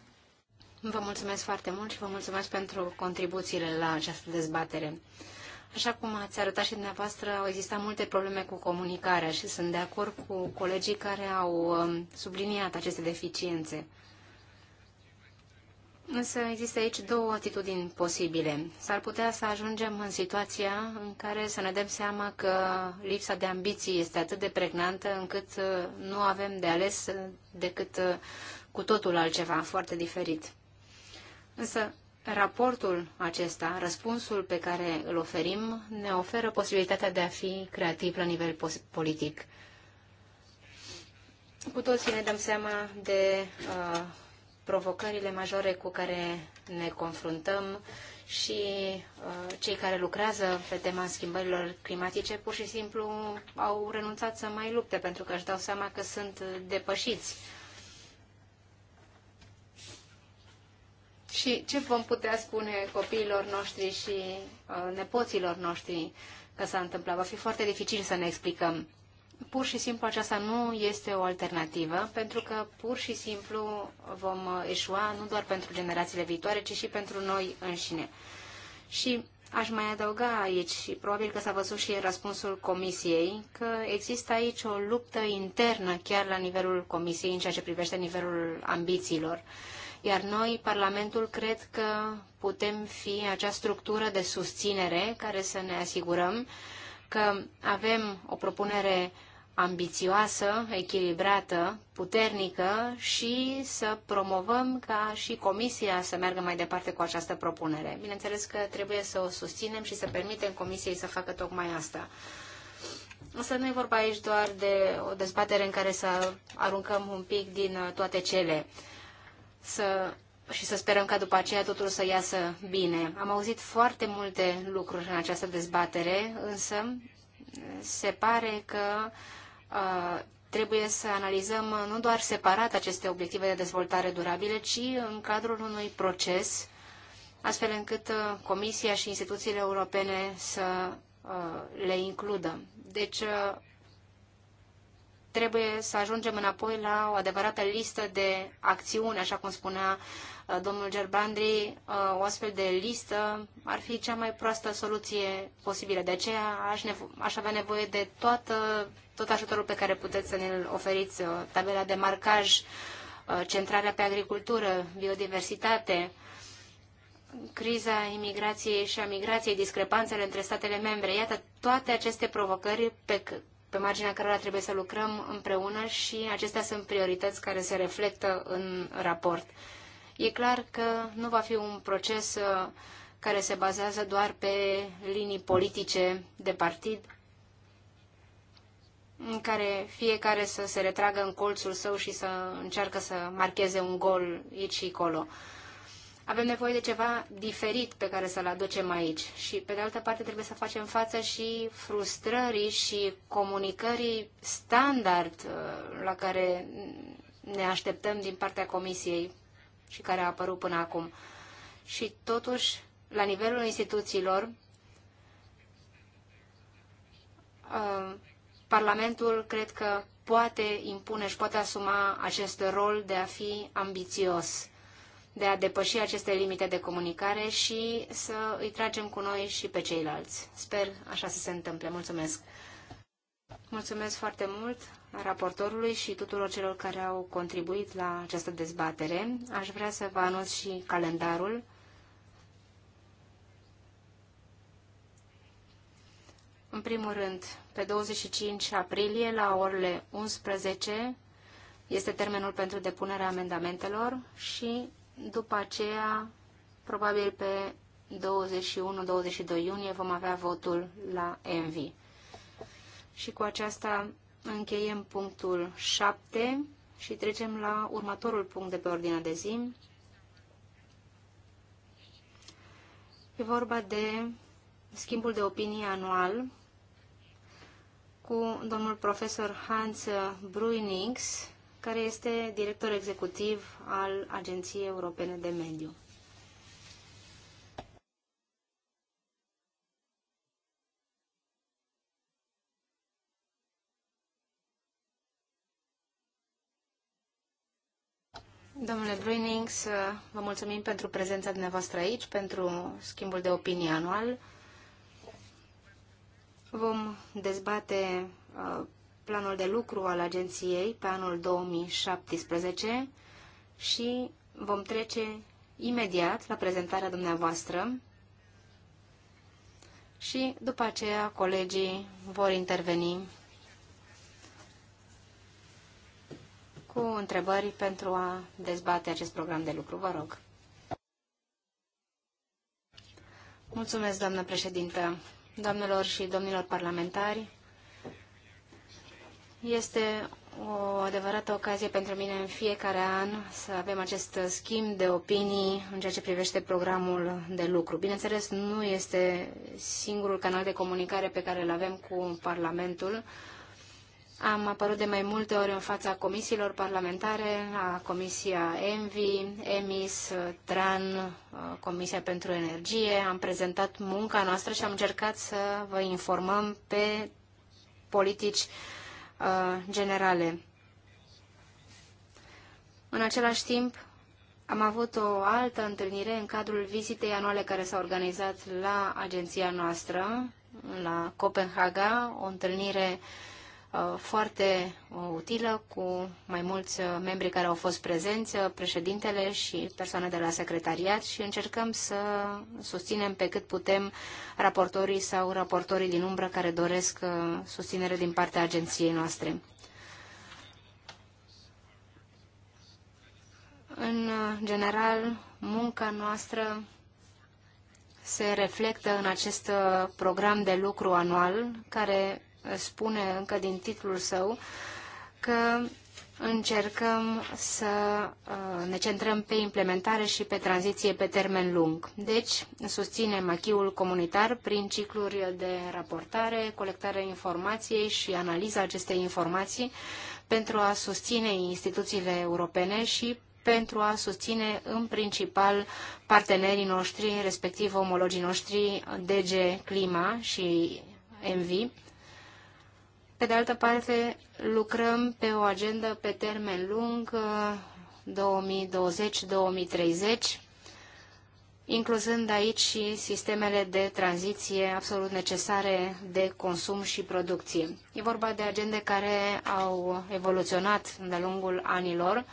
Vă mulțumesc foarte mult și vă mulțumesc pentru contribuțiile la această dezbatere. Așa cum ați arătat și dumneavoastră, au existat multe probleme cu comunicarea și sunt de acord cu colegii care au um, subliniat aceste deficiențe. Însă există aici două atitudini posibile. S-ar putea să ajungem în situația în care să ne dăm seama că lipsa de ambiții este atât de pregnantă încât uh, nu avem de ales uh, decât uh, cu totul altceva foarte diferit. Însă raportul acesta, răspunsul pe care îl oferim, ne oferă posibilitatea de a fi creativ la nivel politic. Cu toții ne dăm seama de uh, provocările majore cu care ne confruntăm și uh, cei care lucrează pe tema schimbărilor climatice pur și simplu au renunțat să mai lupte pentru că își dau seama că sunt depășiți. Și ce vom putea spune copiilor noștri și uh, nepoților noștri că s-a întâmplat? Va fi foarte dificil să ne explicăm pur și simplu aceasta nu este o alternativă, pentru că pur și simplu vom eșua nu doar pentru generațiile viitoare, ci și pentru noi înșine. Și aș mai adăuga aici, și probabil că s-a văzut și răspunsul comisiei, că există aici o luptă internă chiar la nivelul comisiei în ceea ce privește nivelul ambițiilor. Iar noi, Parlamentul, cred că putem fi acea structură de susținere care să ne asigurăm uh, că avem o propunere ambițioasă, echilibrată, puternică și să promovăm ca și Comisia să meargă mai departe cu această propunere. Bineînțeles că trebuie să o susținem și să permitem Comisiei să facă tocmai asta. Însă nu e vorba aici doar de o dezbatere în care să aruncăm un pic din uh, toate cele. Să și să sperăm ca după aceea totul să iasă bine. Am auzit foarte multe lucruri în această dezbatere, însă se pare că uh, trebuie să analizăm nu doar separat aceste obiective de dezvoltare durabile, ci în cadrul unui proces, astfel încât uh, Comisia și instituțiile europene să uh, le includă. Deci, uh, trebuie să ajungem înapoi la o adevărată listă de acțiuni, așa cum spunea Uh, domnul Gerbandri, uh, o astfel de listă ar fi cea mai proastă soluție posibilă. De aceea aș, aș avea nevoie de toată, tot ajutorul pe care puteți să ne-l oferiți, uh, tabela de marcaj, centrarea pe agricultură, biodiversitate, criza imigrației și a migrației, discrepanțele între statele membre. Iată, toate aceste provocări pe, pe marginea cărora trebuie să lucrăm împreună și acestea sunt priorități care se reflectă în raport. E clar că nu va fi un proces uh, care se bazează doar pe linii politice de partid, în care fiecare să se retragă în colțul său și să încearcă să marcheze un gol aici și acolo. Avem nevoie de ceva diferit pe care să-l aducem aici și, pe de altă parte, trebuie să facem față și frustrării și comunicării standard uh, la care ne așteptăm din partea Comisiei și care a apărut până acum. Și totuși, la nivelul instituțiilor, uh, Parlamentul cred că poate impune și poate asuma acest rol de a fi ambițios, de a depăși aceste limite de comunicare și să îi tragem cu noi și pe ceilalți. Sper așa să se întâmple. Mulțumesc! Mulțumesc foarte mult! raportorului și tuturor celor care au contribuit la această dezbatere. Aș vrea să vă anunț și calendarul. În primul rând, pe 25 aprilie, la orele 11, este termenul pentru depunerea amendamentelor și după aceea, probabil pe 21-22 iunie, vom avea votul la ENVI. Și cu aceasta încheiem punctul 7 și trecem la următorul punct de pe ordinea de zi. E vorba de schimbul de opinie anual cu domnul profesor Hans Bruinings, care este director executiv al Agenției Europene de Mediu. Domnule Brunings, vă mulțumim pentru prezența dumneavoastră aici, pentru schimbul de opinie anual. Vom dezbate uh, planul de lucru al agenției pe anul 2017 și vom trece imediat la prezentarea dumneavoastră și după aceea colegii vor interveni cu întrebări pentru a dezbate acest program de lucru. Vă rog. Mulțumesc, doamnă președintă, doamnelor și domnilor parlamentari. Este o adevărată ocazie pentru mine în fiecare an să avem acest schimb de opinii în ceea ce privește programul de lucru. Bineînțeles, nu este singurul canal de comunicare pe care îl avem cu Parlamentul, am apărut de mai multe ori în fața comisiilor parlamentare, a Comisia ENVI, EMIS, TRAN, uh, Comisia pentru Energie. Am prezentat munca noastră și am încercat să vă informăm pe politici uh, generale. În același timp, am avut o altă întâlnire în cadrul vizitei anuale care s-a organizat la agenția noastră, la Copenhaga, o întâlnire uh, Uh, foarte uh, utilă cu mai mulți uh, membri care au fost prezenți, președintele și persoane de la secretariat și încercăm să susținem pe cât putem raportorii sau raportorii din umbră care doresc susținere din partea agenției noastre. În general, munca noastră se reflectă în acest program de lucru anual care spune încă din titlul său că încercăm să uh, ne centrăm pe implementare și pe tranziție pe termen lung. Deci, susținem achiul comunitar prin cicluri de raportare, colectarea informației și analiza acestei informații pentru a susține instituțiile europene și pentru a susține în principal partenerii noștri, respectiv omologii noștri DG Clima și MV, pe de altă parte, lucrăm pe o agendă pe termen lung 2020-2030, incluzând aici și sistemele de tranziție absolut necesare de consum și producție. E vorba de agende care au evoluționat de-a lungul anilor,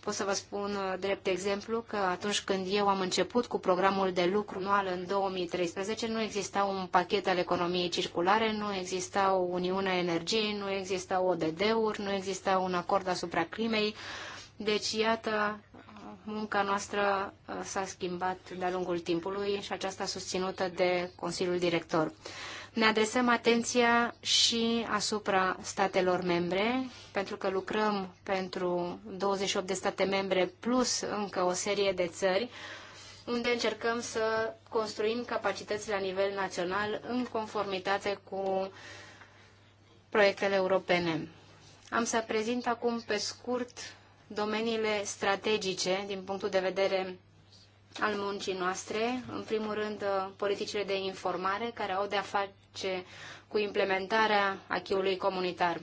Pot să vă spun uh, drept exemplu că atunci când eu am început cu programul de lucru anual în 2013, nu exista un pachet al economiei circulare, nu exista o Uniune Energiei, nu exista ODD-uri, nu exista un acord asupra climei. Deci, iată, munca noastră uh, s-a schimbat de-a lungul timpului și aceasta susținută de Consiliul Director. Ne adresăm atenția și asupra statelor membre, pentru că lucrăm pentru 28 de state membre plus încă o serie de țări, unde încercăm să construim capacități la nivel național în conformitate cu proiectele europene. Am să prezint acum pe scurt domeniile strategice din punctul de vedere al muncii noastre, în primul rând politicile de informare care au de-a face ce cu implementarea achiului comunitar.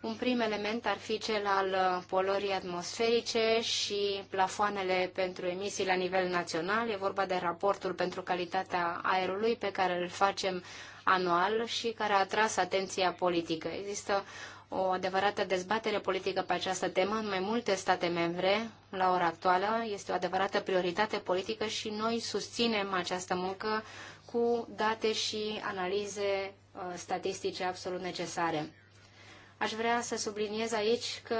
Un prim element ar fi cel al polorii atmosferice și plafoanele pentru emisii la nivel național. E vorba de raportul pentru calitatea aerului pe care îl facem anual și care a atras atenția politică. Există o adevărată dezbatere politică pe această temă în mai multe state membre la ora actuală. Este o adevărată prioritate politică și noi susținem această muncă cu date și analize uh, statistice absolut necesare. Aș vrea să subliniez aici că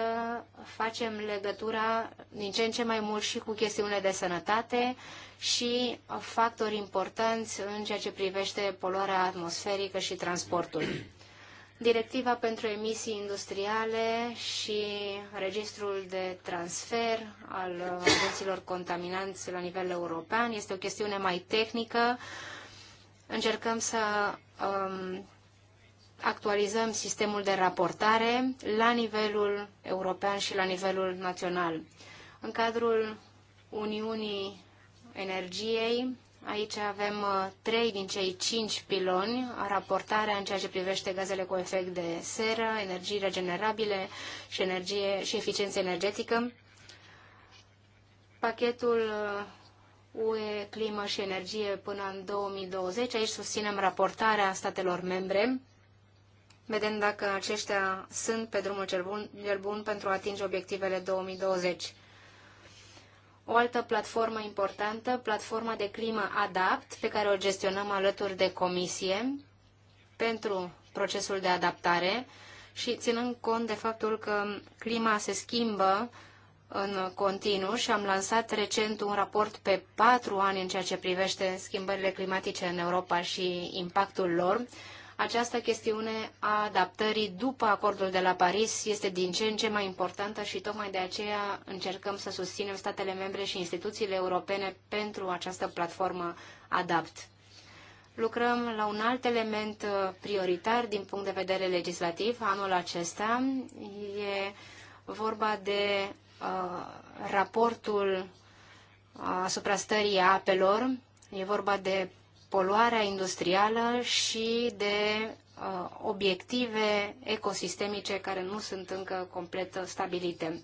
facem legătura din ce în ce mai mult și cu chestiunile de sănătate și factori importanți în ceea ce privește poluarea atmosferică și transportul. Directiva pentru emisii industriale și registrul de transfer al agenților contaminanți la nivel european este o chestiune mai tehnică Încercăm să um, actualizăm sistemul de raportare la nivelul european și la nivelul național. În cadrul Uniunii Energiei, aici avem uh, trei din cei cinci piloni, raportarea în ceea ce privește gazele cu efect de seră, energii regenerabile și, energie, și eficiență energetică. Pachetul uh, UE, climă și energie până în 2020. Aici susținem raportarea statelor membre. Vedem dacă aceștia sunt pe drumul cel bun, cel bun pentru a atinge obiectivele 2020. O altă platformă importantă, platforma de climă ADAPT, pe care o gestionăm alături de Comisie pentru procesul de adaptare și ținând cont de faptul că clima se schimbă, în continuu și am lansat recent un raport pe patru ani în ceea ce privește schimbările climatice în Europa și impactul lor. Această chestiune a adaptării după acordul de la Paris este din ce în ce mai importantă și tocmai de aceea încercăm să susținem statele membre și instituțiile europene pentru această platformă ADAPT. Lucrăm la un alt element uh, prioritar din punct de vedere legislativ. Anul acesta e vorba de Uh, raportul uh, asupra stării apelor. E vorba de poluarea industrială și de uh, obiective ecosistemice care nu sunt încă complet stabilite.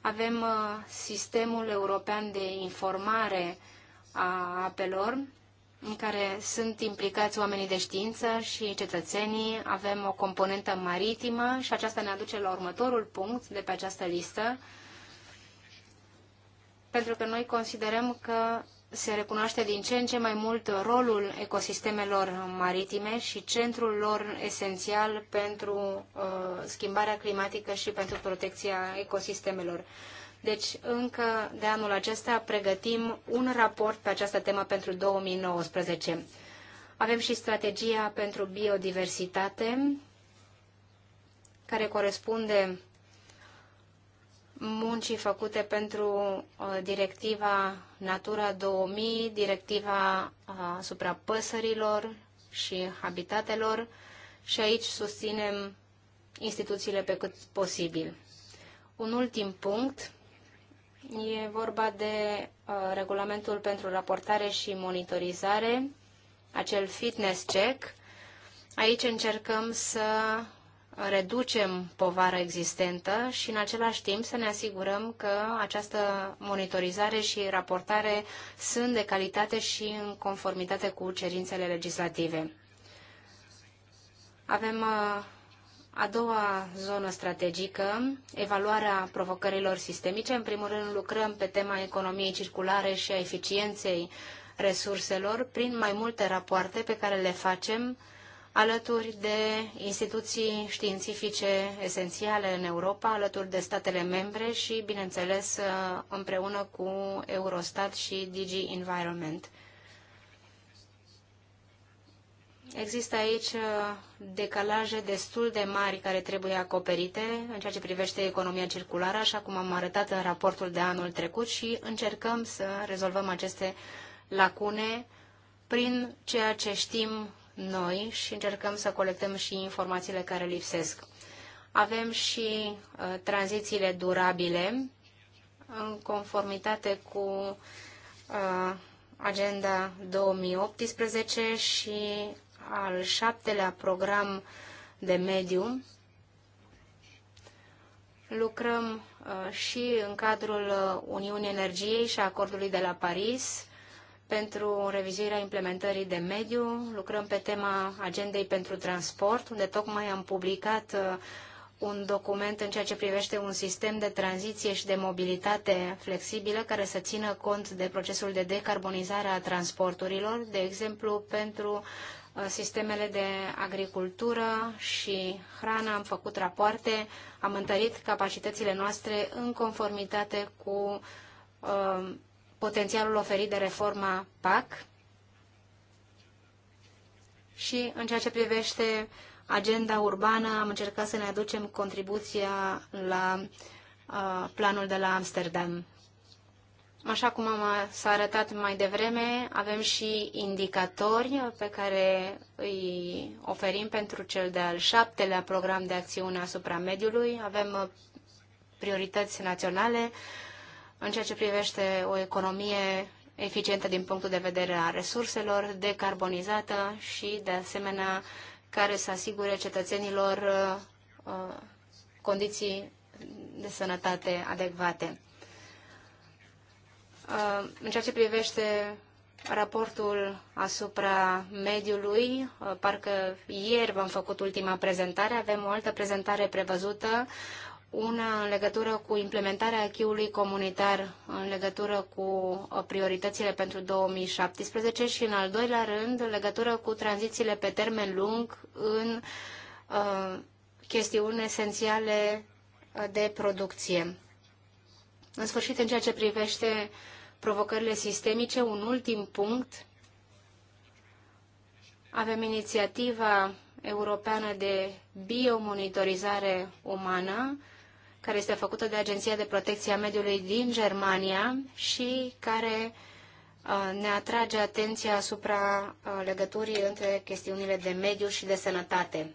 Avem sistemul european de informare a apelor, în care sunt implicați oamenii de știință și cetățenii. Avem o componentă maritimă și aceasta ne aduce la următorul punct de pe această listă, pentru că noi considerăm că se recunoaște din ce în ce mai mult rolul ecosistemelor maritime și centrul lor esențial pentru uh, schimbarea climatică și pentru protecția ecosistemelor. Deci, încă de anul acesta pregătim un raport pe această temă pentru 2019. Avem și strategia pentru biodiversitate, care corespunde muncii făcute pentru uh, directiva Natura 2000, directiva uh, asupra păsărilor și habitatelor și aici susținem instituțiile pe cât posibil. Un ultim punct e vorba de uh, regulamentul pentru raportare și monitorizare, acel fitness check. Aici încercăm să reducem povara existentă și în același timp să ne asigurăm că această monitorizare și raportare sunt de calitate și în conformitate cu cerințele legislative. Avem uh, a doua zonă strategică, evaluarea provocărilor sistemice. În primul rând lucrăm pe tema economiei circulare și a eficienței resurselor prin mai multe rapoarte pe care le facem alături de instituții științifice esențiale în Europa, alături de statele membre și, bineînțeles, împreună cu Eurostat și DG Environment. Există aici uh, decalaje destul de mari care trebuie acoperite în ceea ce privește economia circulară, așa cum am arătat în raportul de anul trecut și încercăm să rezolvăm aceste lacune prin ceea ce știm noi și încercăm să colectăm și informațiile care lipsesc. Avem și uh, tranzițiile durabile în conformitate cu uh, Agenda 2018 și al șaptelea program de mediu. Lucrăm uh, și în cadrul uh, Uniunii Energiei și a acordului de la Paris pentru revizuirea implementării de mediu. Lucrăm pe tema agendei pentru transport, unde tocmai am publicat uh, un document în ceea ce privește un sistem de tranziție și de mobilitate flexibilă care să țină cont de procesul de decarbonizare a transporturilor, de exemplu pentru uh, sistemele de agricultură și hrană, am făcut rapoarte, am întărit capacitățile noastre în conformitate cu uh, potențialul oferit de reforma PAC și în ceea ce privește agenda urbană am încercat să ne aducem contribuția la uh, planul de la Amsterdam. Așa cum s-a arătat mai devreme, avem și indicatori pe care îi oferim pentru cel de-al șaptelea program de acțiune asupra mediului. Avem uh, priorități naționale, uh, în ceea ce privește o economie eficientă din punctul de vedere a resurselor, decarbonizată și, de asemenea, care să asigure cetățenilor uh, condiții de sănătate adecvate. Uh, în ceea ce privește raportul asupra mediului. Uh, parcă ieri v-am făcut ultima prezentare, avem o altă prezentare prevăzută, una în legătură cu implementarea acquis comunitar în legătură cu uh, prioritățile pentru 2017 și în al doilea rând în legătură cu tranzițiile pe termen lung în uh, chestiuni esențiale uh, de producție. În sfârșit, în ceea ce privește provocările sistemice, un ultim punct. Avem inițiativa europeană de biomonitorizare umană care este făcută de Agenția de Protecție a Mediului din Germania și care uh, ne atrage atenția asupra uh, legăturii între chestiunile de mediu și de sănătate.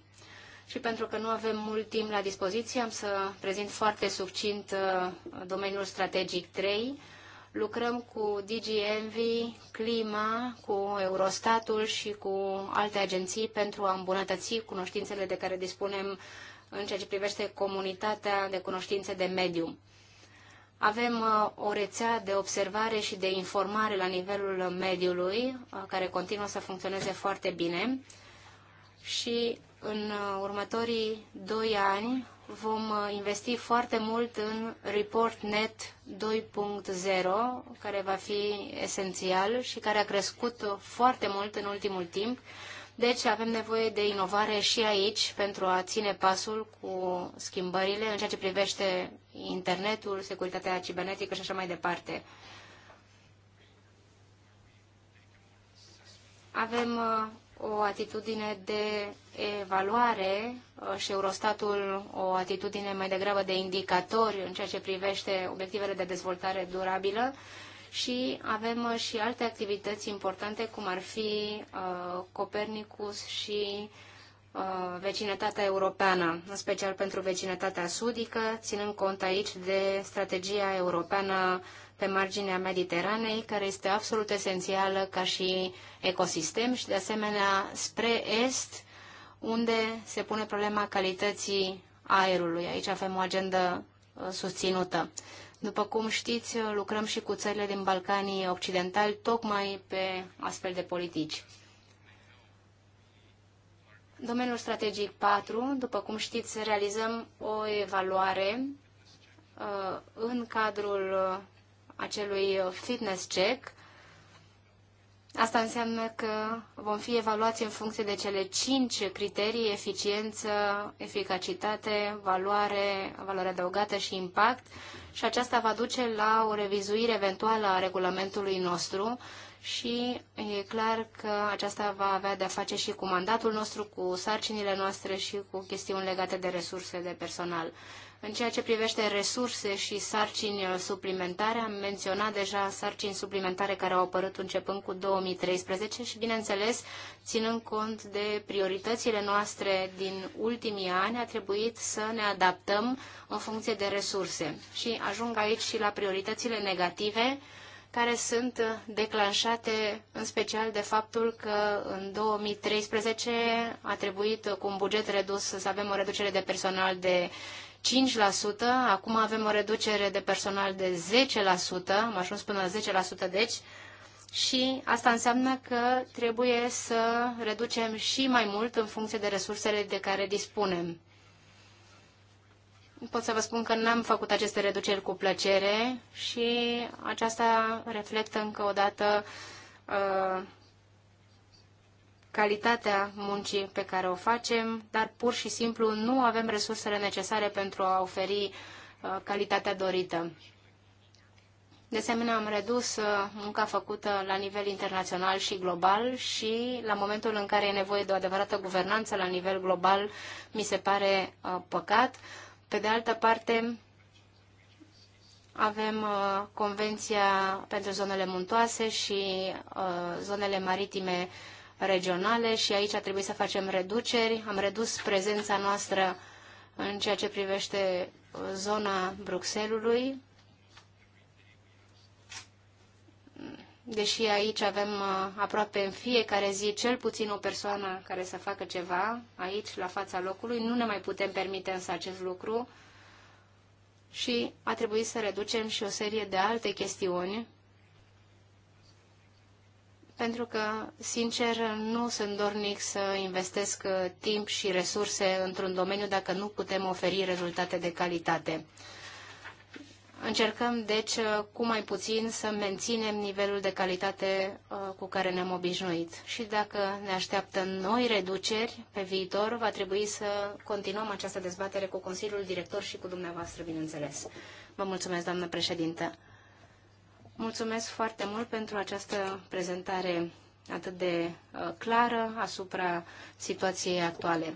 Și pentru că nu avem mult timp la dispoziție, am să prezint foarte succint uh, domeniul strategic 3. Lucrăm cu DGMV, Clima, cu Eurostatul și cu alte agenții pentru a îmbunătăți cunoștințele de care dispunem în ceea ce privește comunitatea de cunoștințe de mediu. Avem uh, o rețea de observare și de informare la nivelul mediului, uh, care continuă să funcționeze foarte bine și în uh, următorii doi ani vom investi foarte mult în ReportNet 2.0, care va fi esențial și care a crescut foarte mult în ultimul timp deci avem nevoie de inovare și aici pentru a ține pasul cu schimbările în ceea ce privește internetul, securitatea cibernetică și așa mai departe. Avem uh, o atitudine de evaluare uh, și Eurostatul o atitudine mai degrabă de indicatori în ceea ce privește obiectivele de dezvoltare durabilă și avem uh, și alte activități importante, cum ar fi uh, Copernicus și uh, vecinătatea europeană, în special pentru vecinătatea sudică, ținând cont aici de strategia europeană pe marginea Mediteranei, care este absolut esențială ca și ecosistem și, de asemenea, spre est, unde se pune problema calității aerului. Aici avem o agendă susținută. După cum știți, lucrăm și cu țările din Balcanii Occidentali tocmai pe astfel de politici. Domeniul strategic 4, după cum știți, realizăm o evaluare uh, în cadrul uh, acelui fitness check Asta înseamnă că vom fi evaluați în funcție de cele cinci criterii, eficiență, eficacitate, valoare, valoare adăugată și impact și aceasta va duce la o revizuire eventuală a regulamentului nostru și e clar că aceasta va avea de-a face și cu mandatul nostru, cu sarcinile noastre și cu chestiuni legate de resurse de personal. În ceea ce privește resurse și sarcini uh, suplimentare, am menționat deja sarcini suplimentare care au apărut începând cu 2013 și, bineînțeles, ținând cont de prioritățile noastre din ultimii ani, a trebuit să ne adaptăm în funcție de resurse. Și ajung aici și la prioritățile negative, care sunt uh, declanșate în special de faptul că în 2013 a trebuit uh, cu un buget redus să avem o reducere de personal de acum avem o reducere de personal de 10%, am ajuns până la 10% deci, și asta înseamnă că trebuie să reducem și mai mult în funcție de resursele de care dispunem. Pot să vă spun că n-am făcut aceste reduceri cu plăcere și aceasta reflectă încă o dată uh, calitatea muncii pe care o facem, dar pur și simplu nu avem resursele necesare pentru a oferi uh, calitatea dorită. De asemenea, am redus uh, munca făcută la nivel internațional și global și la momentul în care e nevoie de o adevărată guvernanță la nivel global, mi se pare uh, păcat. Pe de altă parte, avem Convenția pentru zonele muntoase și zonele maritime regionale și aici a trebuit să facem reduceri. Am redus prezența noastră în ceea ce privește uh, zona Bruxelului, deși aici avem uh, aproape în fiecare zi cel puțin o persoană care să facă ceva aici, la fața locului, nu ne mai putem permite însă acest lucru și a trebuit să reducem și o serie de alte chestiuni pentru că, sincer, nu sunt dornic să investesc uh, timp și resurse într-un domeniu dacă nu putem oferi rezultate de calitate. Încercăm, deci, uh, cu mai puțin să menținem nivelul de calitate uh, cu care ne-am obișnuit. Și dacă ne așteaptă noi reduceri pe viitor, va trebui să continuăm această dezbatere cu Consiliul Director și cu dumneavoastră, bineînțeles. Vă mulțumesc, doamnă președintă. Mulțumesc foarte mult pentru această prezentare atât de uh, clară asupra situației actuale.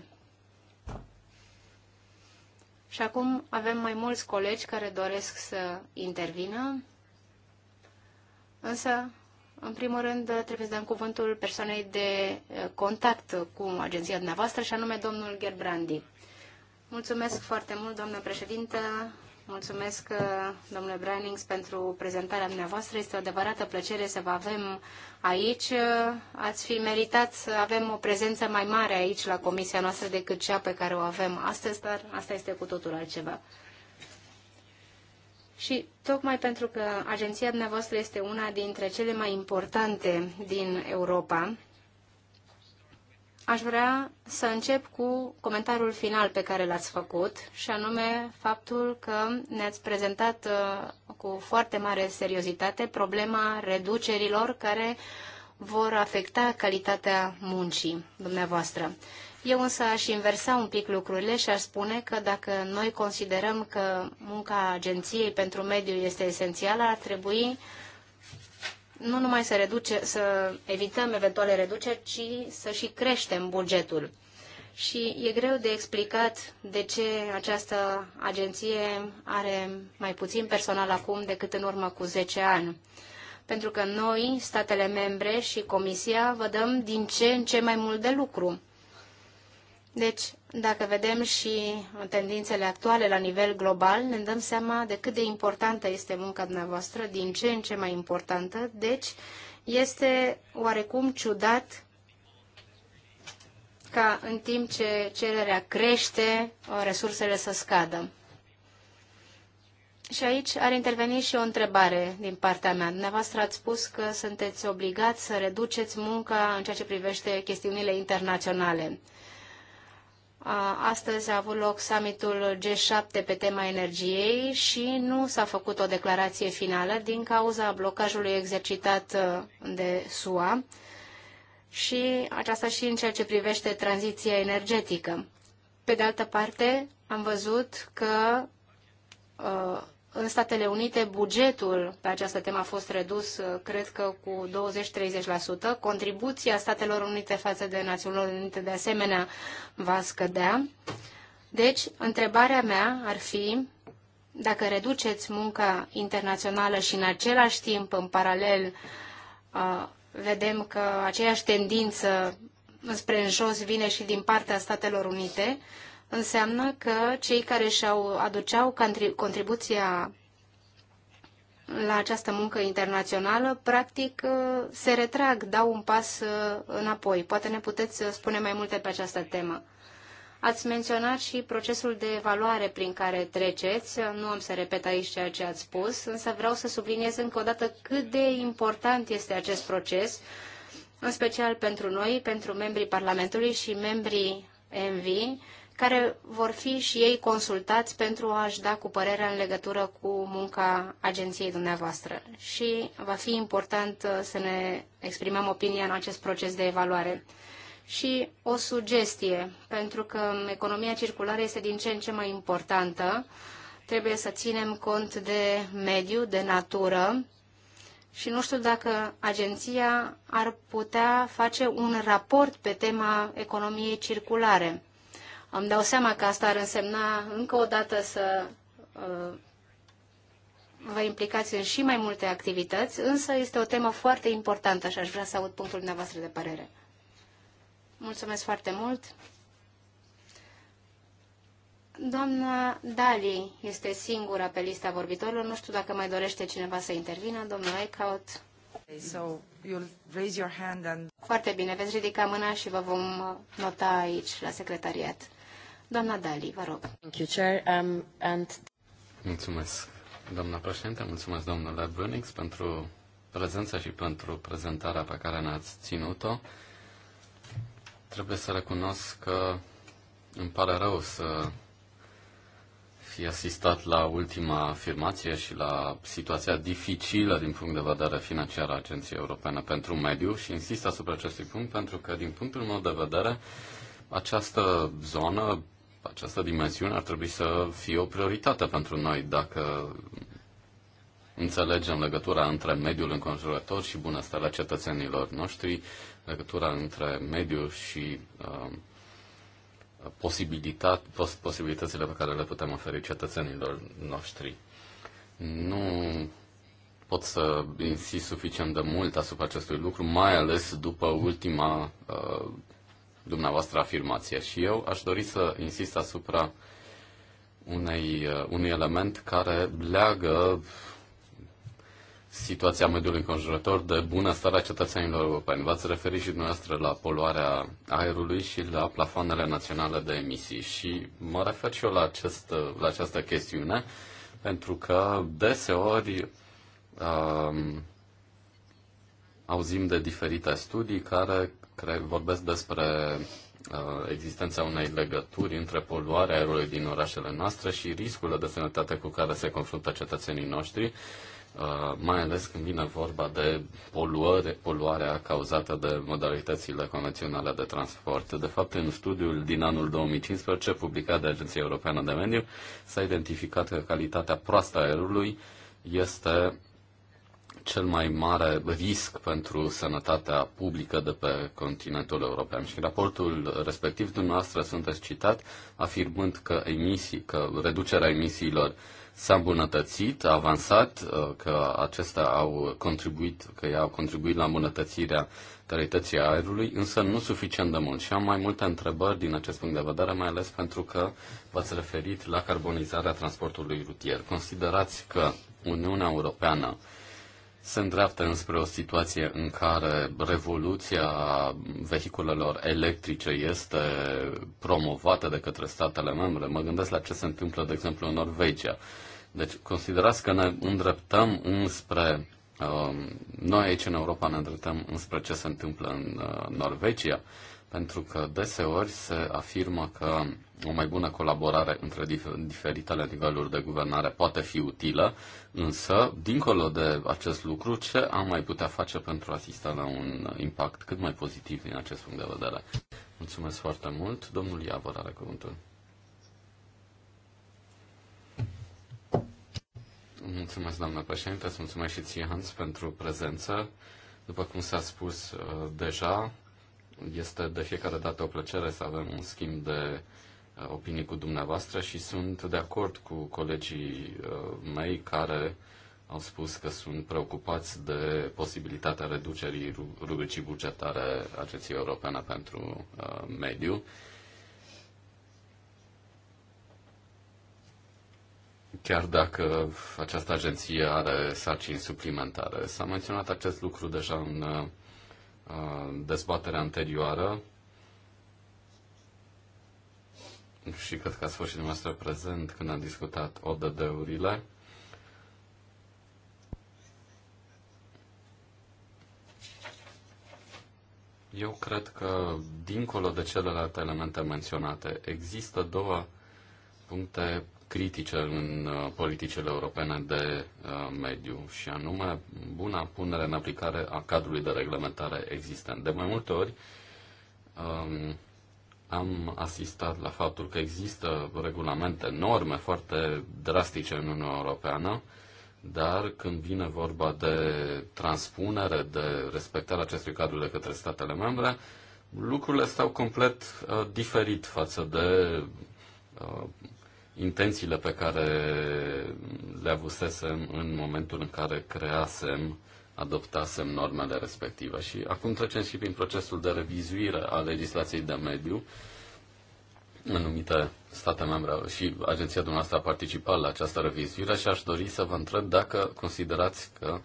Și acum avem mai mulți colegi care doresc să intervină, însă, în primul rând, trebuie să dăm cuvântul persoanei de uh, contact cu agenția dumneavoastră, și anume domnul Gerbrandi. Mulțumesc foarte mult, doamnă președintă, Mulțumesc, uh, domnule Brownings, pentru prezentarea dumneavoastră. Este o adevărată plăcere să vă avem aici. Uh, ați fi meritat să avem o prezență mai mare aici la comisia noastră decât cea pe care o avem astăzi, dar asta este cu totul altceva. Și tocmai pentru că agenția dumneavoastră este una dintre cele mai importante din Europa, Aș vrea să încep cu comentariul final pe care l-ați făcut, și anume faptul că ne-ați prezentat uh, cu foarte mare seriozitate problema reducerilor care vor afecta calitatea muncii dumneavoastră. Eu însă aș inversa un pic lucrurile și aș spune că dacă noi considerăm că munca agenției pentru mediu este esențială, ar trebui nu numai să, reduce, să evităm eventuale reduceri, ci să și creștem bugetul. Și e greu de explicat de ce această agenție are mai puțin personal acum decât în urmă cu 10 ani. Pentru că noi, statele membre și Comisia, vă dăm din ce în ce mai mult de lucru. Deci, dacă vedem și tendințele actuale la nivel global, ne dăm seama de cât de importantă este munca dumneavoastră, din ce în ce mai importantă. Deci, este oarecum ciudat ca în timp ce cererea crește, resursele să scadă. Și aici ar interveni și o întrebare din partea mea. Dumneavoastră ați spus că sunteți obligați să reduceți munca în ceea ce privește chestiunile internaționale. Astăzi a avut loc summitul G7 pe tema energiei și nu s-a făcut o declarație finală din cauza blocajului exercitat uh, de SUA și aceasta și în ceea ce privește tranziția energetică. Pe de altă parte, am văzut că uh, în Statele Unite, bugetul pe această temă a fost redus, uh, cred că, cu 20-30%. Contribuția Statelor Unite față de Națiunile Unite, de asemenea, va scădea. Deci, întrebarea mea ar fi dacă reduceți munca internațională și în același timp, în paralel, uh, vedem că aceeași tendință spre în jos vine și din partea Statelor Unite, înseamnă că cei care și-au aduceau contribuția la această muncă internațională, practic uh, se retrag, dau un pas uh, înapoi. Poate ne puteți uh, spune mai multe pe această temă. Ați menționat și procesul de evaluare prin care treceți. Nu am să repet aici ceea ce ați spus, însă vreau să subliniez încă o dată cât de important este acest proces, în special pentru noi, pentru membrii Parlamentului și membrii ENVI, care vor fi și ei consultați pentru a-și da cu părerea în legătură cu munca agenției dumneavoastră. Și va fi important uh, să ne exprimăm opinia în acest proces de evaluare. Și o sugestie, pentru că economia circulară este din ce în ce mai importantă, trebuie să ținem cont de mediu, de natură, și nu știu dacă agenția ar putea face un raport pe tema economiei circulare. Îmi dau seama că asta ar însemna încă o dată să uh, vă implicați în și mai multe activități, însă este o temă foarte importantă și aș vrea să aud punctul dumneavoastră de părere. Mulțumesc foarte mult! Doamna Dali este singura pe lista vorbitorilor. Nu știu dacă mai dorește cineva să intervină. Domnul Eichhout. So you'll raise your hand and... Foarte bine, veți ridica mâna și vă vom uh, nota aici, la secretariat. Doamna Dali, vă rog. Thank you, Chair. Um, and... Mulțumesc, doamna președinte, mulțumesc, domnule Bunix, pentru prezența și pentru prezentarea pe care ne-ați ținut-o. Trebuie să recunosc că îmi pare rău să fi asistat la ultima afirmație și la situația dificilă din punct de vedere financiar a Agenției Europene pentru Mediu și insist asupra acestui punct pentru că, din punctul meu de vedere, această zonă această dimensiune ar trebui să fie o prioritate pentru noi dacă înțelegem legătura între mediul înconjurător și bunăstarea cetățenilor noștri, legătura între mediu și uh, um, posibilitate, pos, posibilitățile pe care le putem oferi cetățenilor noștri. Nu pot să insist suficient de mult asupra acestui lucru, mai ales după ultima uh, dumneavoastră afirmație și eu aș dori să insist asupra unei, uh, unui element care leagă situația mediului înconjurător de bunăstarea cetățenilor europeni. V-ați referit și dumneavoastră la poluarea aerului și la plafoanele naționale de emisii și mă refer și eu la, acest, la această chestiune pentru că deseori um, auzim de diferite studii care cred, vorbesc despre uh, existența unei legături între poluarea aerului din orașele noastre și riscurile de sănătate cu care se confruntă cetățenii noștri, uh, mai ales când vine vorba de poluare, poluarea cauzată de modalitățile convenționale de transport. De fapt, în studiul din anul 2015, publicat de Agenția Europeană de Mediu, s-a identificat că calitatea proastă a aerului este cel mai mare risc pentru sănătatea publică de pe continentul european. Și raportul respectiv dumneavoastră sunteți citat afirmând că, emisii, că reducerea emisiilor s-a îmbunătățit, a avansat, uh, că acestea au contribuit, că ea au contribuit la îmbunătățirea calității aerului, însă nu suficient de mult. Și am mai multe întrebări din acest punct de vedere, mai ales pentru că v-ați referit la carbonizarea transportului rutier. Considerați că Uniunea Europeană se îndreaptă înspre o situație în care revoluția vehiculelor electrice este promovată de către statele membre. Mă gândesc la ce se întâmplă, de exemplu, în Norvegia. Deci, considerați că ne îndreptăm înspre. Uh, noi aici în Europa ne îndreptăm înspre ce se întâmplă în uh, Norvegia pentru că deseori se afirmă că o mai bună colaborare între diferitele niveluri de guvernare poate fi utilă, însă, dincolo de acest lucru, ce am mai putea face pentru a asista la un impact cât mai pozitiv din acest punct de vedere? Mulțumesc foarte mult. Domnul Iavor are cuvântul. Mulțumesc, doamnă președinte, mulțumesc și ție, Hans, pentru prezență. După cum s-a spus uh, deja, este de fiecare dată o plăcere să avem un schimb de uh, opinii cu dumneavoastră și sunt de acord cu colegii uh, mei care au spus că sunt preocupați de posibilitatea reducerii rubricii bugetare Agenției Europene pentru uh, Mediu. Chiar dacă această agenție are sarcini suplimentare. S-a menționat acest lucru deja în uh, Uh, dezbaterea anterioară și cred că ați fost și dumneavoastră prezent când am discutat ODD-urile. Eu cred că, dincolo de celelalte elemente menționate, există două puncte critice în uh, politicile europene de uh, mediu, și anume buna punere în aplicare a cadrului de reglementare existent. De mai multe ori um, am asistat la faptul că există regulamente, norme foarte drastice în Uniunea Europeană, dar când vine vorba de transpunere, de respectarea acestui cadru de către statele membre, lucrurile stau complet uh, diferit față de uh, intențiile pe care le avusesem în momentul în care creasem, adoptasem normele respective. Și acum trecem și prin procesul de revizuire a legislației de mediu. Anumite state membre și agenția dumneavoastră a participat la această revizuire și aș dori să vă întreb dacă considerați că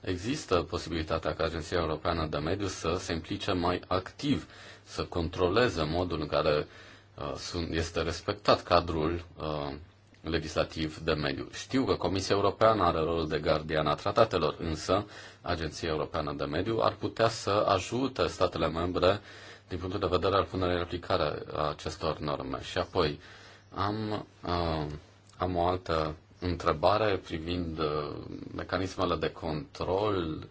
există posibilitatea ca Agenția Europeană de Mediu să se implice mai activ, să controleze modul în care uh, Uh, este respectat cadrul uh, legislativ de mediu. Știu că Comisia Europeană are rolul de gardian a tratatelor, însă Agenția Europeană de Mediu ar putea să ajute statele membre din punctul de vedere al punerii în aplicare a acestor norme. Și apoi am, uh, am o altă întrebare privind mecanismele de control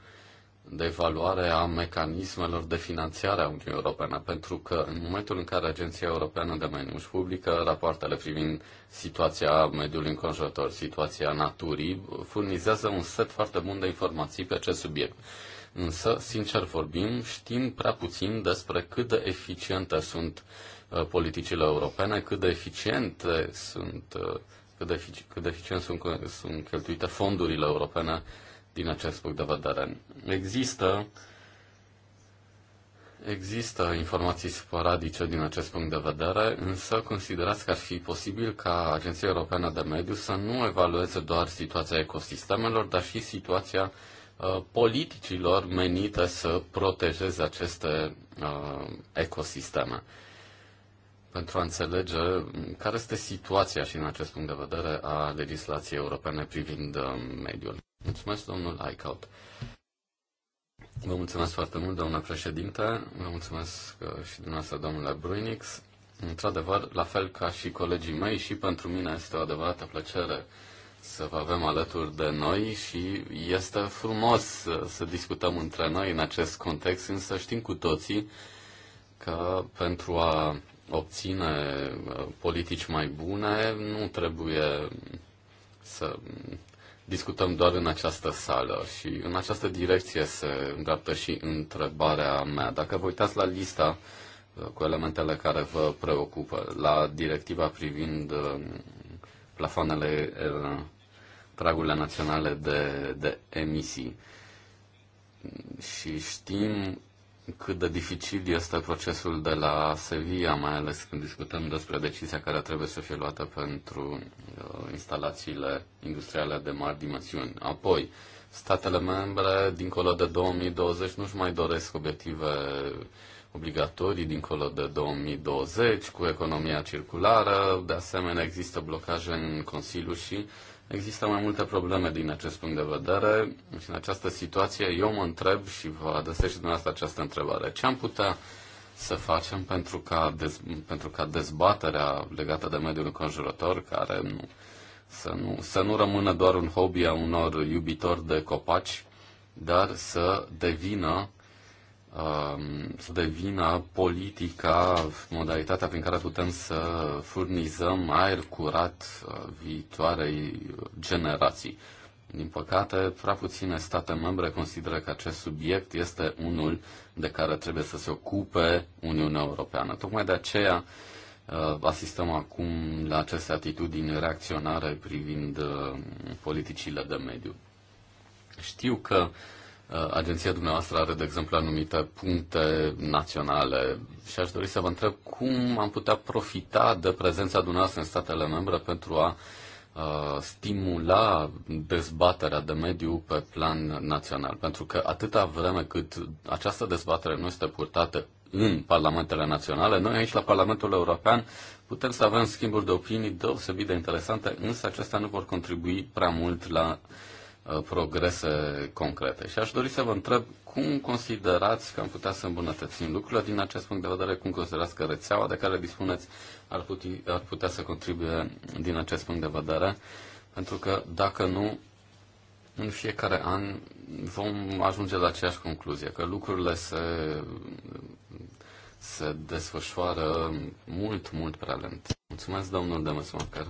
de evaluare a mecanismelor de finanțare a Uniunii Europene, pentru că în momentul în care Agenția Europeană de Mediu își publică rapoartele privind situația mediului înconjurător, situația naturii, furnizează un set foarte bun de informații pe acest subiect. Însă, sincer vorbim, știm prea puțin despre cât de eficiente sunt uh, politicile europene, cât de eficiente sunt, uh, cât de, cât de eficient sunt, sunt cheltuite fondurile europene din acest punct de vedere. Există Există informații sporadice din acest punct de vedere, însă considerați că ar fi posibil ca Agenția Europeană de Mediu să nu evalueze doar situația ecosistemelor, dar și situația uh, politicilor menite să protejeze aceste uh, ecosisteme pentru a înțelege mm, care este situația și în acest punct de vedere a legislației europene privind uh, mediul. Mulțumesc, domnul Eichhout. Vă mulțumesc foarte mult, domnule președinte. Vă mulțumesc uh, și dumneavoastră, domnule Bruinix. Într-adevăr, la fel ca și colegii mei, și pentru mine este o adevărată plăcere să vă avem alături de noi și este frumos să, uh, să discutăm între noi în acest context, însă știm cu toții că pentru a obține uh, politici mai bune, nu trebuie să discutăm doar în această sală și în această direcție se îndreaptă și întrebarea mea. Dacă vă uitați la lista uh, cu elementele care vă preocupă, la directiva privind uh, plafoanele, pragurile naționale de, de emisii, și știm cât de dificil este procesul de la Sevilla, mai ales când discutăm despre decizia care trebuie să fie luată pentru uh, instalațiile industriale de mari dimensiuni. Apoi, statele membre, dincolo de 2020, nu-și mai doresc obiective obligatorii dincolo de 2020 cu economia circulară. De asemenea, există blocaje în Consiliu și Există mai multe probleme din acest punct de vedere și în această situație eu mă întreb și vă adresez și dumneavoastră această întrebare. Ce am putea să facem pentru ca, dez, pentru ca dezbaterea legată de mediul înconjurător, care nu, să, nu, să nu rămână doar un hobby a unor iubitori de copaci, dar să devină Um, să devină politica, modalitatea prin care putem să furnizăm aer curat uh, viitoarei generații. Din păcate, prea puține state membre consideră că acest subiect este unul de care trebuie să se ocupe Uniunea Europeană. Tocmai de aceea uh, asistăm acum la aceste atitudini reacționare privind uh, politicile de mediu. Știu că uh, Uh, agenția dumneavoastră are, de exemplu, anumite puncte naționale și aș dori să vă întreb cum am putea profita de prezența dumneavoastră în statele membre pentru a uh, stimula dezbaterea de mediu pe plan național. Pentru că atâta vreme cât această dezbatere nu este purtată în parlamentele naționale, noi aici la Parlamentul European putem să avem schimburi de opinii deosebit de interesante, însă acestea nu vor contribui prea mult la uh, Uh, progrese concrete. Și aș dori să vă întreb cum considerați că am putea să îmbunătățim lucrurile din acest punct de vedere, cum considerați că rețeaua de care dispuneți ar, puti, ar putea să contribuie din acest punct de vedere, pentru că dacă nu, în fiecare an vom ajunge la aceeași concluzie, că lucrurile se, se desfășoară mult, mult prea lent. Mulțumesc, domnul Demesmacher.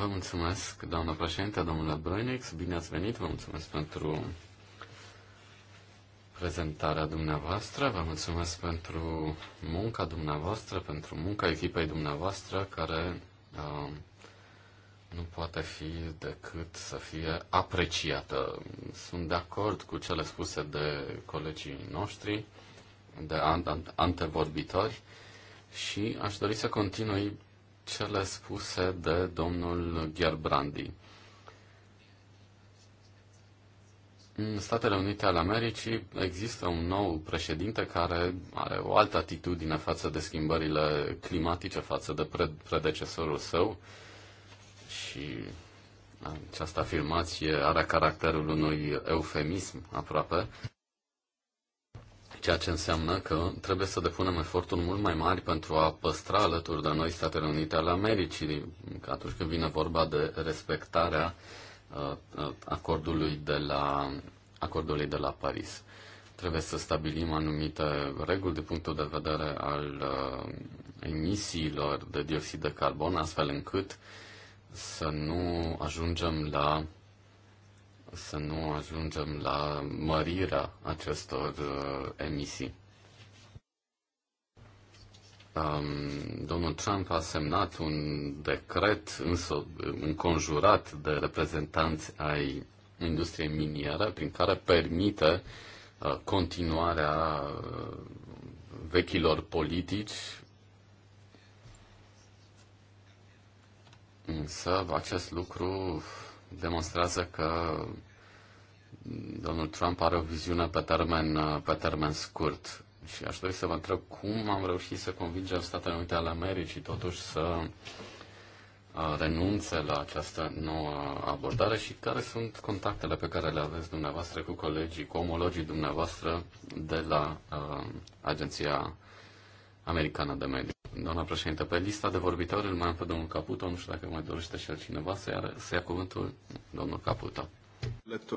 Vă mulțumesc, doamna președinte, domnule Brăinex, bine ați venit, vă mulțumesc pentru prezentarea dumneavoastră, vă mulțumesc pentru munca dumneavoastră, pentru munca echipei dumneavoastră, care uh, nu poate fi decât să fie apreciată. Sunt de acord cu cele spuse de colegii noștri, de antevorbitori și aș dori să continui cele spuse de domnul Gherbrandi. În Statele Unite ale Americii există un nou președinte care are o altă atitudine față de schimbările climatice, față de pre- predecesorul său și această afirmație are caracterul unui eufemism aproape. Ceea ce înseamnă că trebuie să depunem eforturi mult mai mari pentru a păstra alături de noi Statele Unite ale Americii, atunci când vine vorba de respectarea uh, uh, acordului de la, acordului de la Paris. Trebuie să stabilim anumite reguli din punctul de vedere al uh, emisiilor de dioxid de carbon, astfel încât să nu ajungem la să nu ajungem la mărirea acestor uh, emisii. Um, domnul Trump a semnat un decret însă înconjurat de reprezentanți ai industriei miniere prin care permite uh, continuarea uh, vechilor politici însă acest lucru demonstrează că domnul Trump are o viziune pe termen, pe termen scurt. Și aș dori să vă întreb cum am reușit să convingem Statele Unite ale Americii totuși să uh, renunțe la această nouă abordare și care sunt contactele pe care le aveți dumneavoastră cu colegii, cu omologii dumneavoastră de la uh, Agenția Americană de Mediu. Doamna președinte, pe lista de vorbitori îl mai am pe domnul Caputo, nu știu dacă mai dorește și altcineva să ia, să ia cuvântul domnul Caputo.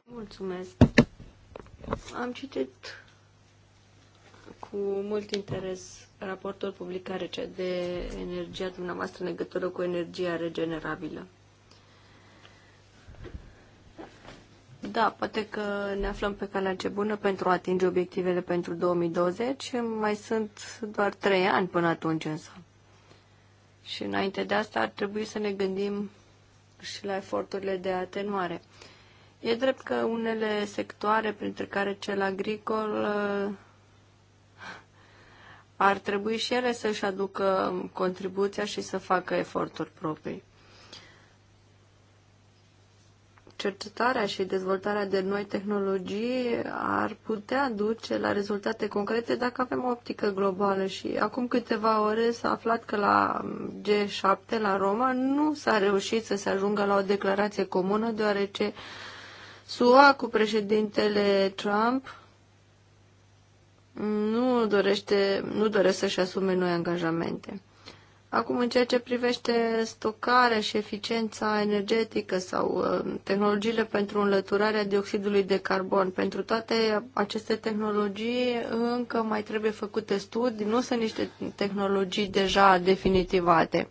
Mulțumesc. Am citit cu mult interes raportul publicat recent de energia dumneavoastră în legătură cu energia regenerabilă. Da, poate că ne aflăm pe calea ce bună pentru a atinge obiectivele pentru 2020. Mai sunt doar trei ani până atunci însă. Și înainte de asta ar trebui să ne gândim și la eforturile de atenuare. E drept că unele sectoare, printre care cel agricol, ar trebui și ele să-și aducă contribuția și să facă eforturi proprii. cercetarea și dezvoltarea de noi tehnologii ar putea duce la rezultate concrete dacă avem o optică globală. Și acum câteva ore s-a aflat că la G7, la Roma, nu s-a reușit să se ajungă la o declarație comună, deoarece SUA cu președintele Trump nu dorește, nu dorește să-și asume noi angajamente. Acum, în ceea ce privește stocarea și eficiența energetică sau uh, tehnologiile pentru înlăturarea dioxidului de carbon, pentru toate aceste tehnologii încă mai trebuie făcute studii, nu sunt niște tehnologii deja definitivate.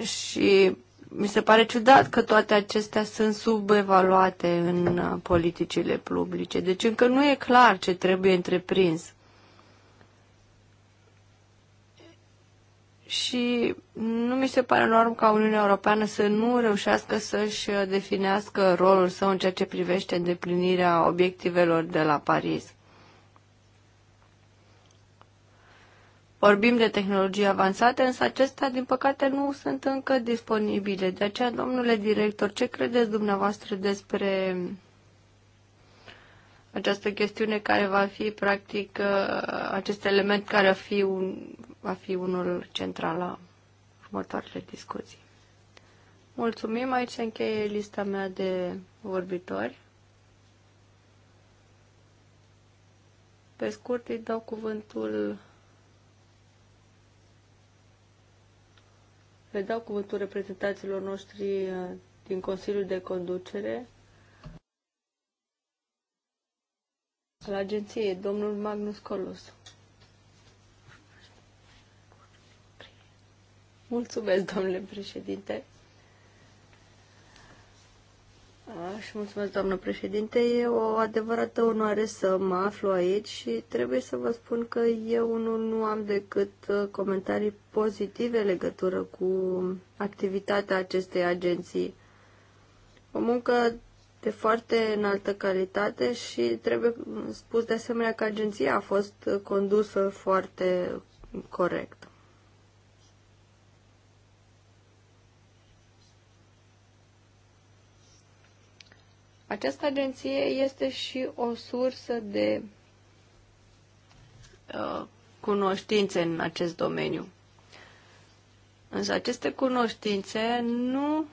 Și mi se pare ciudat că toate acestea sunt subevaluate în uh, politicile publice. Deci încă nu e clar ce trebuie întreprins. și nu mi se pare norm ca Uniunea Europeană să nu reușească să-și uh, definească rolul său în ceea ce privește îndeplinirea obiectivelor de la Paris. Vorbim de tehnologii avansate, însă acestea, din păcate, nu sunt încă disponibile. De aceea, domnule director, ce credeți dumneavoastră despre această chestiune care va fi, practic, uh, acest element care va fi un, va fi unul central la următoarele discuții. Mulțumim, aici se încheie lista mea de vorbitori. Pe scurt îi dau cuvântul le dau cuvântul reprezentanților noștri uh, din Consiliul de Conducere al agenției, domnul Magnus Colos. Mulțumesc, domnule președinte. Și mulțumesc, doamnă președinte. E o adevărată onoare să mă aflu aici și trebuie să vă spun că eu nu, nu am decât uh, comentarii pozitive legătură cu activitatea acestei agenții. O muncă de foarte înaltă calitate și trebuie spus de asemenea că agenția a fost condusă foarte corect. Această agenție este și o sursă de uh, cunoștințe în acest domeniu. Însă aceste cunoștințe nu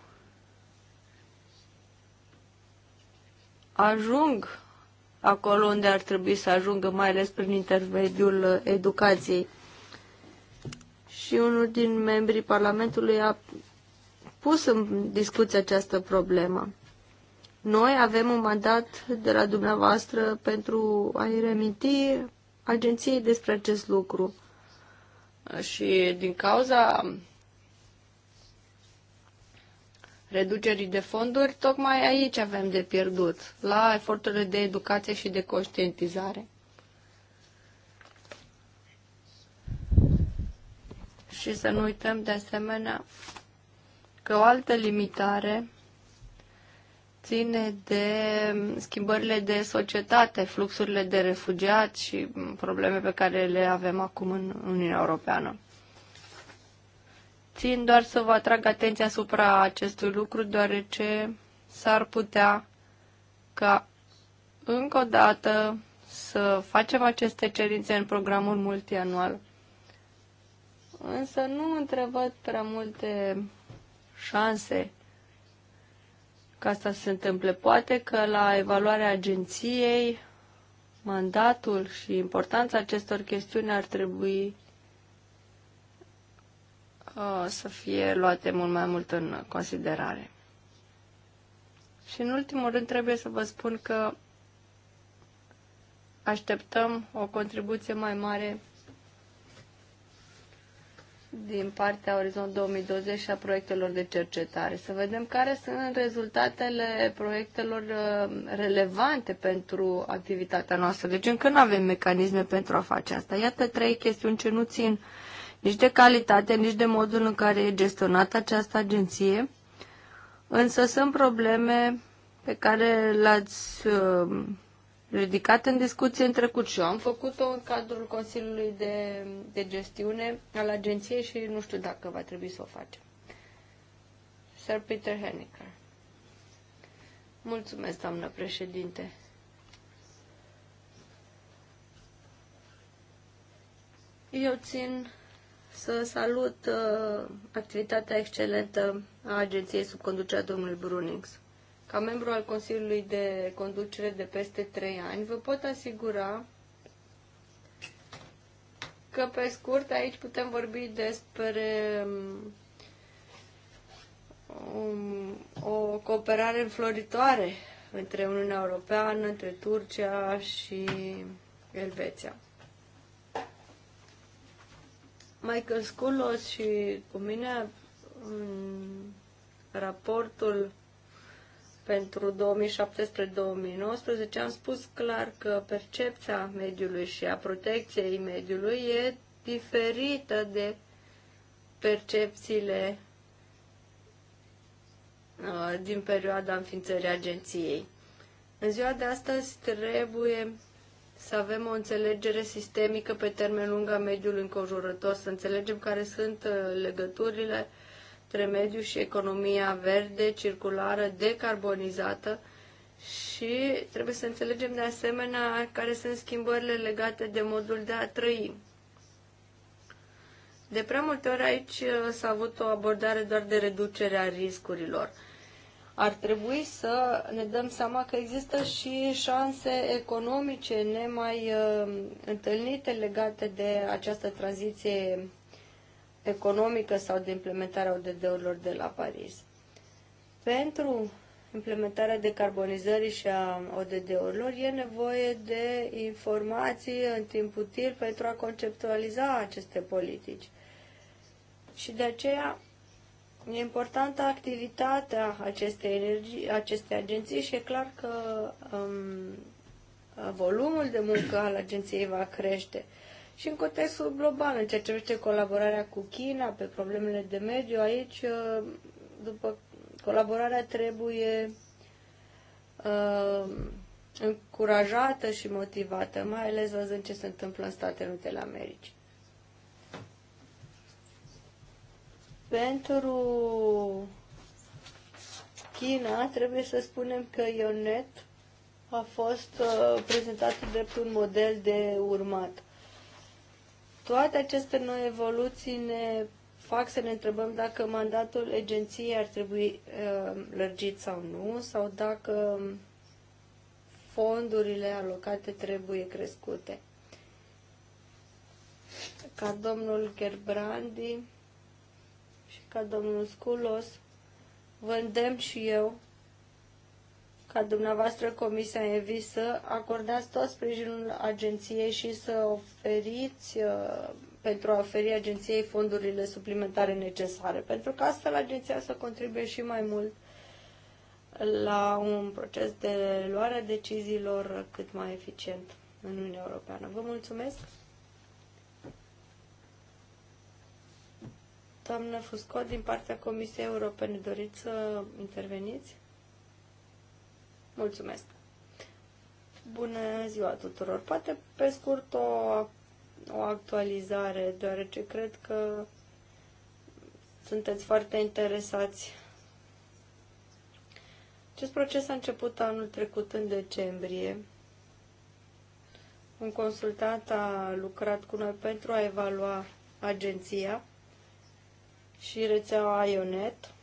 ajung acolo unde ar trebui să ajungă, mai ales prin intermediul educației. Și unul din membrii Parlamentului a pus în discuție această problemă. Noi avem un mandat de la dumneavoastră pentru a-i reminti agenției despre acest lucru. Și din cauza reducerii de fonduri, tocmai aici avem de pierdut, la eforturile de educație și de conștientizare. Și să nu uităm de asemenea că o altă limitare ține de schimbările de societate, fluxurile de refugiați și probleme pe care le avem acum în Uniunea Europeană. Țin doar să vă atrag atenția asupra acestui lucru, deoarece s-ar putea ca încă o dată să facem aceste cerințe în programul multianual. Însă nu întrebăt prea multe șanse ca asta să se întâmple. Poate că la evaluarea agenției, mandatul și importanța acestor chestiuni ar trebui uh, să fie luate mult mai mult în considerare. Și în ultimul rând trebuie să vă spun că așteptăm o contribuție mai mare din partea Orizont 2020 și a proiectelor de cercetare. Să vedem care sunt rezultatele proiectelor uh, relevante pentru activitatea noastră. Deci încă nu avem mecanisme pentru a face asta. Iată trei chestiuni ce nu țin nici de calitate, nici de modul în care e gestionată această agenție, însă sunt probleme pe care le-ați uh, ridicat în discuție în trecut și eu am făcut-o în cadrul Consiliului de, de Gestiune al agenției și nu știu dacă va trebui să o facem. Sir Peter Henniker. Mulțumesc, doamnă președinte. Eu țin să salut uh, activitatea excelentă a agenției sub conducerea domnului Brunings. Ca membru al Consiliului de Conducere de peste 3 ani, vă pot asigura că pe scurt aici putem vorbi despre um, um o cooperare înfloritoare între Uniunea Europeană, între Turcia și Elveția. Michael Sculos și cu mine în raportul pentru 2017-2019, am spus clar că percepția mediului și a protecției mediului e diferită de percepțiile uh, din perioada înființării agenției. În ziua de astăzi trebuie să avem o înțelegere sistemică pe termen lung a mediului înconjurător, să înțelegem care sunt uh, legăturile către mediu și economia verde, circulară, decarbonizată și trebuie să înțelegem de asemenea care sunt schimbările legate de modul de a trăi. De prea multe ori aici uh, s-a avut o abordare doar de reducerea riscurilor. Ar trebui să ne dăm seama că există și șanse economice nemai uh, întâlnite legate de această tranziție economică sau de implementarea ODD-urilor de la Paris. Pentru implementarea decarbonizării și a ODD-urilor e nevoie de informații în timp util pentru a conceptualiza aceste politici. Și de aceea e importantă activitatea acestei, energii, acestei agenții și e clar că um, volumul de muncă al agenției va crește și în contextul global, în ceea ce privește colaborarea cu China pe problemele de mediu, aici, uh, după colaborarea trebuie uh, încurajată și motivată, mai ales văzând ce se întâmplă în Statele Unite ale Americii. Pentru China, trebuie să spunem că Ionet a fost uh, prezentat drept un model de urmat. Toate aceste noi evoluții ne fac să ne întrebăm dacă mandatul agenției ar trebui uh, lărgit sau nu, sau dacă fondurile alocate trebuie crescute. Ca domnul Gerbrandi și ca domnul Sculos, vă îndemn și eu ca dumneavoastră Comisia EVI să acordați tot sprijinul agenției și să oferiți uh, pentru a oferi agenției fondurile suplimentare necesare, pentru că astfel agenția să contribuie și mai mult la un proces de luare a deciziilor cât mai eficient în Uniunea Europeană. Vă mulțumesc! Doamnă Fusco, din partea Comisiei Europene, doriți să interveniți? Mulțumesc! Bună ziua tuturor! Poate pe scurt o, o actualizare, deoarece cred că sunteți foarte interesați. Acest proces a început anul trecut, în decembrie. Un consultant a lucrat cu noi pentru a evalua agenția și rețeaua IONET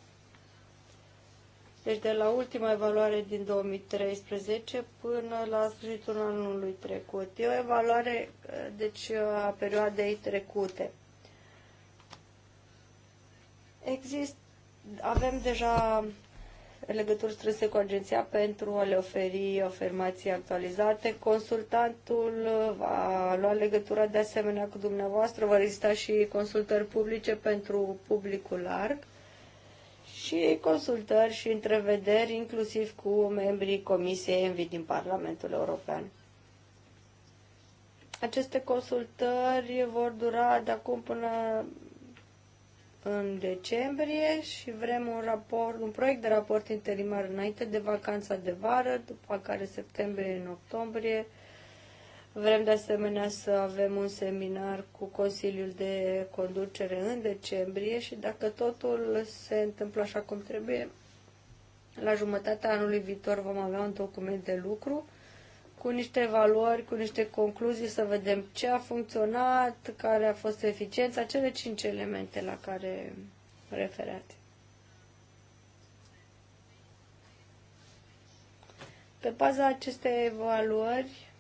deci de la ultima evaluare din 2013 până la sfârșitul anului trecut. E o evaluare deci, a perioadei trecute. Exist, avem deja legături strânse cu agenția pentru a le oferi afirmații actualizate. Consultantul va lua legătura de asemenea cu dumneavoastră. Vor exista și consultări publice pentru publicul larg și consultări și întrevederi, inclusiv cu membrii Comisiei Envi din Parlamentul European. Aceste consultări vor dura de acum până în decembrie și vrem un, raport, un proiect de raport interimar înainte de vacanța de vară, după care septembrie în octombrie Vrem de asemenea să avem un seminar cu Consiliul de Conducere în decembrie și dacă totul se întâmplă așa cum trebuie, la jumătatea anului viitor vom avea un document de lucru cu niște valori, cu niște concluzii, să vedem ce a funcționat, care a fost eficiența, cele cinci elemente la care referați. Pe baza acestei evaluări,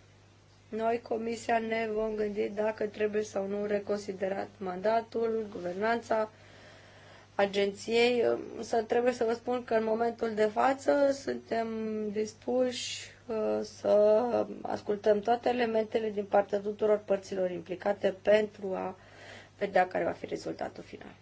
noi, Comisia, ne vom gândi dacă trebuie sau nu reconsiderat mandatul, guvernanța agenției, însă trebuie să vă spun că în momentul de față suntem dispuși uh, să ascultăm toate elementele din partea tuturor părților implicate pentru a vedea care va fi rezultatul final.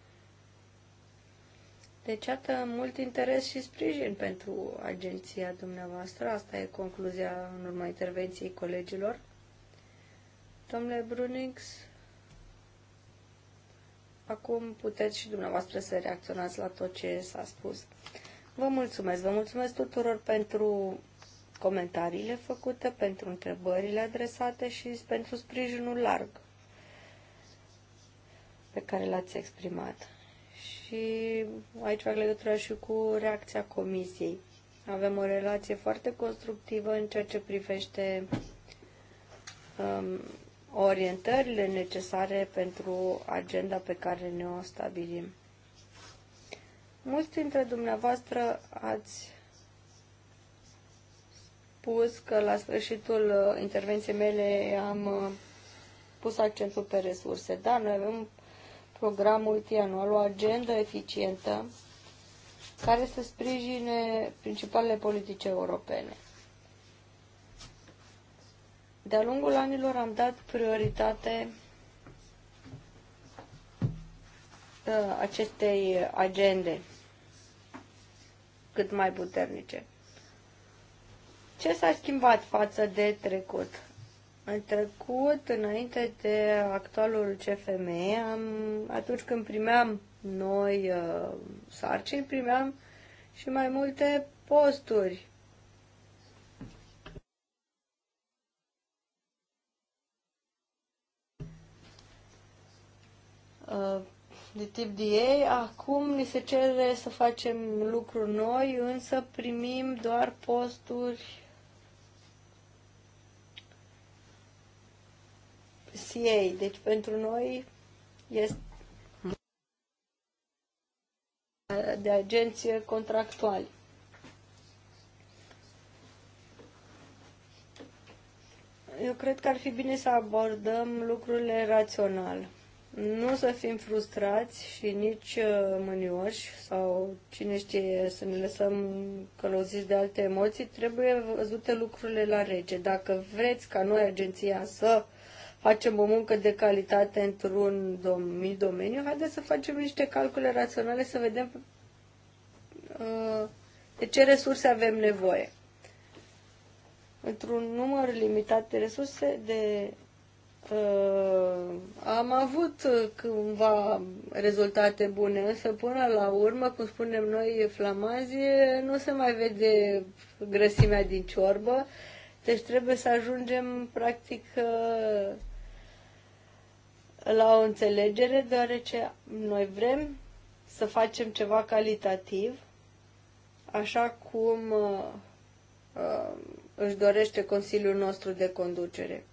Deci, iată, mult interes și sprijin pentru agenția dumneavoastră. Asta e concluzia în urma intervenției colegilor. Domnule Brunix, acum puteți și dumneavoastră să reacționați la tot ce s-a spus. Vă mulțumesc, vă mulțumesc tuturor pentru comentariile făcute, pentru întrebările adresate și pentru sprijinul larg pe care l-ați exprimat. Și aici fac legătura și cu reacția comisiei. Avem o relație foarte constructivă în ceea ce privește um, orientările necesare pentru agenda pe care ne-o stabilim. Mulți dintre dumneavoastră ați spus că la sfârșitul uh, intervenției mele am uh, pus accentul pe resurse. Da, noi avem un program multianual, o agendă eficientă care să sprijine principalele politici europene. De-a lungul anilor am dat prioritate ă, acestei agende cât mai puternice. Ce s-a schimbat față de trecut? În trecut, înainte de actualul CFM, am, atunci când primeam noi uh, sarcini, primeam și mai multe posturi Uh, de tip DA, acum ni se cere să facem lucruri noi, însă primim doar posturi CA. Deci pentru noi este de agenție contractuali. Eu cred că ar fi bine să abordăm lucrurile rațional nu să fim frustrați și nici uh, mânioși sau cine știe să ne lăsăm călăuziți de alte emoții, trebuie văzute lucrurile la rece. Dacă vreți ca noi, agenția, să facem o muncă de calitate într-un domeniu, haideți să facem niște calcule raționale să vedem uh, de ce resurse avem nevoie. Într-un număr limitat de resurse, de uh, am avut uh, cândva rezultate bune, însă până la urmă, cum spunem noi flamazie, nu se mai vede grăsimea din ciorbă, deci trebuie să ajungem practic uh, la o înțelegere, deoarece noi vrem să facem ceva calitativ, așa cum uh, uh își dorește Consiliul nostru de conducere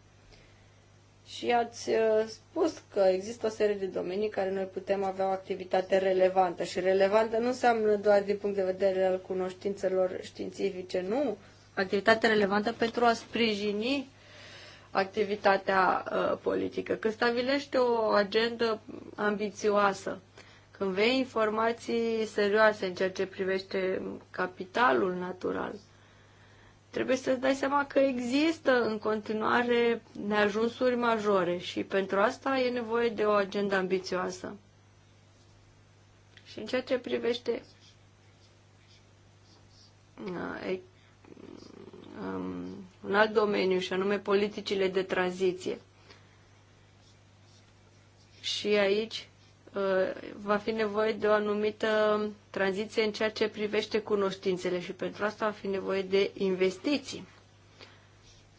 și ați uh, spus că există o serie de domenii care noi putem avea o activitate relevantă și relevantă nu înseamnă doar din punct de vedere al cunoștințelor științifice, nu. Activitate relevantă pentru a sprijini activitatea uh, politică, când stabilește o agendă ambițioasă, când vei informații serioase în ceea ce privește capitalul natural, trebuie să-ți dai seama că există în continuare neajunsuri majore și pentru asta e nevoie de o agendă ambițioasă. Și în ceea ce privește un alt domeniu, și anume politicile de tranziție. Și aici Uh, va fi nevoie de o anumită tranziție în ceea ce privește cunoștințele și pentru asta va fi nevoie de investiții.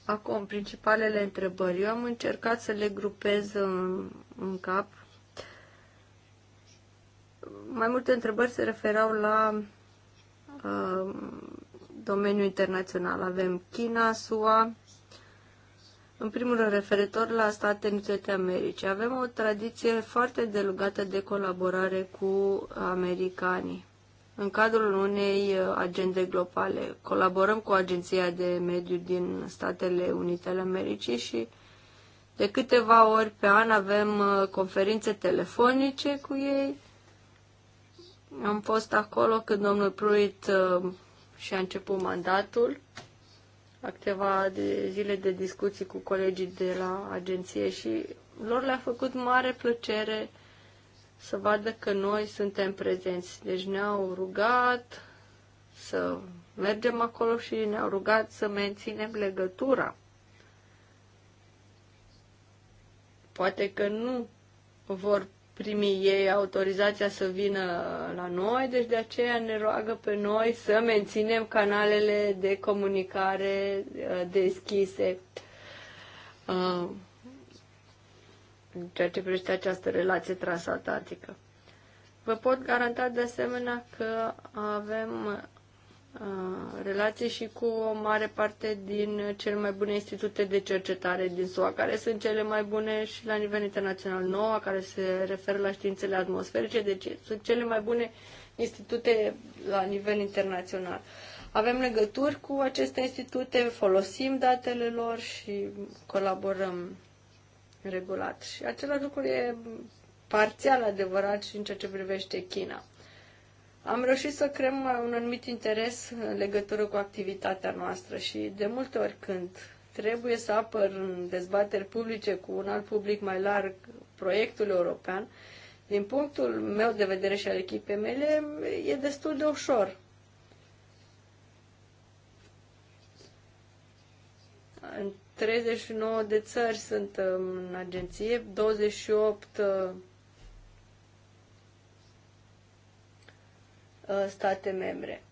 Acum, principalele întrebări. Eu am încercat să le grupez în, în cap. Mai multe întrebări se referau la uh, domeniul internațional. Avem China, SUA, în primul rând, referitor la Statele Unite Americe, avem o tradiție foarte delugată de colaborare cu americanii în cadrul unei uh, agende globale. Colaborăm cu Agenția de Mediu din Statele Unite ale Americii și de câteva ori pe an avem uh, conferințe telefonice cu ei. Am fost acolo când domnul Pruitt uh, și-a început mandatul la câteva de zile de discuții cu colegii de la agenție și lor le-a făcut mare plăcere să vadă că noi suntem prezenți. Deci ne-au rugat să mergem acolo și ne-au rugat să menținem legătura. Poate că nu vor primi ei autorizația să vină la noi, deci de aceea ne roagă pe noi să menținem canalele de comunicare uh, deschise uh, în ceea ce privește această relație transatlantică. Vă pot garanta de asemenea că avem Uh, relații și cu o mare parte din cele mai bune institute de cercetare din SUA, care sunt cele mai bune și la nivel internațional noua, care se referă la științele atmosferice, deci sunt cele mai bune institute la nivel internațional. Avem legături cu aceste institute, folosim datele lor și colaborăm regulat. Și același lucru e parțial adevărat și în ceea ce privește China am reușit să creăm uh, un anumit interes în legătură cu activitatea noastră și de multe ori când trebuie să apăr în dezbateri publice cu un alt public mai larg proiectul european, din punctul meu de vedere și al echipei mele, e destul de ușor. În 39 de țări sunt uh, în agenție, 28 Uh, state membre.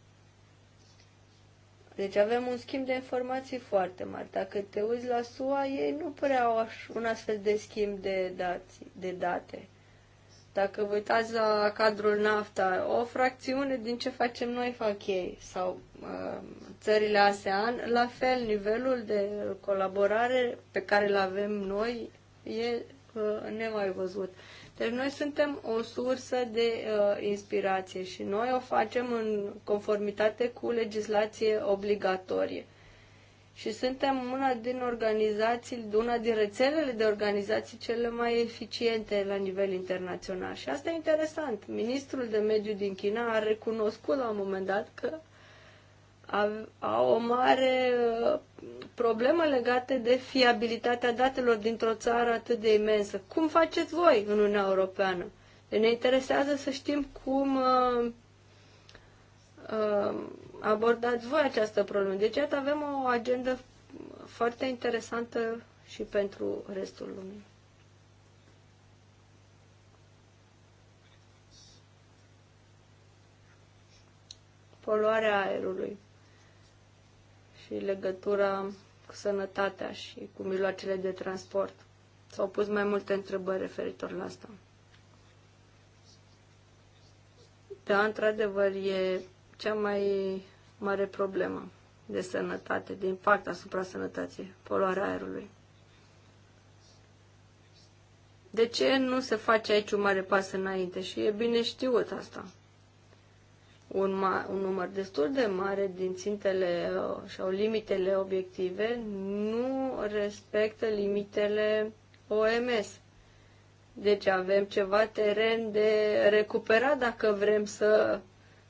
Deci avem un schimb de informații foarte mare. Dacă te uiți la SUA, ei nu prea au un astfel de schimb de, dați, de date. Dacă vă uitați la cadrul NAFTA, o fracțiune din ce facem noi fac ei sau uh, țările ASEAN, la fel nivelul de colaborare pe care îl avem noi e uh, nemai văzut. Deci noi suntem o sursă de uh, inspirație și noi o facem în conformitate cu legislație obligatorie. Și suntem una din organizații, una din rețelele de organizații cele mai eficiente la nivel internațional. Și asta e interesant. Ministrul de mediu din China a recunoscut la un moment dat că au o mare uh, problemă legată de fiabilitatea datelor dintr-o țară atât de imensă. Cum faceți voi în Uniunea Europeană? Deci ne interesează să știm cum uh, uh, abordați voi această problemă. Deci, iată, avem o agendă foarte interesantă și pentru restul lumii. Poluarea aerului și legătura cu sănătatea și cu mijloacele de transport. S-au pus mai multe întrebări referitor la asta. Da, într-adevăr, e cea mai mare problemă de sănătate, de impact asupra sănătății, poluarea aerului. De ce nu se face aici un mare pas înainte? Și e bine știut asta un, ma- un număr destul de mare din țintele sau uh, limitele obiective nu respectă limitele OMS. Deci avem ceva teren de recuperat dacă vrem să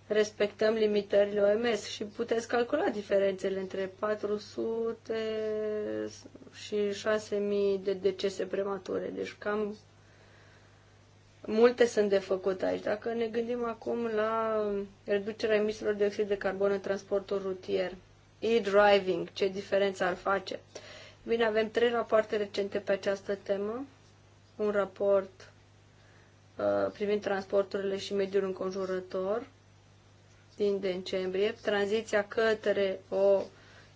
respectăm limitările OMS și puteți calcula diferențele între 400 și 6000 de decese premature. Deci cam Multe sunt de făcut aici. Dacă ne gândim acum la reducerea emisiilor de oxid de carbon în transportul rutier, e-driving, ce diferență ar face? Bine, avem trei rapoarte recente pe această temă. Un raport uh, privind transporturile și mediul înconjurător din decembrie, tranziția către o,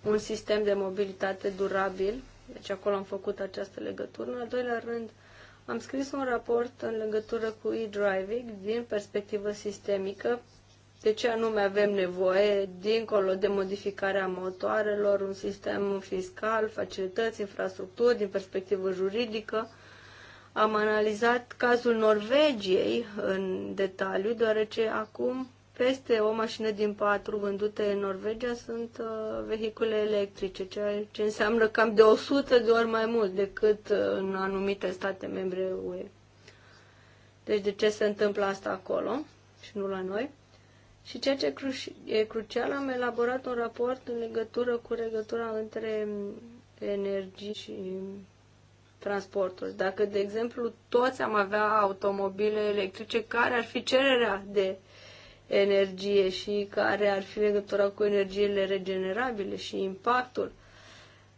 un sistem de mobilitate durabil, deci acolo am făcut această legătură. În al doilea rând, uh, am scris un raport în legătură cu e-driving din perspectivă sistemică, de ce anume avem nevoie, dincolo de modificarea motoarelor, un sistem fiscal, facilități, infrastructuri, din perspectivă juridică. Am analizat cazul Norvegiei în detaliu, deoarece acum peste o mașină din patru vândute în Norvegia sunt uh, vehicule electrice, ceea ce înseamnă cam de 100 de ori mai mult decât uh, în anumite state membre UE. Deci de ce se întâmplă asta acolo și nu la noi? Și ceea ce e crucial, am elaborat un raport în legătură cu legătura între mm, energie și transportul. Dacă, de exemplu, toți am avea automobile electrice, care ar fi cererea de energie și care ar fi legătura cu energiile regenerabile și impactul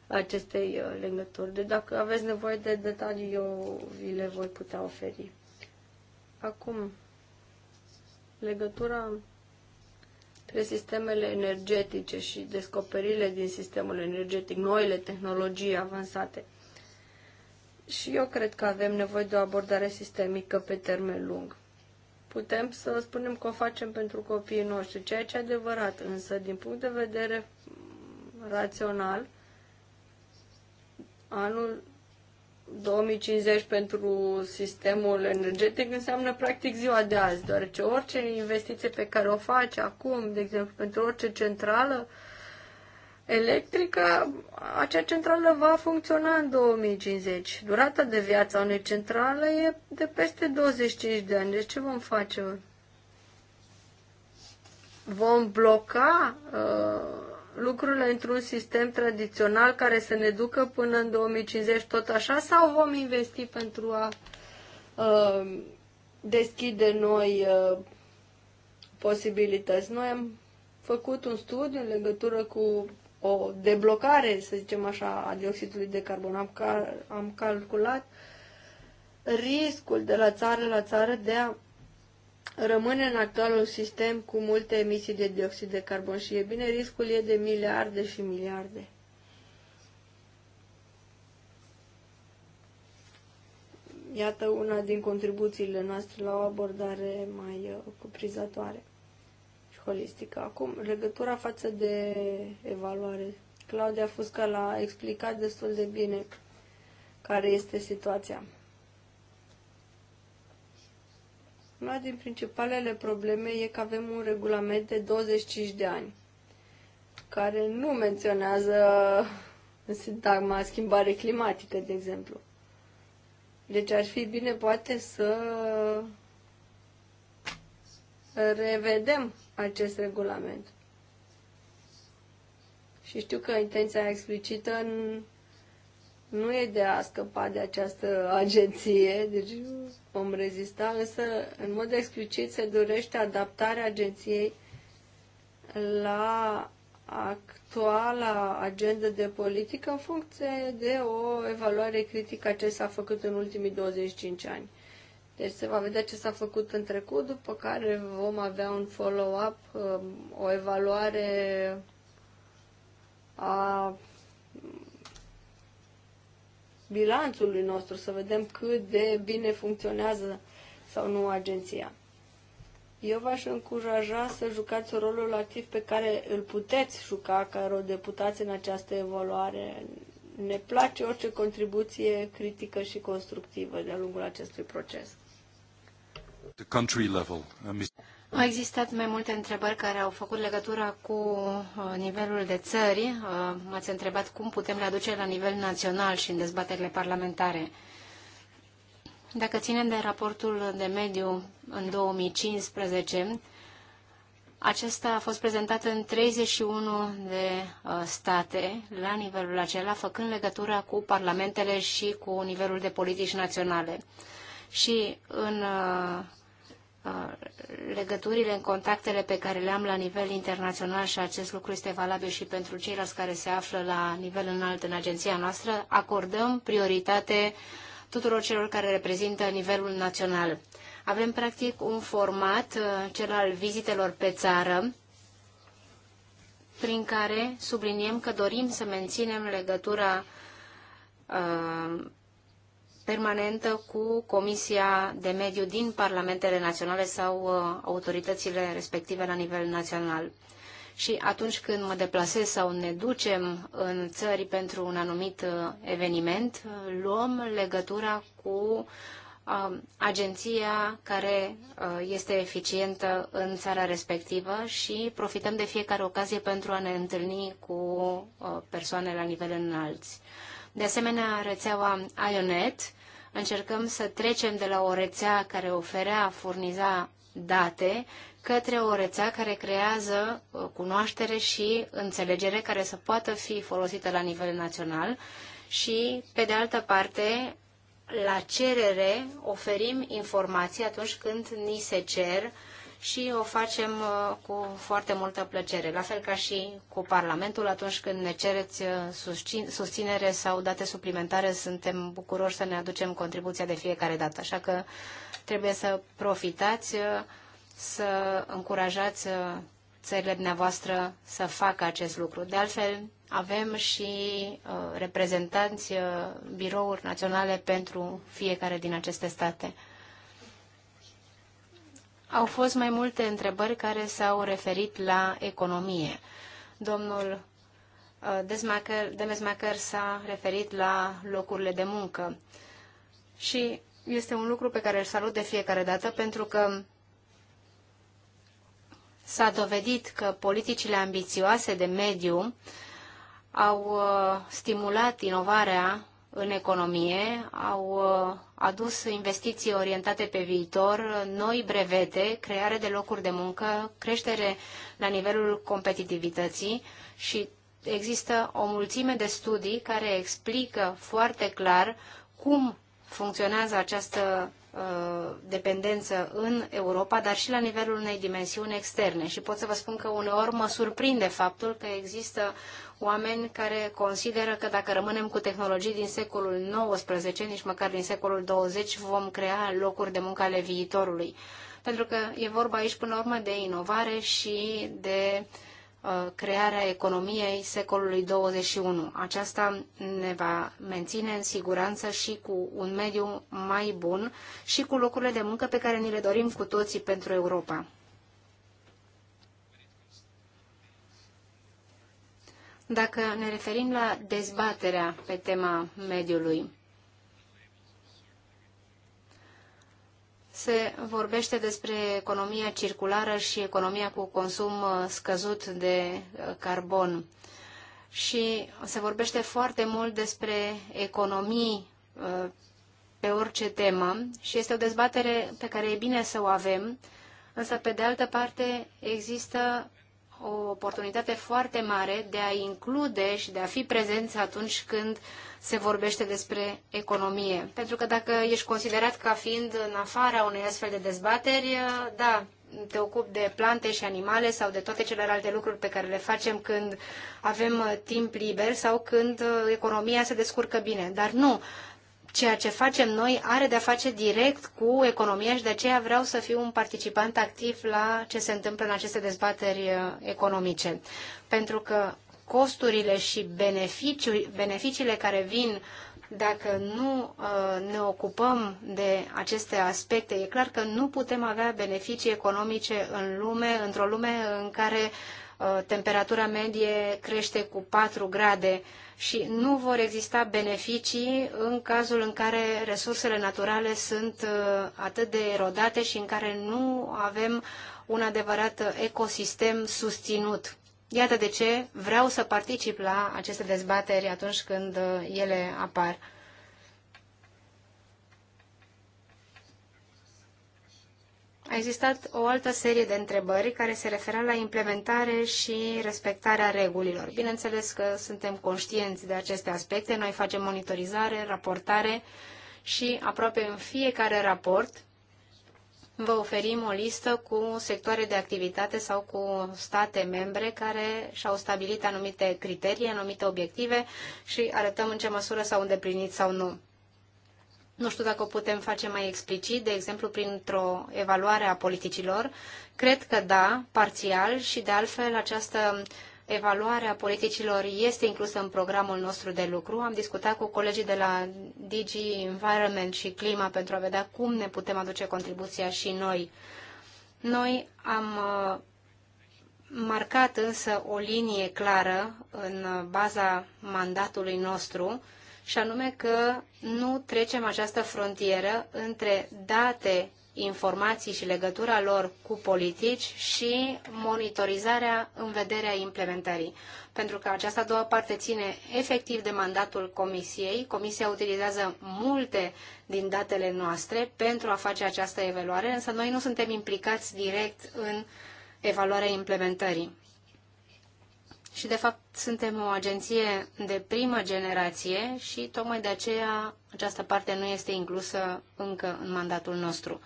acestei uh, legături. De deci dacă aveți nevoie de detalii, eu vi le voi putea oferi. Acum, legătura între sistemele energetice și descoperirile din sistemul energetic, noile tehnologii avansate. Și eu cred că avem nevoie de o abordare sistemică pe termen lung putem să spunem că o facem pentru copiii noștri, ceea ce e adevărat, însă din punct de vedere rațional, anul 2050 pentru sistemul energetic înseamnă practic ziua de azi, deoarece orice investiție pe care o faci acum, de exemplu, pentru orice centrală, electrică, acea centrală va funcționa în 2050. Durata de viață a unei centrale e de peste 25 de ani. Deci ce vom face? Vom bloca uh, lucrurile într-un sistem tradițional care să ne ducă până în 2050 tot așa sau vom investi pentru a uh, deschide noi uh, posibilități? Noi am făcut un studiu în legătură cu o deblocare, să zicem așa, a dioxidului de carbon. Am, cal- am calculat riscul de la țară la țară de a rămâne în actualul sistem cu multe emisii de dioxid de carbon și e bine, riscul e de miliarde și miliarde. Iată una din contribuțiile noastre la o abordare mai uh, cuprizatoare holistică. Acum, legătura față de evaluare. Claudia Fusca l-a explicat destul de bine care este situația. Una din principalele probleme e că avem un regulament de 25 de ani care nu menționează în sintagma schimbare climatică, de exemplu. Deci ar fi bine poate să revedem acest regulament. Și știu că intenția explicită nu e de a scăpa de această agenție, deci vom rezista, însă în mod explicit se dorește adaptarea agenției la actuala agendă de politică în funcție de o evaluare critică a ce s-a făcut în ultimii 25 ani. Deci se va vedea ce s-a făcut în trecut, după care vom avea un follow-up, um, o evaluare a bilanțului nostru, să vedem cât de bine funcționează sau nu agenția. Eu v-aș încuraja să jucați rolul activ pe care îl puteți juca ca eurodeputați în această evaluare. Ne place orice contribuție critică și constructivă de-a lungul acestui proces. Uh, au existat mai multe întrebări care au făcut legătura cu uh, nivelul de țări. Uh, m-ați întrebat cum putem le aduce la nivel național și în dezbaterile parlamentare. Dacă ținem de raportul de mediu în 2015, acesta a fost prezentat în 31 de state la nivelul acela, făcând legătura cu parlamentele și cu nivelul de politici naționale și în uh, uh, legăturile, în contactele pe care le am la nivel internațional și acest lucru este valabil și pentru ceilalți care se află la nivel înalt în agenția noastră, acordăm prioritate tuturor celor care reprezintă nivelul național. Avem practic un format, uh, cel al vizitelor pe țară, prin care subliniem că dorim să menținem legătura uh, permanentă cu Comisia de Mediu din Parlamentele Naționale sau uh, autoritățile respective la nivel național. Și atunci când mă deplasez sau ne ducem în țări pentru un anumit uh, eveniment, uh, luăm legătura cu agenția care este eficientă în țara respectivă și profităm de fiecare ocazie pentru a ne întâlni cu persoane la nivel înalți. De asemenea, rețeaua IONET, încercăm să trecem de la o rețea care oferea, furniza date, către o rețea care creează uh, cunoaștere și înțelegere care să poată fi folosită la nivel național și, pe de altă parte, la cerere oferim informații atunci când ni se cer uh, și o facem uh, cu foarte multă plăcere, la fel ca și cu Parlamentul atunci când ne cereți uh, susținere sau date suplimentare, suntem bucuroși să ne aducem contribuția de fiecare dată, așa că trebuie să profitați, uh, să încurajați țările dumneavoastră să facă acest lucru. De altfel, avem și reprezentanți birouri naționale pentru fiecare din aceste state. Au fost mai multe întrebări care s-au referit la economie. Domnul uh, Demesmacher s-a referit la locurile de muncă. Și este un lucru pe care îl salut de fiecare dată pentru că s-a dovedit că politicile ambițioase de mediu au uh, stimulat inovarea în economie, au uh, adus investiții orientate pe viitor, noi brevete, creare de locuri de muncă, creștere la nivelul competitivității și există o mulțime de studii care explică foarte clar cum funcționează această uh, dependență în Europa, dar și la nivelul unei dimensiuni externe. Și pot să vă spun că uneori mă surprinde faptul că există oameni care consideră că dacă rămânem cu tehnologii din secolul XIX, nici măcar din secolul 20, vom crea locuri de muncă ale viitorului. Pentru că e vorba aici până la urmă de inovare și de uh, crearea economiei secolului 21. Aceasta ne va menține în siguranță și cu un mediu mai bun și cu locurile de muncă pe care ni le dorim cu toții pentru Europa. Dacă ne referim la dezbaterea pe tema mediului, se vorbește despre economia circulară și economia cu consum uh, scăzut de uh, carbon. Și se vorbește foarte mult despre economii uh, pe orice temă și este o dezbatere pe care e bine să o avem, însă pe de altă parte există o oportunitate foarte mare de a include și de a fi prezenți atunci când se vorbește despre economie. Pentru că dacă ești considerat ca fiind în afara unei astfel de dezbateri, da, te ocupi de plante și animale sau de toate celelalte lucruri pe care le facem când avem timp liber sau când uh, economia se descurcă bine. Dar nu, ceea ce facem noi are de-a face direct cu economia și de aceea vreau să fiu un participant activ la ce se întâmplă în aceste dezbateri uh, economice. Pentru că costurile și beneficiile care vin dacă nu uh, ne ocupăm de aceste aspecte, e clar că nu putem avea beneficii economice în lume, într-o lume în care uh, temperatura medie crește cu 4 grade și nu vor exista beneficii în cazul în care resursele naturale sunt uh, atât de erodate și în care nu avem un adevărat ecosistem susținut. Iată de ce vreau să particip la aceste dezbateri atunci când uh, ele apar. A existat o altă serie de întrebări care se referă la implementare și respectarea regulilor. Bineînțeles că suntem conștienți de aceste aspecte, noi facem monitorizare, raportare și aproape în fiecare raport vă oferim o listă cu sectoare de activitate sau cu state membre care și-au stabilit anumite criterii, anumite obiective și arătăm în ce măsură s-au îndeplinit sau nu nu știu dacă o putem face mai explicit, de exemplu printr-o evaluare a politicilor. Cred că da, parțial și de altfel această evaluare a politicilor este inclusă în programul nostru de lucru. Am discutat cu colegii de la DG Environment și Clima pentru a vedea cum ne putem aduce contribuția și noi. Noi am uh, marcat însă o linie clară în uh, baza mandatului nostru și anume că nu trecem această frontieră între date, informații și legătura lor cu politici și monitorizarea în vederea implementării. Pentru că această a doua parte ține efectiv de mandatul Comisiei. Comisia utilizează multe din datele noastre pentru a face această evaluare, însă noi nu suntem implicați direct în evaluarea implementării și de fapt suntem o agenție de primă generație și tocmai de aceea această parte nu este inclusă încă în mandatul nostru.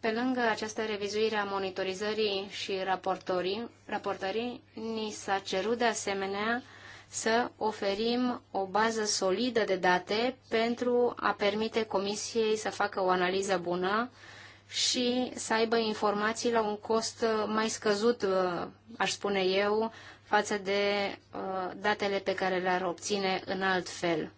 Pe lângă această revizuire a monitorizării și raportării, raportării ni s-a cerut de asemenea să oferim o bază solidă de date pentru a permite Comisiei să facă o analiză bună și să aibă informații la un cost uh, mai scăzut, uh, aș spune eu, față de uh, datele pe care le-ar obține în alt fel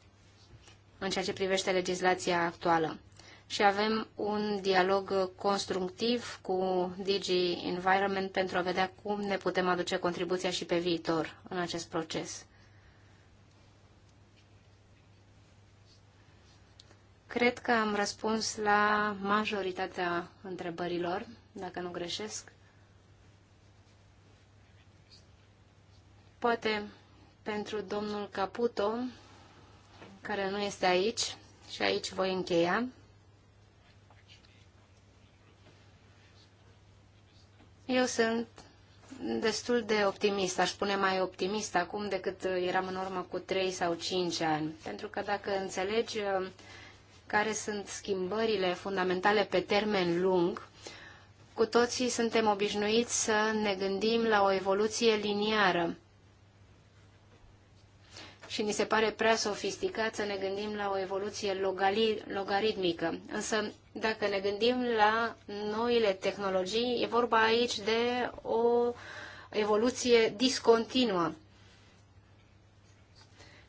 în ceea ce privește legislația actuală. Și avem un dialog constructiv cu Digi Environment pentru a vedea cum ne putem aduce contribuția și pe viitor în acest proces. Cred că am răspuns la majoritatea întrebărilor, dacă nu greșesc. Poate pentru domnul Caputo, care nu este aici, și aici voi încheia. Eu sunt destul de optimist, aș spune mai optimist acum decât eram în urmă cu 3 sau 5 ani. Pentru că dacă înțelegi care sunt schimbările fundamentale pe termen lung, cu toții suntem obișnuiți să ne gândim la o evoluție liniară. Și ni se pare prea sofisticat să ne gândim la o evoluție logaritmică. Însă, dacă ne gândim la noile tehnologii, e vorba aici de o evoluție discontinuă.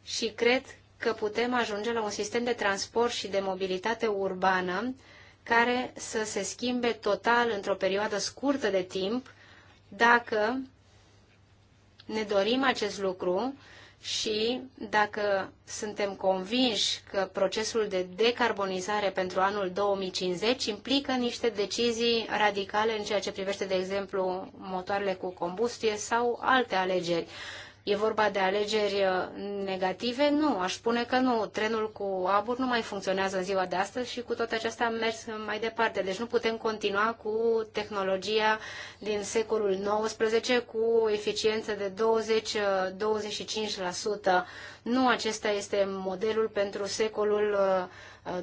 Și cred că putem ajunge la un sistem de transport și de mobilitate urbană care să se schimbe total într-o perioadă scurtă de timp dacă ne dorim acest lucru și dacă suntem convinși că procesul de decarbonizare pentru anul 2050 implică niște decizii radicale în ceea ce privește, de exemplu, motoarele cu combustie sau alte alegeri. E vorba de alegeri uh, negative? Nu, aș spune că nu. Trenul cu abur nu mai funcționează în ziua de astăzi și cu toate acestea am mers mai departe. Deci nu putem continua cu tehnologia din secolul XIX cu eficiență de 20-25%. Uh, nu acesta este modelul pentru secolul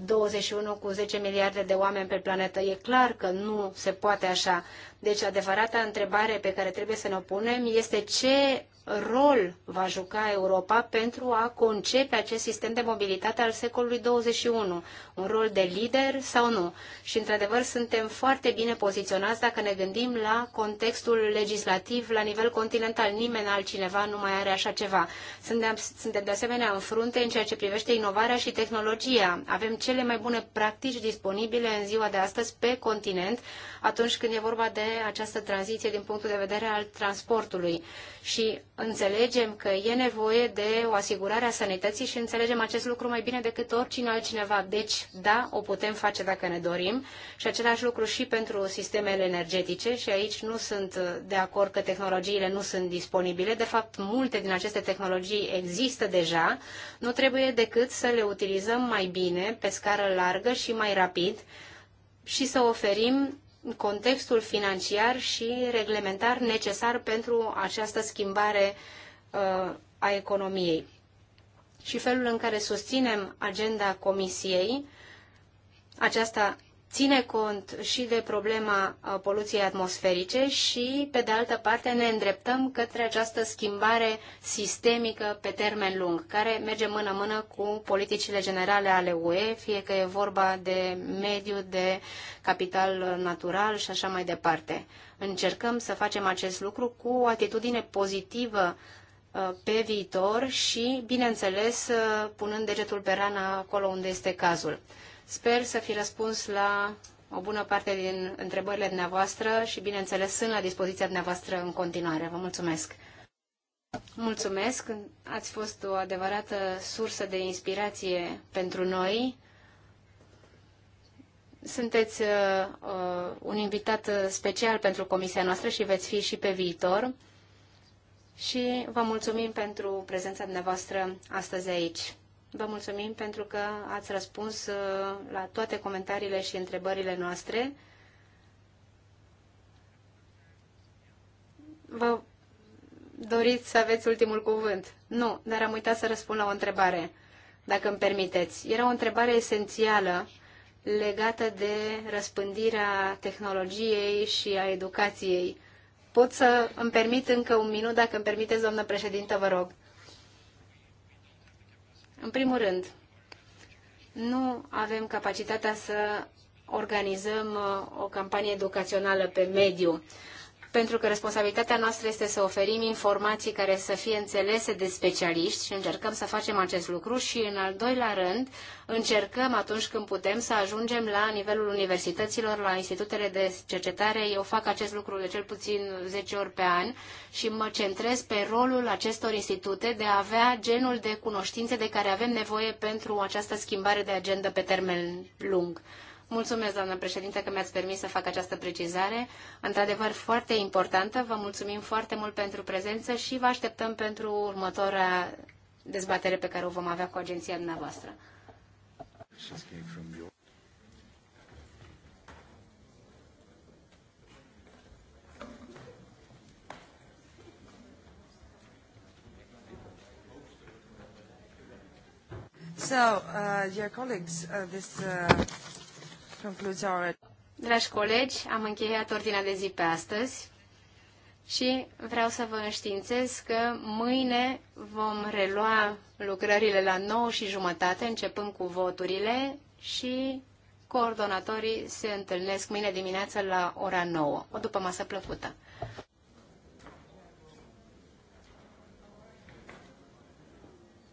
21 uh, cu 10 miliarde de oameni pe planetă. E clar că nu se poate așa. Deci adevărata întrebare pe care trebuie să ne o punem este ce rol va juca Europa pentru a concepe acest sistem de mobilitate al secolului 21? Un rol de lider sau nu? Și, într-adevăr, suntem foarte bine poziționați dacă ne gândim la contextul legislativ la nivel continental. Nimeni altcineva nu mai are așa ceva. Suntem, suntem de asemenea în frunte în ceea ce privește inovarea și tehnologia. Avem cele mai bune practici disponibile în ziua de astăzi pe continent atunci când e vorba de această tranziție din punctul de vedere al transportului. Și înțelegem că e nevoie de o asigurare a sănătății și înțelegem acest lucru mai bine decât oricine altcineva. Deci, da, o putem face dacă ne dorim și același lucru și pentru sistemele energetice și aici nu sunt de acord că tehnologiile nu sunt disponibile. De fapt, multe din aceste tehnologii există deja. Nu trebuie decât să le utilizăm mai bine, pe scară largă și mai rapid și să oferim contextul financiar și reglementar necesar pentru această schimbare uh, a economiei. Și felul în care susținem agenda Comisiei, aceasta ține cont și de problema uh, poluției atmosferice și, pe de altă parte, ne îndreptăm către această schimbare sistemică pe termen lung, care merge mână-mână cu politicile generale ale UE, fie că e vorba de mediu, de capital natural și așa mai departe. Încercăm să facem acest lucru cu o atitudine pozitivă uh, pe viitor și, bineînțeles, uh, punând degetul pe rană acolo unde este cazul. Sper să fi răspuns la o bună parte din întrebările dumneavoastră și, bineînțeles, sunt la dispoziția dumneavoastră în continuare. Vă mulțumesc! Mulțumesc! Ați fost o adevărată sursă de inspirație pentru noi. Sunteți uh, uh un invitat special pentru comisia noastră și veți fi și pe viitor. Și vă mulțumim pentru prezența dumneavoastră astăzi aici. Vă mulțumim pentru că ați răspuns uh, la toate comentariile și întrebările noastre. Vă doriți să aveți ultimul cuvânt? Nu, dar am uitat să răspund la o întrebare, dacă îmi permiteți. Era o întrebare esențială legată de răspândirea tehnologiei și a educației. Pot să îmi permit încă un minut, dacă îmi permiteți, doamnă președintă, vă rog. În primul rând, nu avem capacitatea să organizăm uh, o campanie educațională pe mediu pentru că responsabilitatea noastră este să oferim informații care să fie înțelese de specialiști și încercăm să facem acest lucru și, în al doilea rând, încercăm atunci când putem să ajungem la nivelul universităților, la institutele de cercetare. Eu fac acest lucru de cel puțin 10 ori pe an și mă centrez pe rolul acestor institute de a avea genul de cunoștințe de care avem nevoie pentru această schimbare de agendă pe termen lung. Mulțumesc, doamnă președinte, că mi-ați permis să fac această precizare. Într-adevăr, foarte importantă. Vă mulțumim foarte mult pentru prezență și vă așteptăm pentru următoarea dezbatere pe care o vom avea cu agenția dumneavoastră. So, uh, dear colleagues, uh, this uh, Dragi colegi, am încheiat ordinea de zi pe astăzi și vreau să vă înștiințez că mâine vom relua lucrările la 9 și jumătate, începând cu voturile și coordonatorii se întâlnesc mâine dimineață la ora 9, o după masă plăcută.